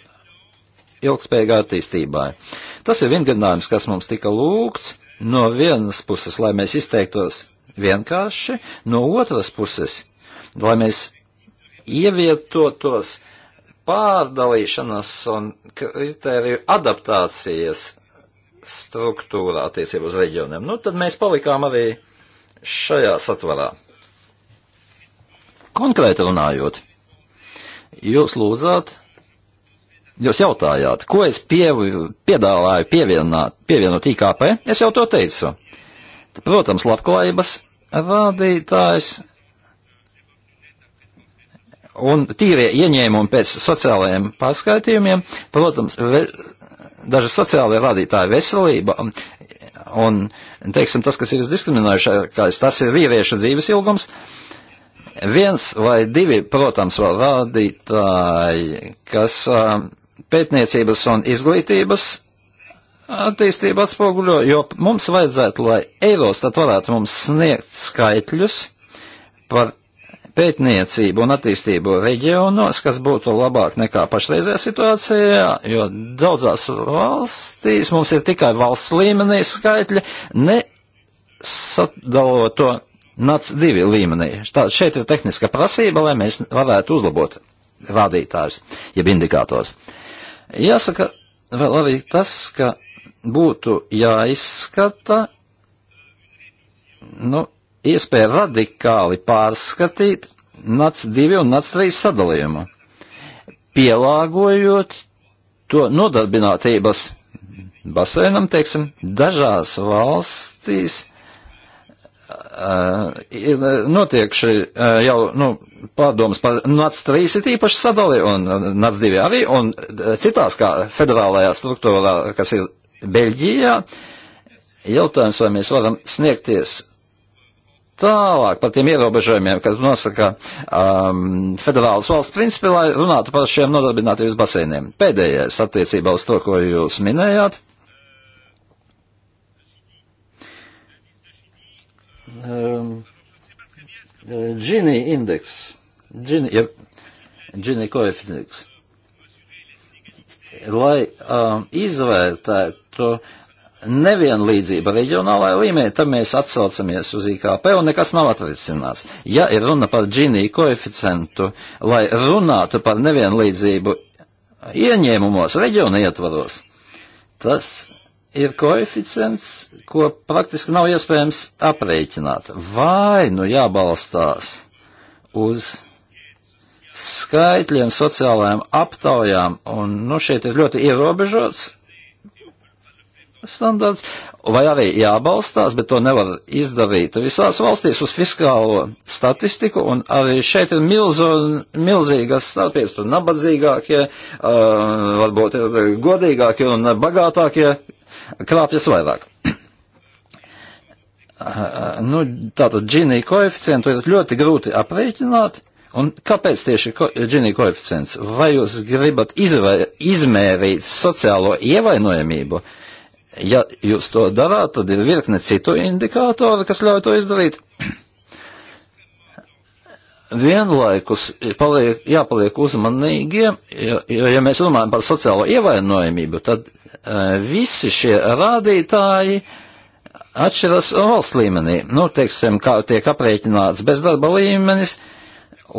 ilgspējīgā attīstībai. Tas ir vingrinājums, kas mums tika lūgts no vienas puses, lai mēs izteiktos vienkārši, no otras puses, lai mēs ievietotos pārdalīšanas un kritēriju adaptācijas struktūrā attiecībā uz reģioniem. Nu, tad mēs palikām arī šajā satvarā. Konkrēti runājot, jūs lūdzāt, jūs jautājāt, ko es piev, piedāvāju pievienot, pievienot IKP, es jau to teicu. Protams, labklājības rādītājs un tīrie ieņēmumi pēc sociālajiem pārskaitījumiem, protams, ve, daži sociālajie rādītāji veselība un, un, teiksim, tas, kas ir visdiskriminējušākais, tas ir vīriešu dzīves ilgums, uh, Viens vai divi, protams, vēl rādītāji, kas pētniecības un izglītības attīstību atspoguļo, jo mums vajadzētu, lai Eirostat varētu mums sniegt skaitļus par pētniecību un attīstību reģionos, kas būtu labāk nekā pašreizējā situācijā, jo daudzās valstīs mums ir tikai valsts līmenī skaitļi, nesadalot to NAC 2 līmenī. Tā, šeit ir tehniska prasība, lai mēs varētu uzlabot rādītājus, jeb indikātors. Jāsaka vēl arī tas, ka būtu jāizskata, nu, iespēja radikāli pārskatīt NAC 2 un NAC 3 sadalījumu, pielāgojot to nodarbinātības basēnam, teiksim, dažās valstīs Eh, eh, notiek šī eh, jau, nu, pārdomas par NAC nu, 3 ir īpaši sadali un NAC 2 arī, un citās kā federālajā struktūrā, kas ir Beļģijā, jautājums, vai mēs varam sniegties tālāk par tiem ierobežojumiem, kas nosaka um, federālas valsts principi, lai runātu par šiem nodarbinātības basēniem. Pēdējais attiecībā uz to, ko jūs minējāt. Um, Gini indeks, Gini, ja, Gini koeficients, lai um, izvērtētu nevienlīdzība reģionālajā līmenī, tad mēs atsaucamies uz IKP un nekas nav atrisināts. Ja ir runa par Gini koeficientu, lai runātu par nevienlīdzību ieņēmumos, reģiona ietvaros, tas ir koeficients, ko praktiski nav iespējams aprēķināt. Vai nu jābalstās uz skaitļiem, sociālajām aptaujām, un nu, šeit ir ļoti ierobežots standarts, vai arī jābalstās, bet to nevar izdarīt visās valstīs uz fiskālo statistiku, un arī šeit ir milzo, milzīgas starpības, tur nabadzīgākie, uh, varbūt ir godīgākie un bagātākie klāpjas vairāk. nu, tātad džinī koeficientu ir ļoti grūti aprēķināt. Un kāpēc tieši ko, džinī koeficients? Vai jūs gribat izvai, izmērīt sociālo ievainojamību? Ja jūs to darāt, tad ir virkne citu indikātoru, kas ļauj to izdarīt. vienlaikus paliek, jāpaliek uzmanīgiem, jo, jo, ja mēs runājam par sociālo ievainojamību, tad uh, visi šie rādītāji atšķiras valsts līmenī. Nu, teiksim, kā tiek aprēķināts bezdarba līmenis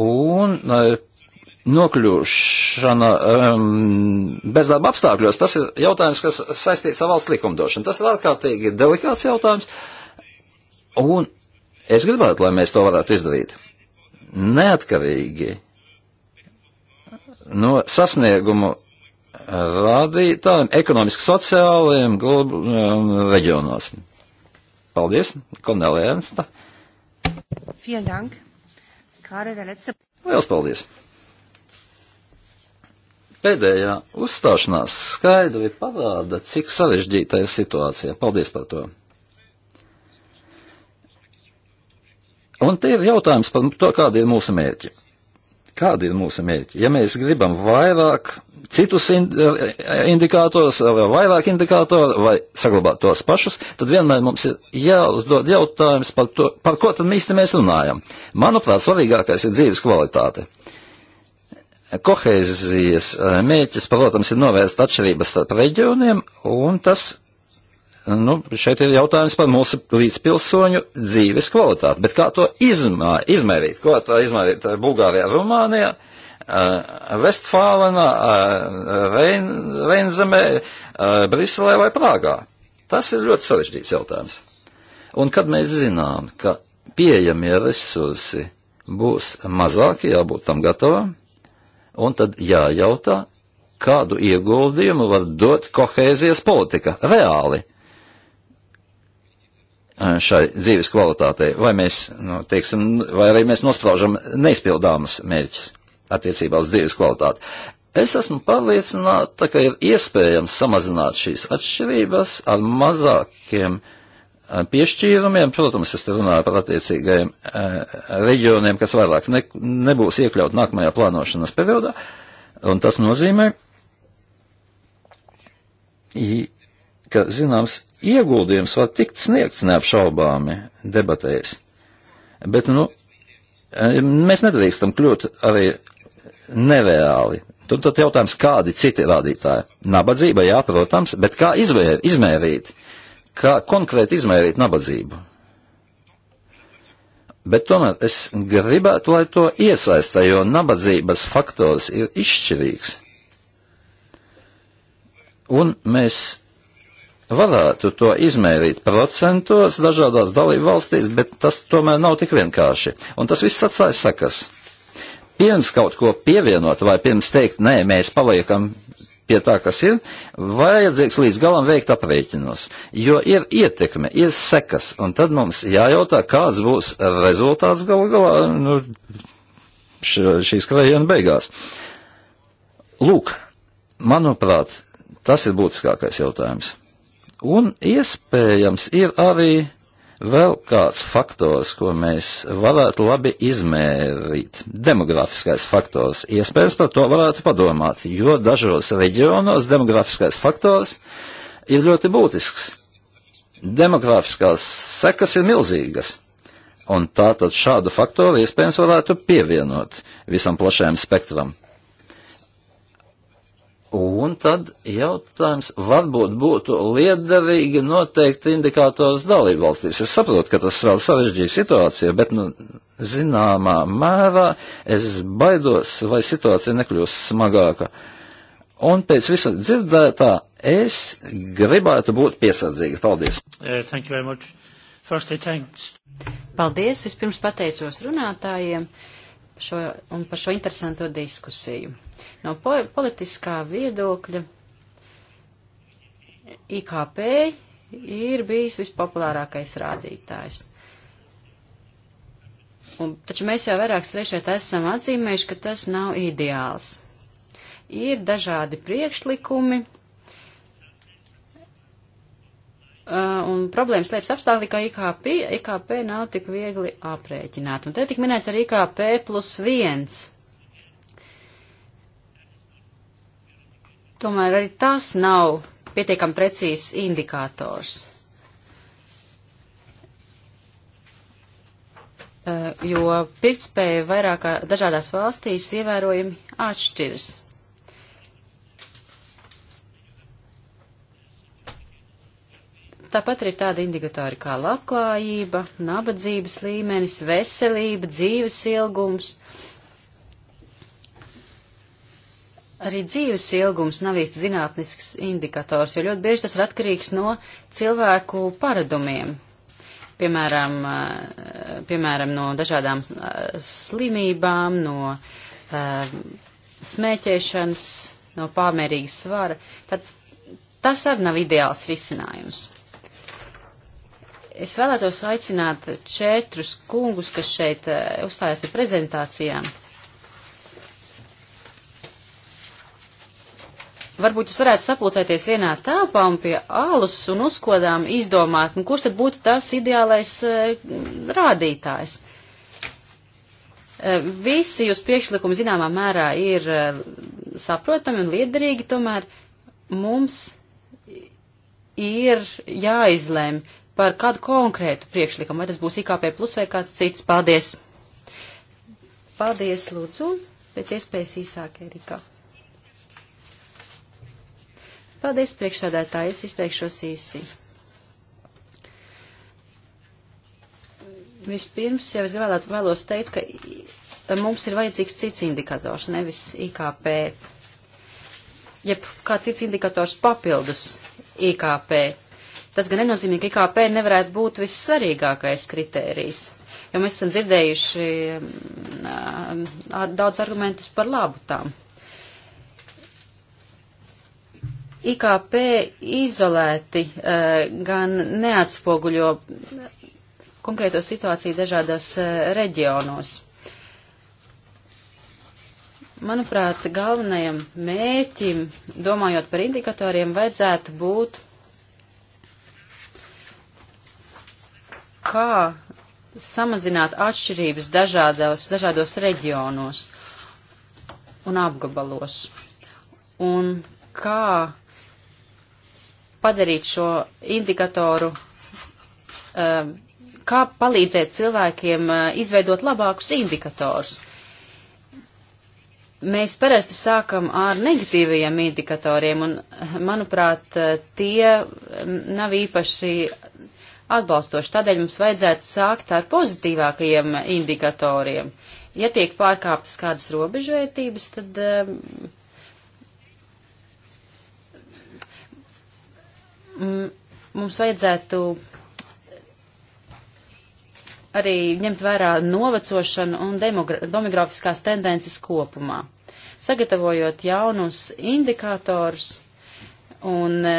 un uh, nokļūšana um, bezdarba apstākļos. Tas ir jautājums, kas saistīts ar valsts likumdošanu. Tas ir ārkārtīgi delikāts jautājums, un es gribētu, lai mēs to varētu izdarīt neatkarīgi no sasniegumu rādītājiem, ekonomiski sociāliem globu, um, reģionos. Paldies, Kornelija Ernsta. Lielas paldies! Pēdējā uzstāšanās skaidri parāda, cik sarežģīta ir situācija. Paldies par to! Un te ir jautājums par to, kādi ir mūsu mērķi. Kādi ir mūsu mērķi? Ja mēs gribam vairāk citus ind eh, indikātors, vai vairāk indikātoru, vai saglabāt tos pašus, tad vienmēr mums ir jāuzdod jautājums par to, par ko tad īsti mēs runājam. Manuprāt, svarīgākais ir dzīves kvalitāte. Kohēzijas eh, mērķis, protams, ir novērst atšķirības starp reģioniem, un tas Nu, šeit ir jautājums par mūsu līdzpilsoņu dzīves kvalitāti, bet kā to izmā, izmērīt? Ko to izmērīt Bulgārijā, Rumānijā, eh, Vestfālenā, eh, Rein, Reinzemē, eh, Briselē vai Prāgā? Tas ir ļoti sarežģīts jautājums. Un kad mēs zinām, ka pieejamie resursi būs mazāki, jābūt tam gatavam, un tad jājautā, kādu ieguldījumu var dot kohēzijas politika reāli šai dzīves kvalitātei, vai mēs, nu, teiksim, vai arī mēs nospraužam neizpildāmas mērķus attiecībā uz dzīves kvalitāti. Es esmu pārliecināta, ka ir iespējams samazināt šīs atšķirības ar mazākiem piešķīrumiem. Protams, es te runāju par attiecīgajiem eh, reģioniem, kas vairāk ne, nebūs iekļaut nākamajā plānošanas periodā, un tas nozīmē, ka zināms ieguldījums var tikt sniegts neapšaubāmi debatēs. Bet, nu, eh, mēs nedrīkstam kļūt arī nereāli. Tur tad jautājums, kādi citi rādītāji? Nabadzība, jā, protams, bet kā izvēr, izmērīt? Kā konkrēti izmērīt nabadzību? Bet tomēr es gribētu, lai to iesaista, jo nabadzības faktors ir izšķirīgs. Un mēs varētu to izmērīt procentos dažādās dalību valstīs, bet tas tomēr nav tik vienkārši. Un tas viss atstāja sakas. Pirms kaut ko pievienot vai pirms teikt, nē, mēs paliekam pie tā, kas ir, vajadzīgs līdz galam veikt aprēķinos, jo ir ietekme, ir sekas, un tad mums jājautā, kāds būs rezultāts galu galā nu, š, šīs krājuma beigās. Lūk, manuprāt, tas ir būtiskākais jautājums. Un iespējams ir arī vēl kāds faktors, ko mēs varētu labi izmērīt. Demografiskais faktors. Iespējams par to varētu padomāt, jo dažos reģionos demografiskais faktors ir ļoti būtisks. Demografiskās sekas ir milzīgas. Un tātad šādu faktoru iespējams varētu pievienot visam plašajam spektram. Un tad jautājums varbūt būtu liederīgi noteikti indikātors dalību valstīs. Es saprotu, ka tas vēl sarežģīja situāciju, bet, nu, zināmā mērā es baidos, vai situācija nekļūs smagāka. Un pēc visa dzirdētā es gribētu būt piesardzīga. Paldies! Uh, Firstly, Paldies! Vispirms pateicos runātājiem šo, un par šo interesanto diskusiju. No po politiskā viedokļa IKP ir bijis vispopulārākais rādītājs. Un, taču mēs jau vairākas reizes esam atzīmējuši, ka tas nav ideāls. Ir dažādi priekšlikumi, Uh, un problēmas slēpjas apstākļi, ka IKP, IKP nav tik viegli aprēķināt. Un te tik minēts ar IKP plus viens. Tomēr arī tas nav pietiekami precīzs indikators. Eh, jo pirktspēja vairākā dažādās valstīs ievērojami atšķiras. Tāpat ir tādi indikatori kā labklājība, nabadzības līmenis, veselība, dzīves ilgums, Arī dzīves ilgums nav īsti zinātnisks indikators, jo ļoti bieži tas ir atkarīgs no cilvēku paradumiem. Piemēram, eh, piemēram no dažādām eh, slimībām, no uh, smēķēšanas, no pārmērīgas svara. Tad tas arī nav ideāls risinājums. Es vēlētos aicināt četrus kungus, kas šeit uh, uzstājas ar prezentācijām varbūt jūs varētu sapulcēties vienā telpā un pie alus un uzkodām izdomāt, nu, kurš tad būtu tas ideālais eh, rādītājs. Eh, visi jūs priekšlikumi zināmā mērā ir eh, saprotami un liederīgi, tomēr mums ir jāizlēm par kādu konkrētu priekšlikumu, vai tas būs IKP plus vai kāds cits. Paldies! Paldies, Lūdzu! Pēc iespējas īsāk, Erika. Paldies, priekšsādētāji, es izteikšos īsi. Vispirms jau es gribētu vēlos teikt, ka mums ir vajadzīgs cits indikators, nevis IKP. Jeb kāds cits indikators papildus IKP. Tas gan nenozīmē, ka IKP nevarētu būt vissvarīgākais kritērijs, jo mēs esam dzirdējuši um, daudz argumentus par labu tām. IKP izolēti eh, gan neatspoguļo konkrēto situāciju dažādos eh, reģionos. Manuprāt, galvenajam mēķim, domājot par indikatoriem, vajadzētu būt, kā samazināt atšķirības dažādos, dažādos reģionos un apgabalos, un kā padarīt šo indikatoru, um, kā palīdzēt cilvēkiem uh, izveidot labākus indikatorus. Mēs parasti sākam ar negatīvajiem indikatoriem, un, uh, manuprāt, uh, tie um, nav īpaši atbalstoši. Tādēļ mums vajadzētu sākt ar pozitīvākajiem indikatoriem. Ja tiek pārkāptas kādas robežvērtības, tad um, mums vajadzētu arī ņemt vērā novecošanu un demografiskās tendences kopumā. Sagatavojot jaunus indikātors un e,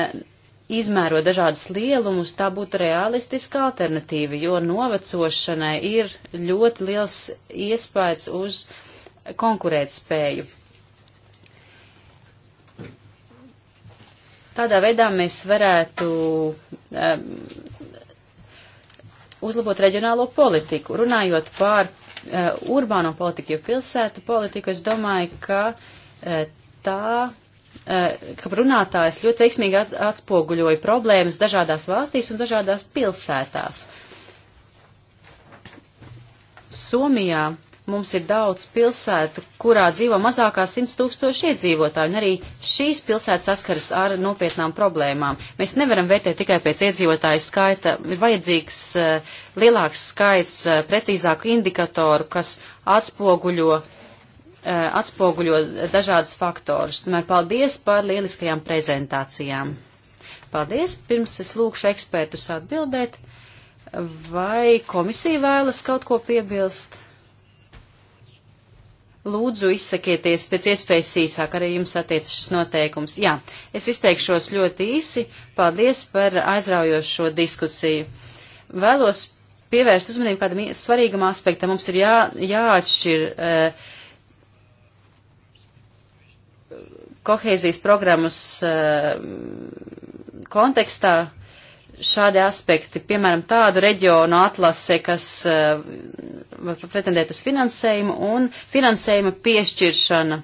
izmērot dažādas lielumus, tā būtu realistiska alternatīva, jo novecošanai ir ļoti liels iespējas uz konkurētspēju. Tādā veidā mēs varētu um, uzlabot reģionālo politiku. Runājot pār uh, e, urbāno politiku, jo pilsētu politiku, es domāju, ka uh, tā, uh, ka runātājs ļoti veiksmīgi at atspoguļoja problēmas dažādās valstīs un dažādās pilsētās. Somijā Mums ir daudz pilsētu, kurā dzīvo mazākā 100 tūkstoši iedzīvotāji, un arī šīs pilsētas saskaras ar nopietnām problēmām. Mēs nevaram vērtēt tikai pēc iedzīvotāju skaita. Ir vajadzīgs uh, lielāks skaits uh, precīzāku indikatoru, kas atspoguļo, uh, atspoguļo dažādus faktorus. Tomēr paldies par lieliskajām prezentācijām. Paldies. Pirms es lūkšu ekspertus atbildēt, vai komisija vēlas kaut ko piebilst? Lūdzu, izsakieties pēc iespējas īsāk, arī jums attiec šis noteikums. Jā, es izteikšos ļoti īsi. Paldies par aizraujošo diskusiju. Vēlos pievērst uzmanību kādam svarīgam aspektam. Mums ir jā, jāatšķir eh, kohēzijas programmas eh, kontekstā šādi aspekti, piemēram, tādu reģionu atlase, kas uh, pretendēt uz finansējumu un finansējuma piešķiršana,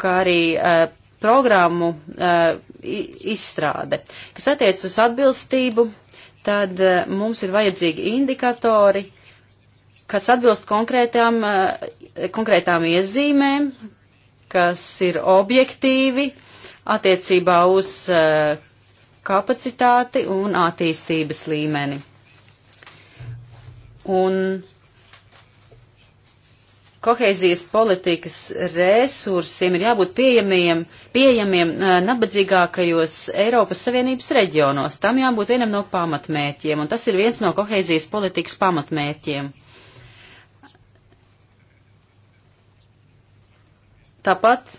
kā arī uh, programmu uh, izstrāde. Kas attiec uz atbilstību, tad uh, mums ir vajadzīgi indikatori, kas atbilst konkrētām, uh, konkrētām iezīmēm, kas ir objektīvi attiecībā uz eh, kapacitāti un attīstības līmeni. Un kohēzijas politikas resursiem ir jābūt pieejamiem, pieejamiem eh, nabadzīgākajos Eiropas Savienības reģionos. Tam jābūt vienam no pamatmērķiem, un tas ir viens no kohēzijas politikas pamatmērķiem. Tāpat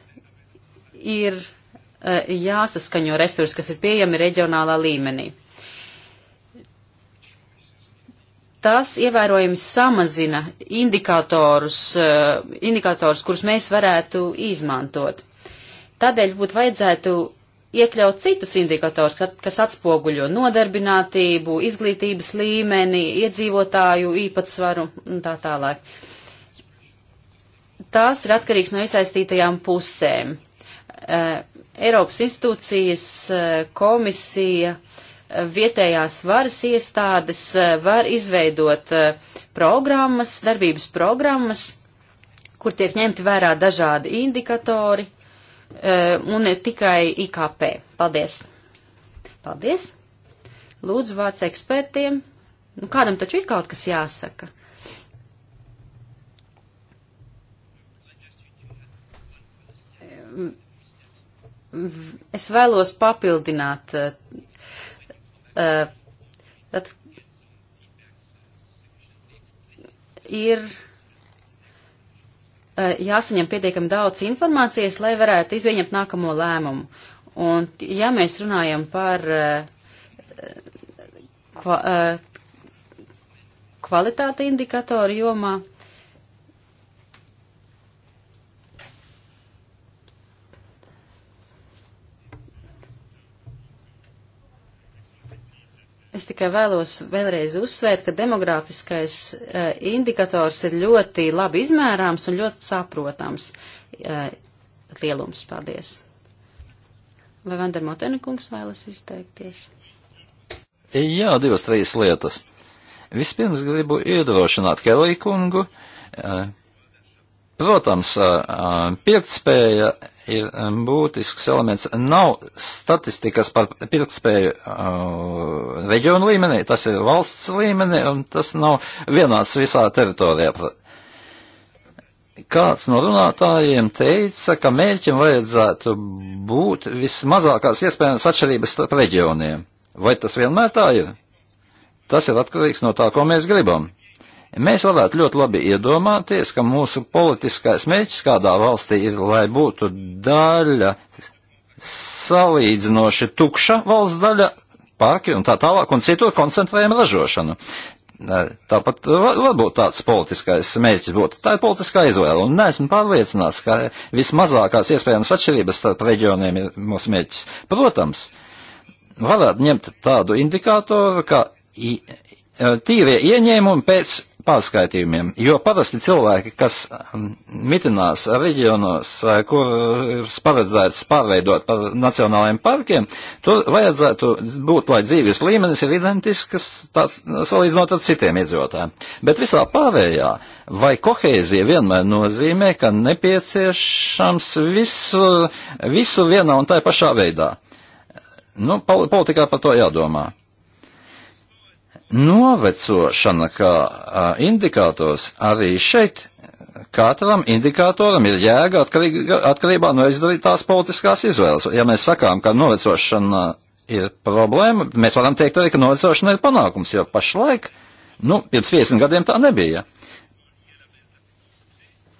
ir Eh, jāsaskaņo resursi, kas ir pieejami reģionālā līmenī. Tas ievērojami samazina indikatorus, eh, indikatorus, kurus mēs varētu izmantot. Tādēļ būtu vajadzētu iekļaut citus indikatorus, kas atspoguļo nodarbinātību, izglītības līmeni, iedzīvotāju īpatsvaru un tā tālāk. Tās ir atkarīgs no iesaistītajām pusēm. Eh, Eiropas institūcijas, eh, komisija, eh, vietējās varas iestādes eh, var izveidot programmas, darbības programmas, kur tiek ņemti vērā dažādi indikatori un ne tikai IKP. Paldies! Paldies! Lūdzu, vārds ekspertiem. Nu, kādam taču ir kaut kas jāsaka. Mm es vēlos papildināt. Eh, eh, Tad ir eh, jāsaņem pietiekami daudz informācijas, lai varētu izpieņemt nākamo lēmumu. Un, ja mēs runājam par kvalitāti indikatoru jomā, Es tikai vēlos vēlreiz uzsvērt, ka demogrāfiskais uh, eh, indikators ir ļoti labi izmērāms un ļoti saprotams uh, lielums. Paldies! Vai Vandermotena kungs vēlas izteikties? E, jā, divas, trīs lietas. Vispirms gribu iedrošināt Kelī kungu, uh, Protams, pirktspēja ir būtisks elements. Nav statistikas par pirktspēju uh, reģionu līmenī, tas ir valsts līmenī, un tas nav vienāds visā teritorijā. Kāds no runātājiem teica, ka mērķim vajadzētu būt vismazākās iespējamas atšķirības starp reģioniem. Vai tas vienmēr tā ir? Tas ir atkarīgs no tā, ko mēs gribam. Mēs varētu ļoti labi iedomāties, ka mūsu politiskais mērķis kādā valstī ir, lai būtu daļa salīdzinoši tukša valsts daļa, parki un tā tālāk, un citur koncentrējam ražošanu. Tāpat varbūt tāds politiskais mērķis būtu. Tā ir politiskā izvēle, un neesmu pārliecināts, ka vismazākās iespējamas atšķirības starp reģioniem ir mūsu mērķis. Protams, varētu ņemt tādu indikātoru, ka tīrie ieņēmumi pēc pārskaitījumiem, jo parasti cilvēki, kas um, mitinās reģionos, uh, kur ir paredzēts pārveidot par nacionālajiem parkiem, tur vajadzētu būt, lai dzīves līmenis ir identisks tās, salīdzinot ar citiem iedzīvotājiem. Bet visā pārējā vai kohēzija vienmēr nozīmē, ka nepieciešams visu, visu vienā un tā pašā veidā. Nu, politikā par to jādomā. Novecošana kā indikators arī šeit katram indikatoram ir jēga atkarīga, atkarībā no izdarītās politiskās izvēles. Ja mēs sakām, ka novecošana ir problēma, mēs varam teikt arī, ka novecošana ir panākums, jo pašlaik, nu, pirms 50 gadiem tā nebija.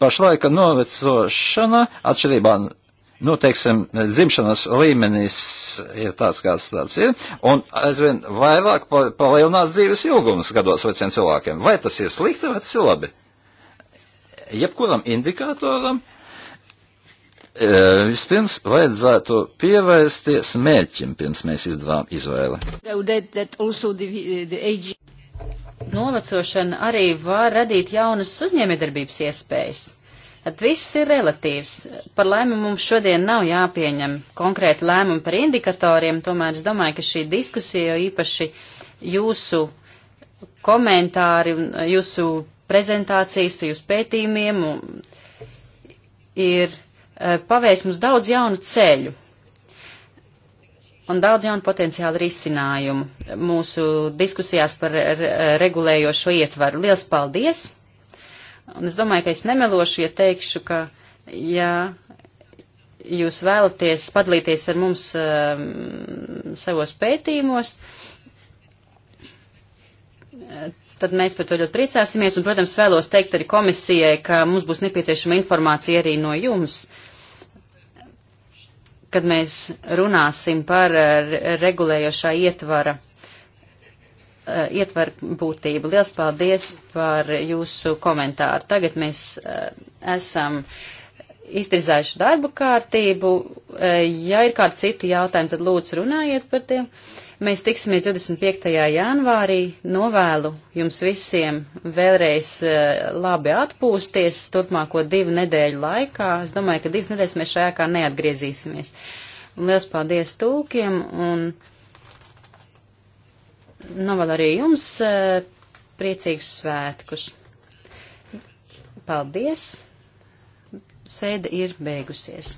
Pašlaika novecošana, atšķirībā nu, teiksim, dzimšanas līmenis ir tāds, kāds tāds ir, un aizvien vairāk pa, palielinās dzīves ilgums gados veciem cilvēkiem. Vai tas ir slikti vai tas ir labi? Jebkuram indikātoram e, vispirms vajadzētu pievērsties mērķim, pirms mēs izdarām izvēli. Novecošana arī var radīt jaunas uzņēmējdarbības iespējas. Tad viss ir relatīvs. Par laimi mums šodien nav jāpieņem konkrēti lēmumi par indikatoriem, tomēr es domāju, ka šī diskusija, jo īpaši jūsu komentāri, jūsu prezentācijas par jūsu pētījumiem ir e, pavērs mums daudz jaunu ceļu un daudz jaunu potenciālu risinājumu mūsu diskusijās par regulējošo ietvaru. Liels paldies! Un es domāju, ka es nemelošu, ja teikšu, ka, ja jūs vēlaties padalīties ar mums um, savos pētījumos, tad mēs par to ļoti priecāsimies. Un, protams, vēlos teikt arī komisijai, ka mums būs nepieciešama informācija arī no jums, kad mēs runāsim par uh, regulējošā ietvara uh, ietver būtību. Liels paldies par jūsu komentāru. Tagad mēs uh, esam iztirzājuši darbu kārtību. Uh, ja ir kādi citi jautājumi, tad lūdzu runājiet par tiem. Mēs tiksimies 25. janvārī. Novēlu jums visiem vēlreiz labi atpūsties turpmāko divu nedēļu laikā. Es domāju, ka divas nedēļas mēs šajā kā neatgriezīsimies. Un liels paldies tūkiem un novēl nu, arī jums e, priecīgus svētkus. Paldies! Sēde ir beigusies.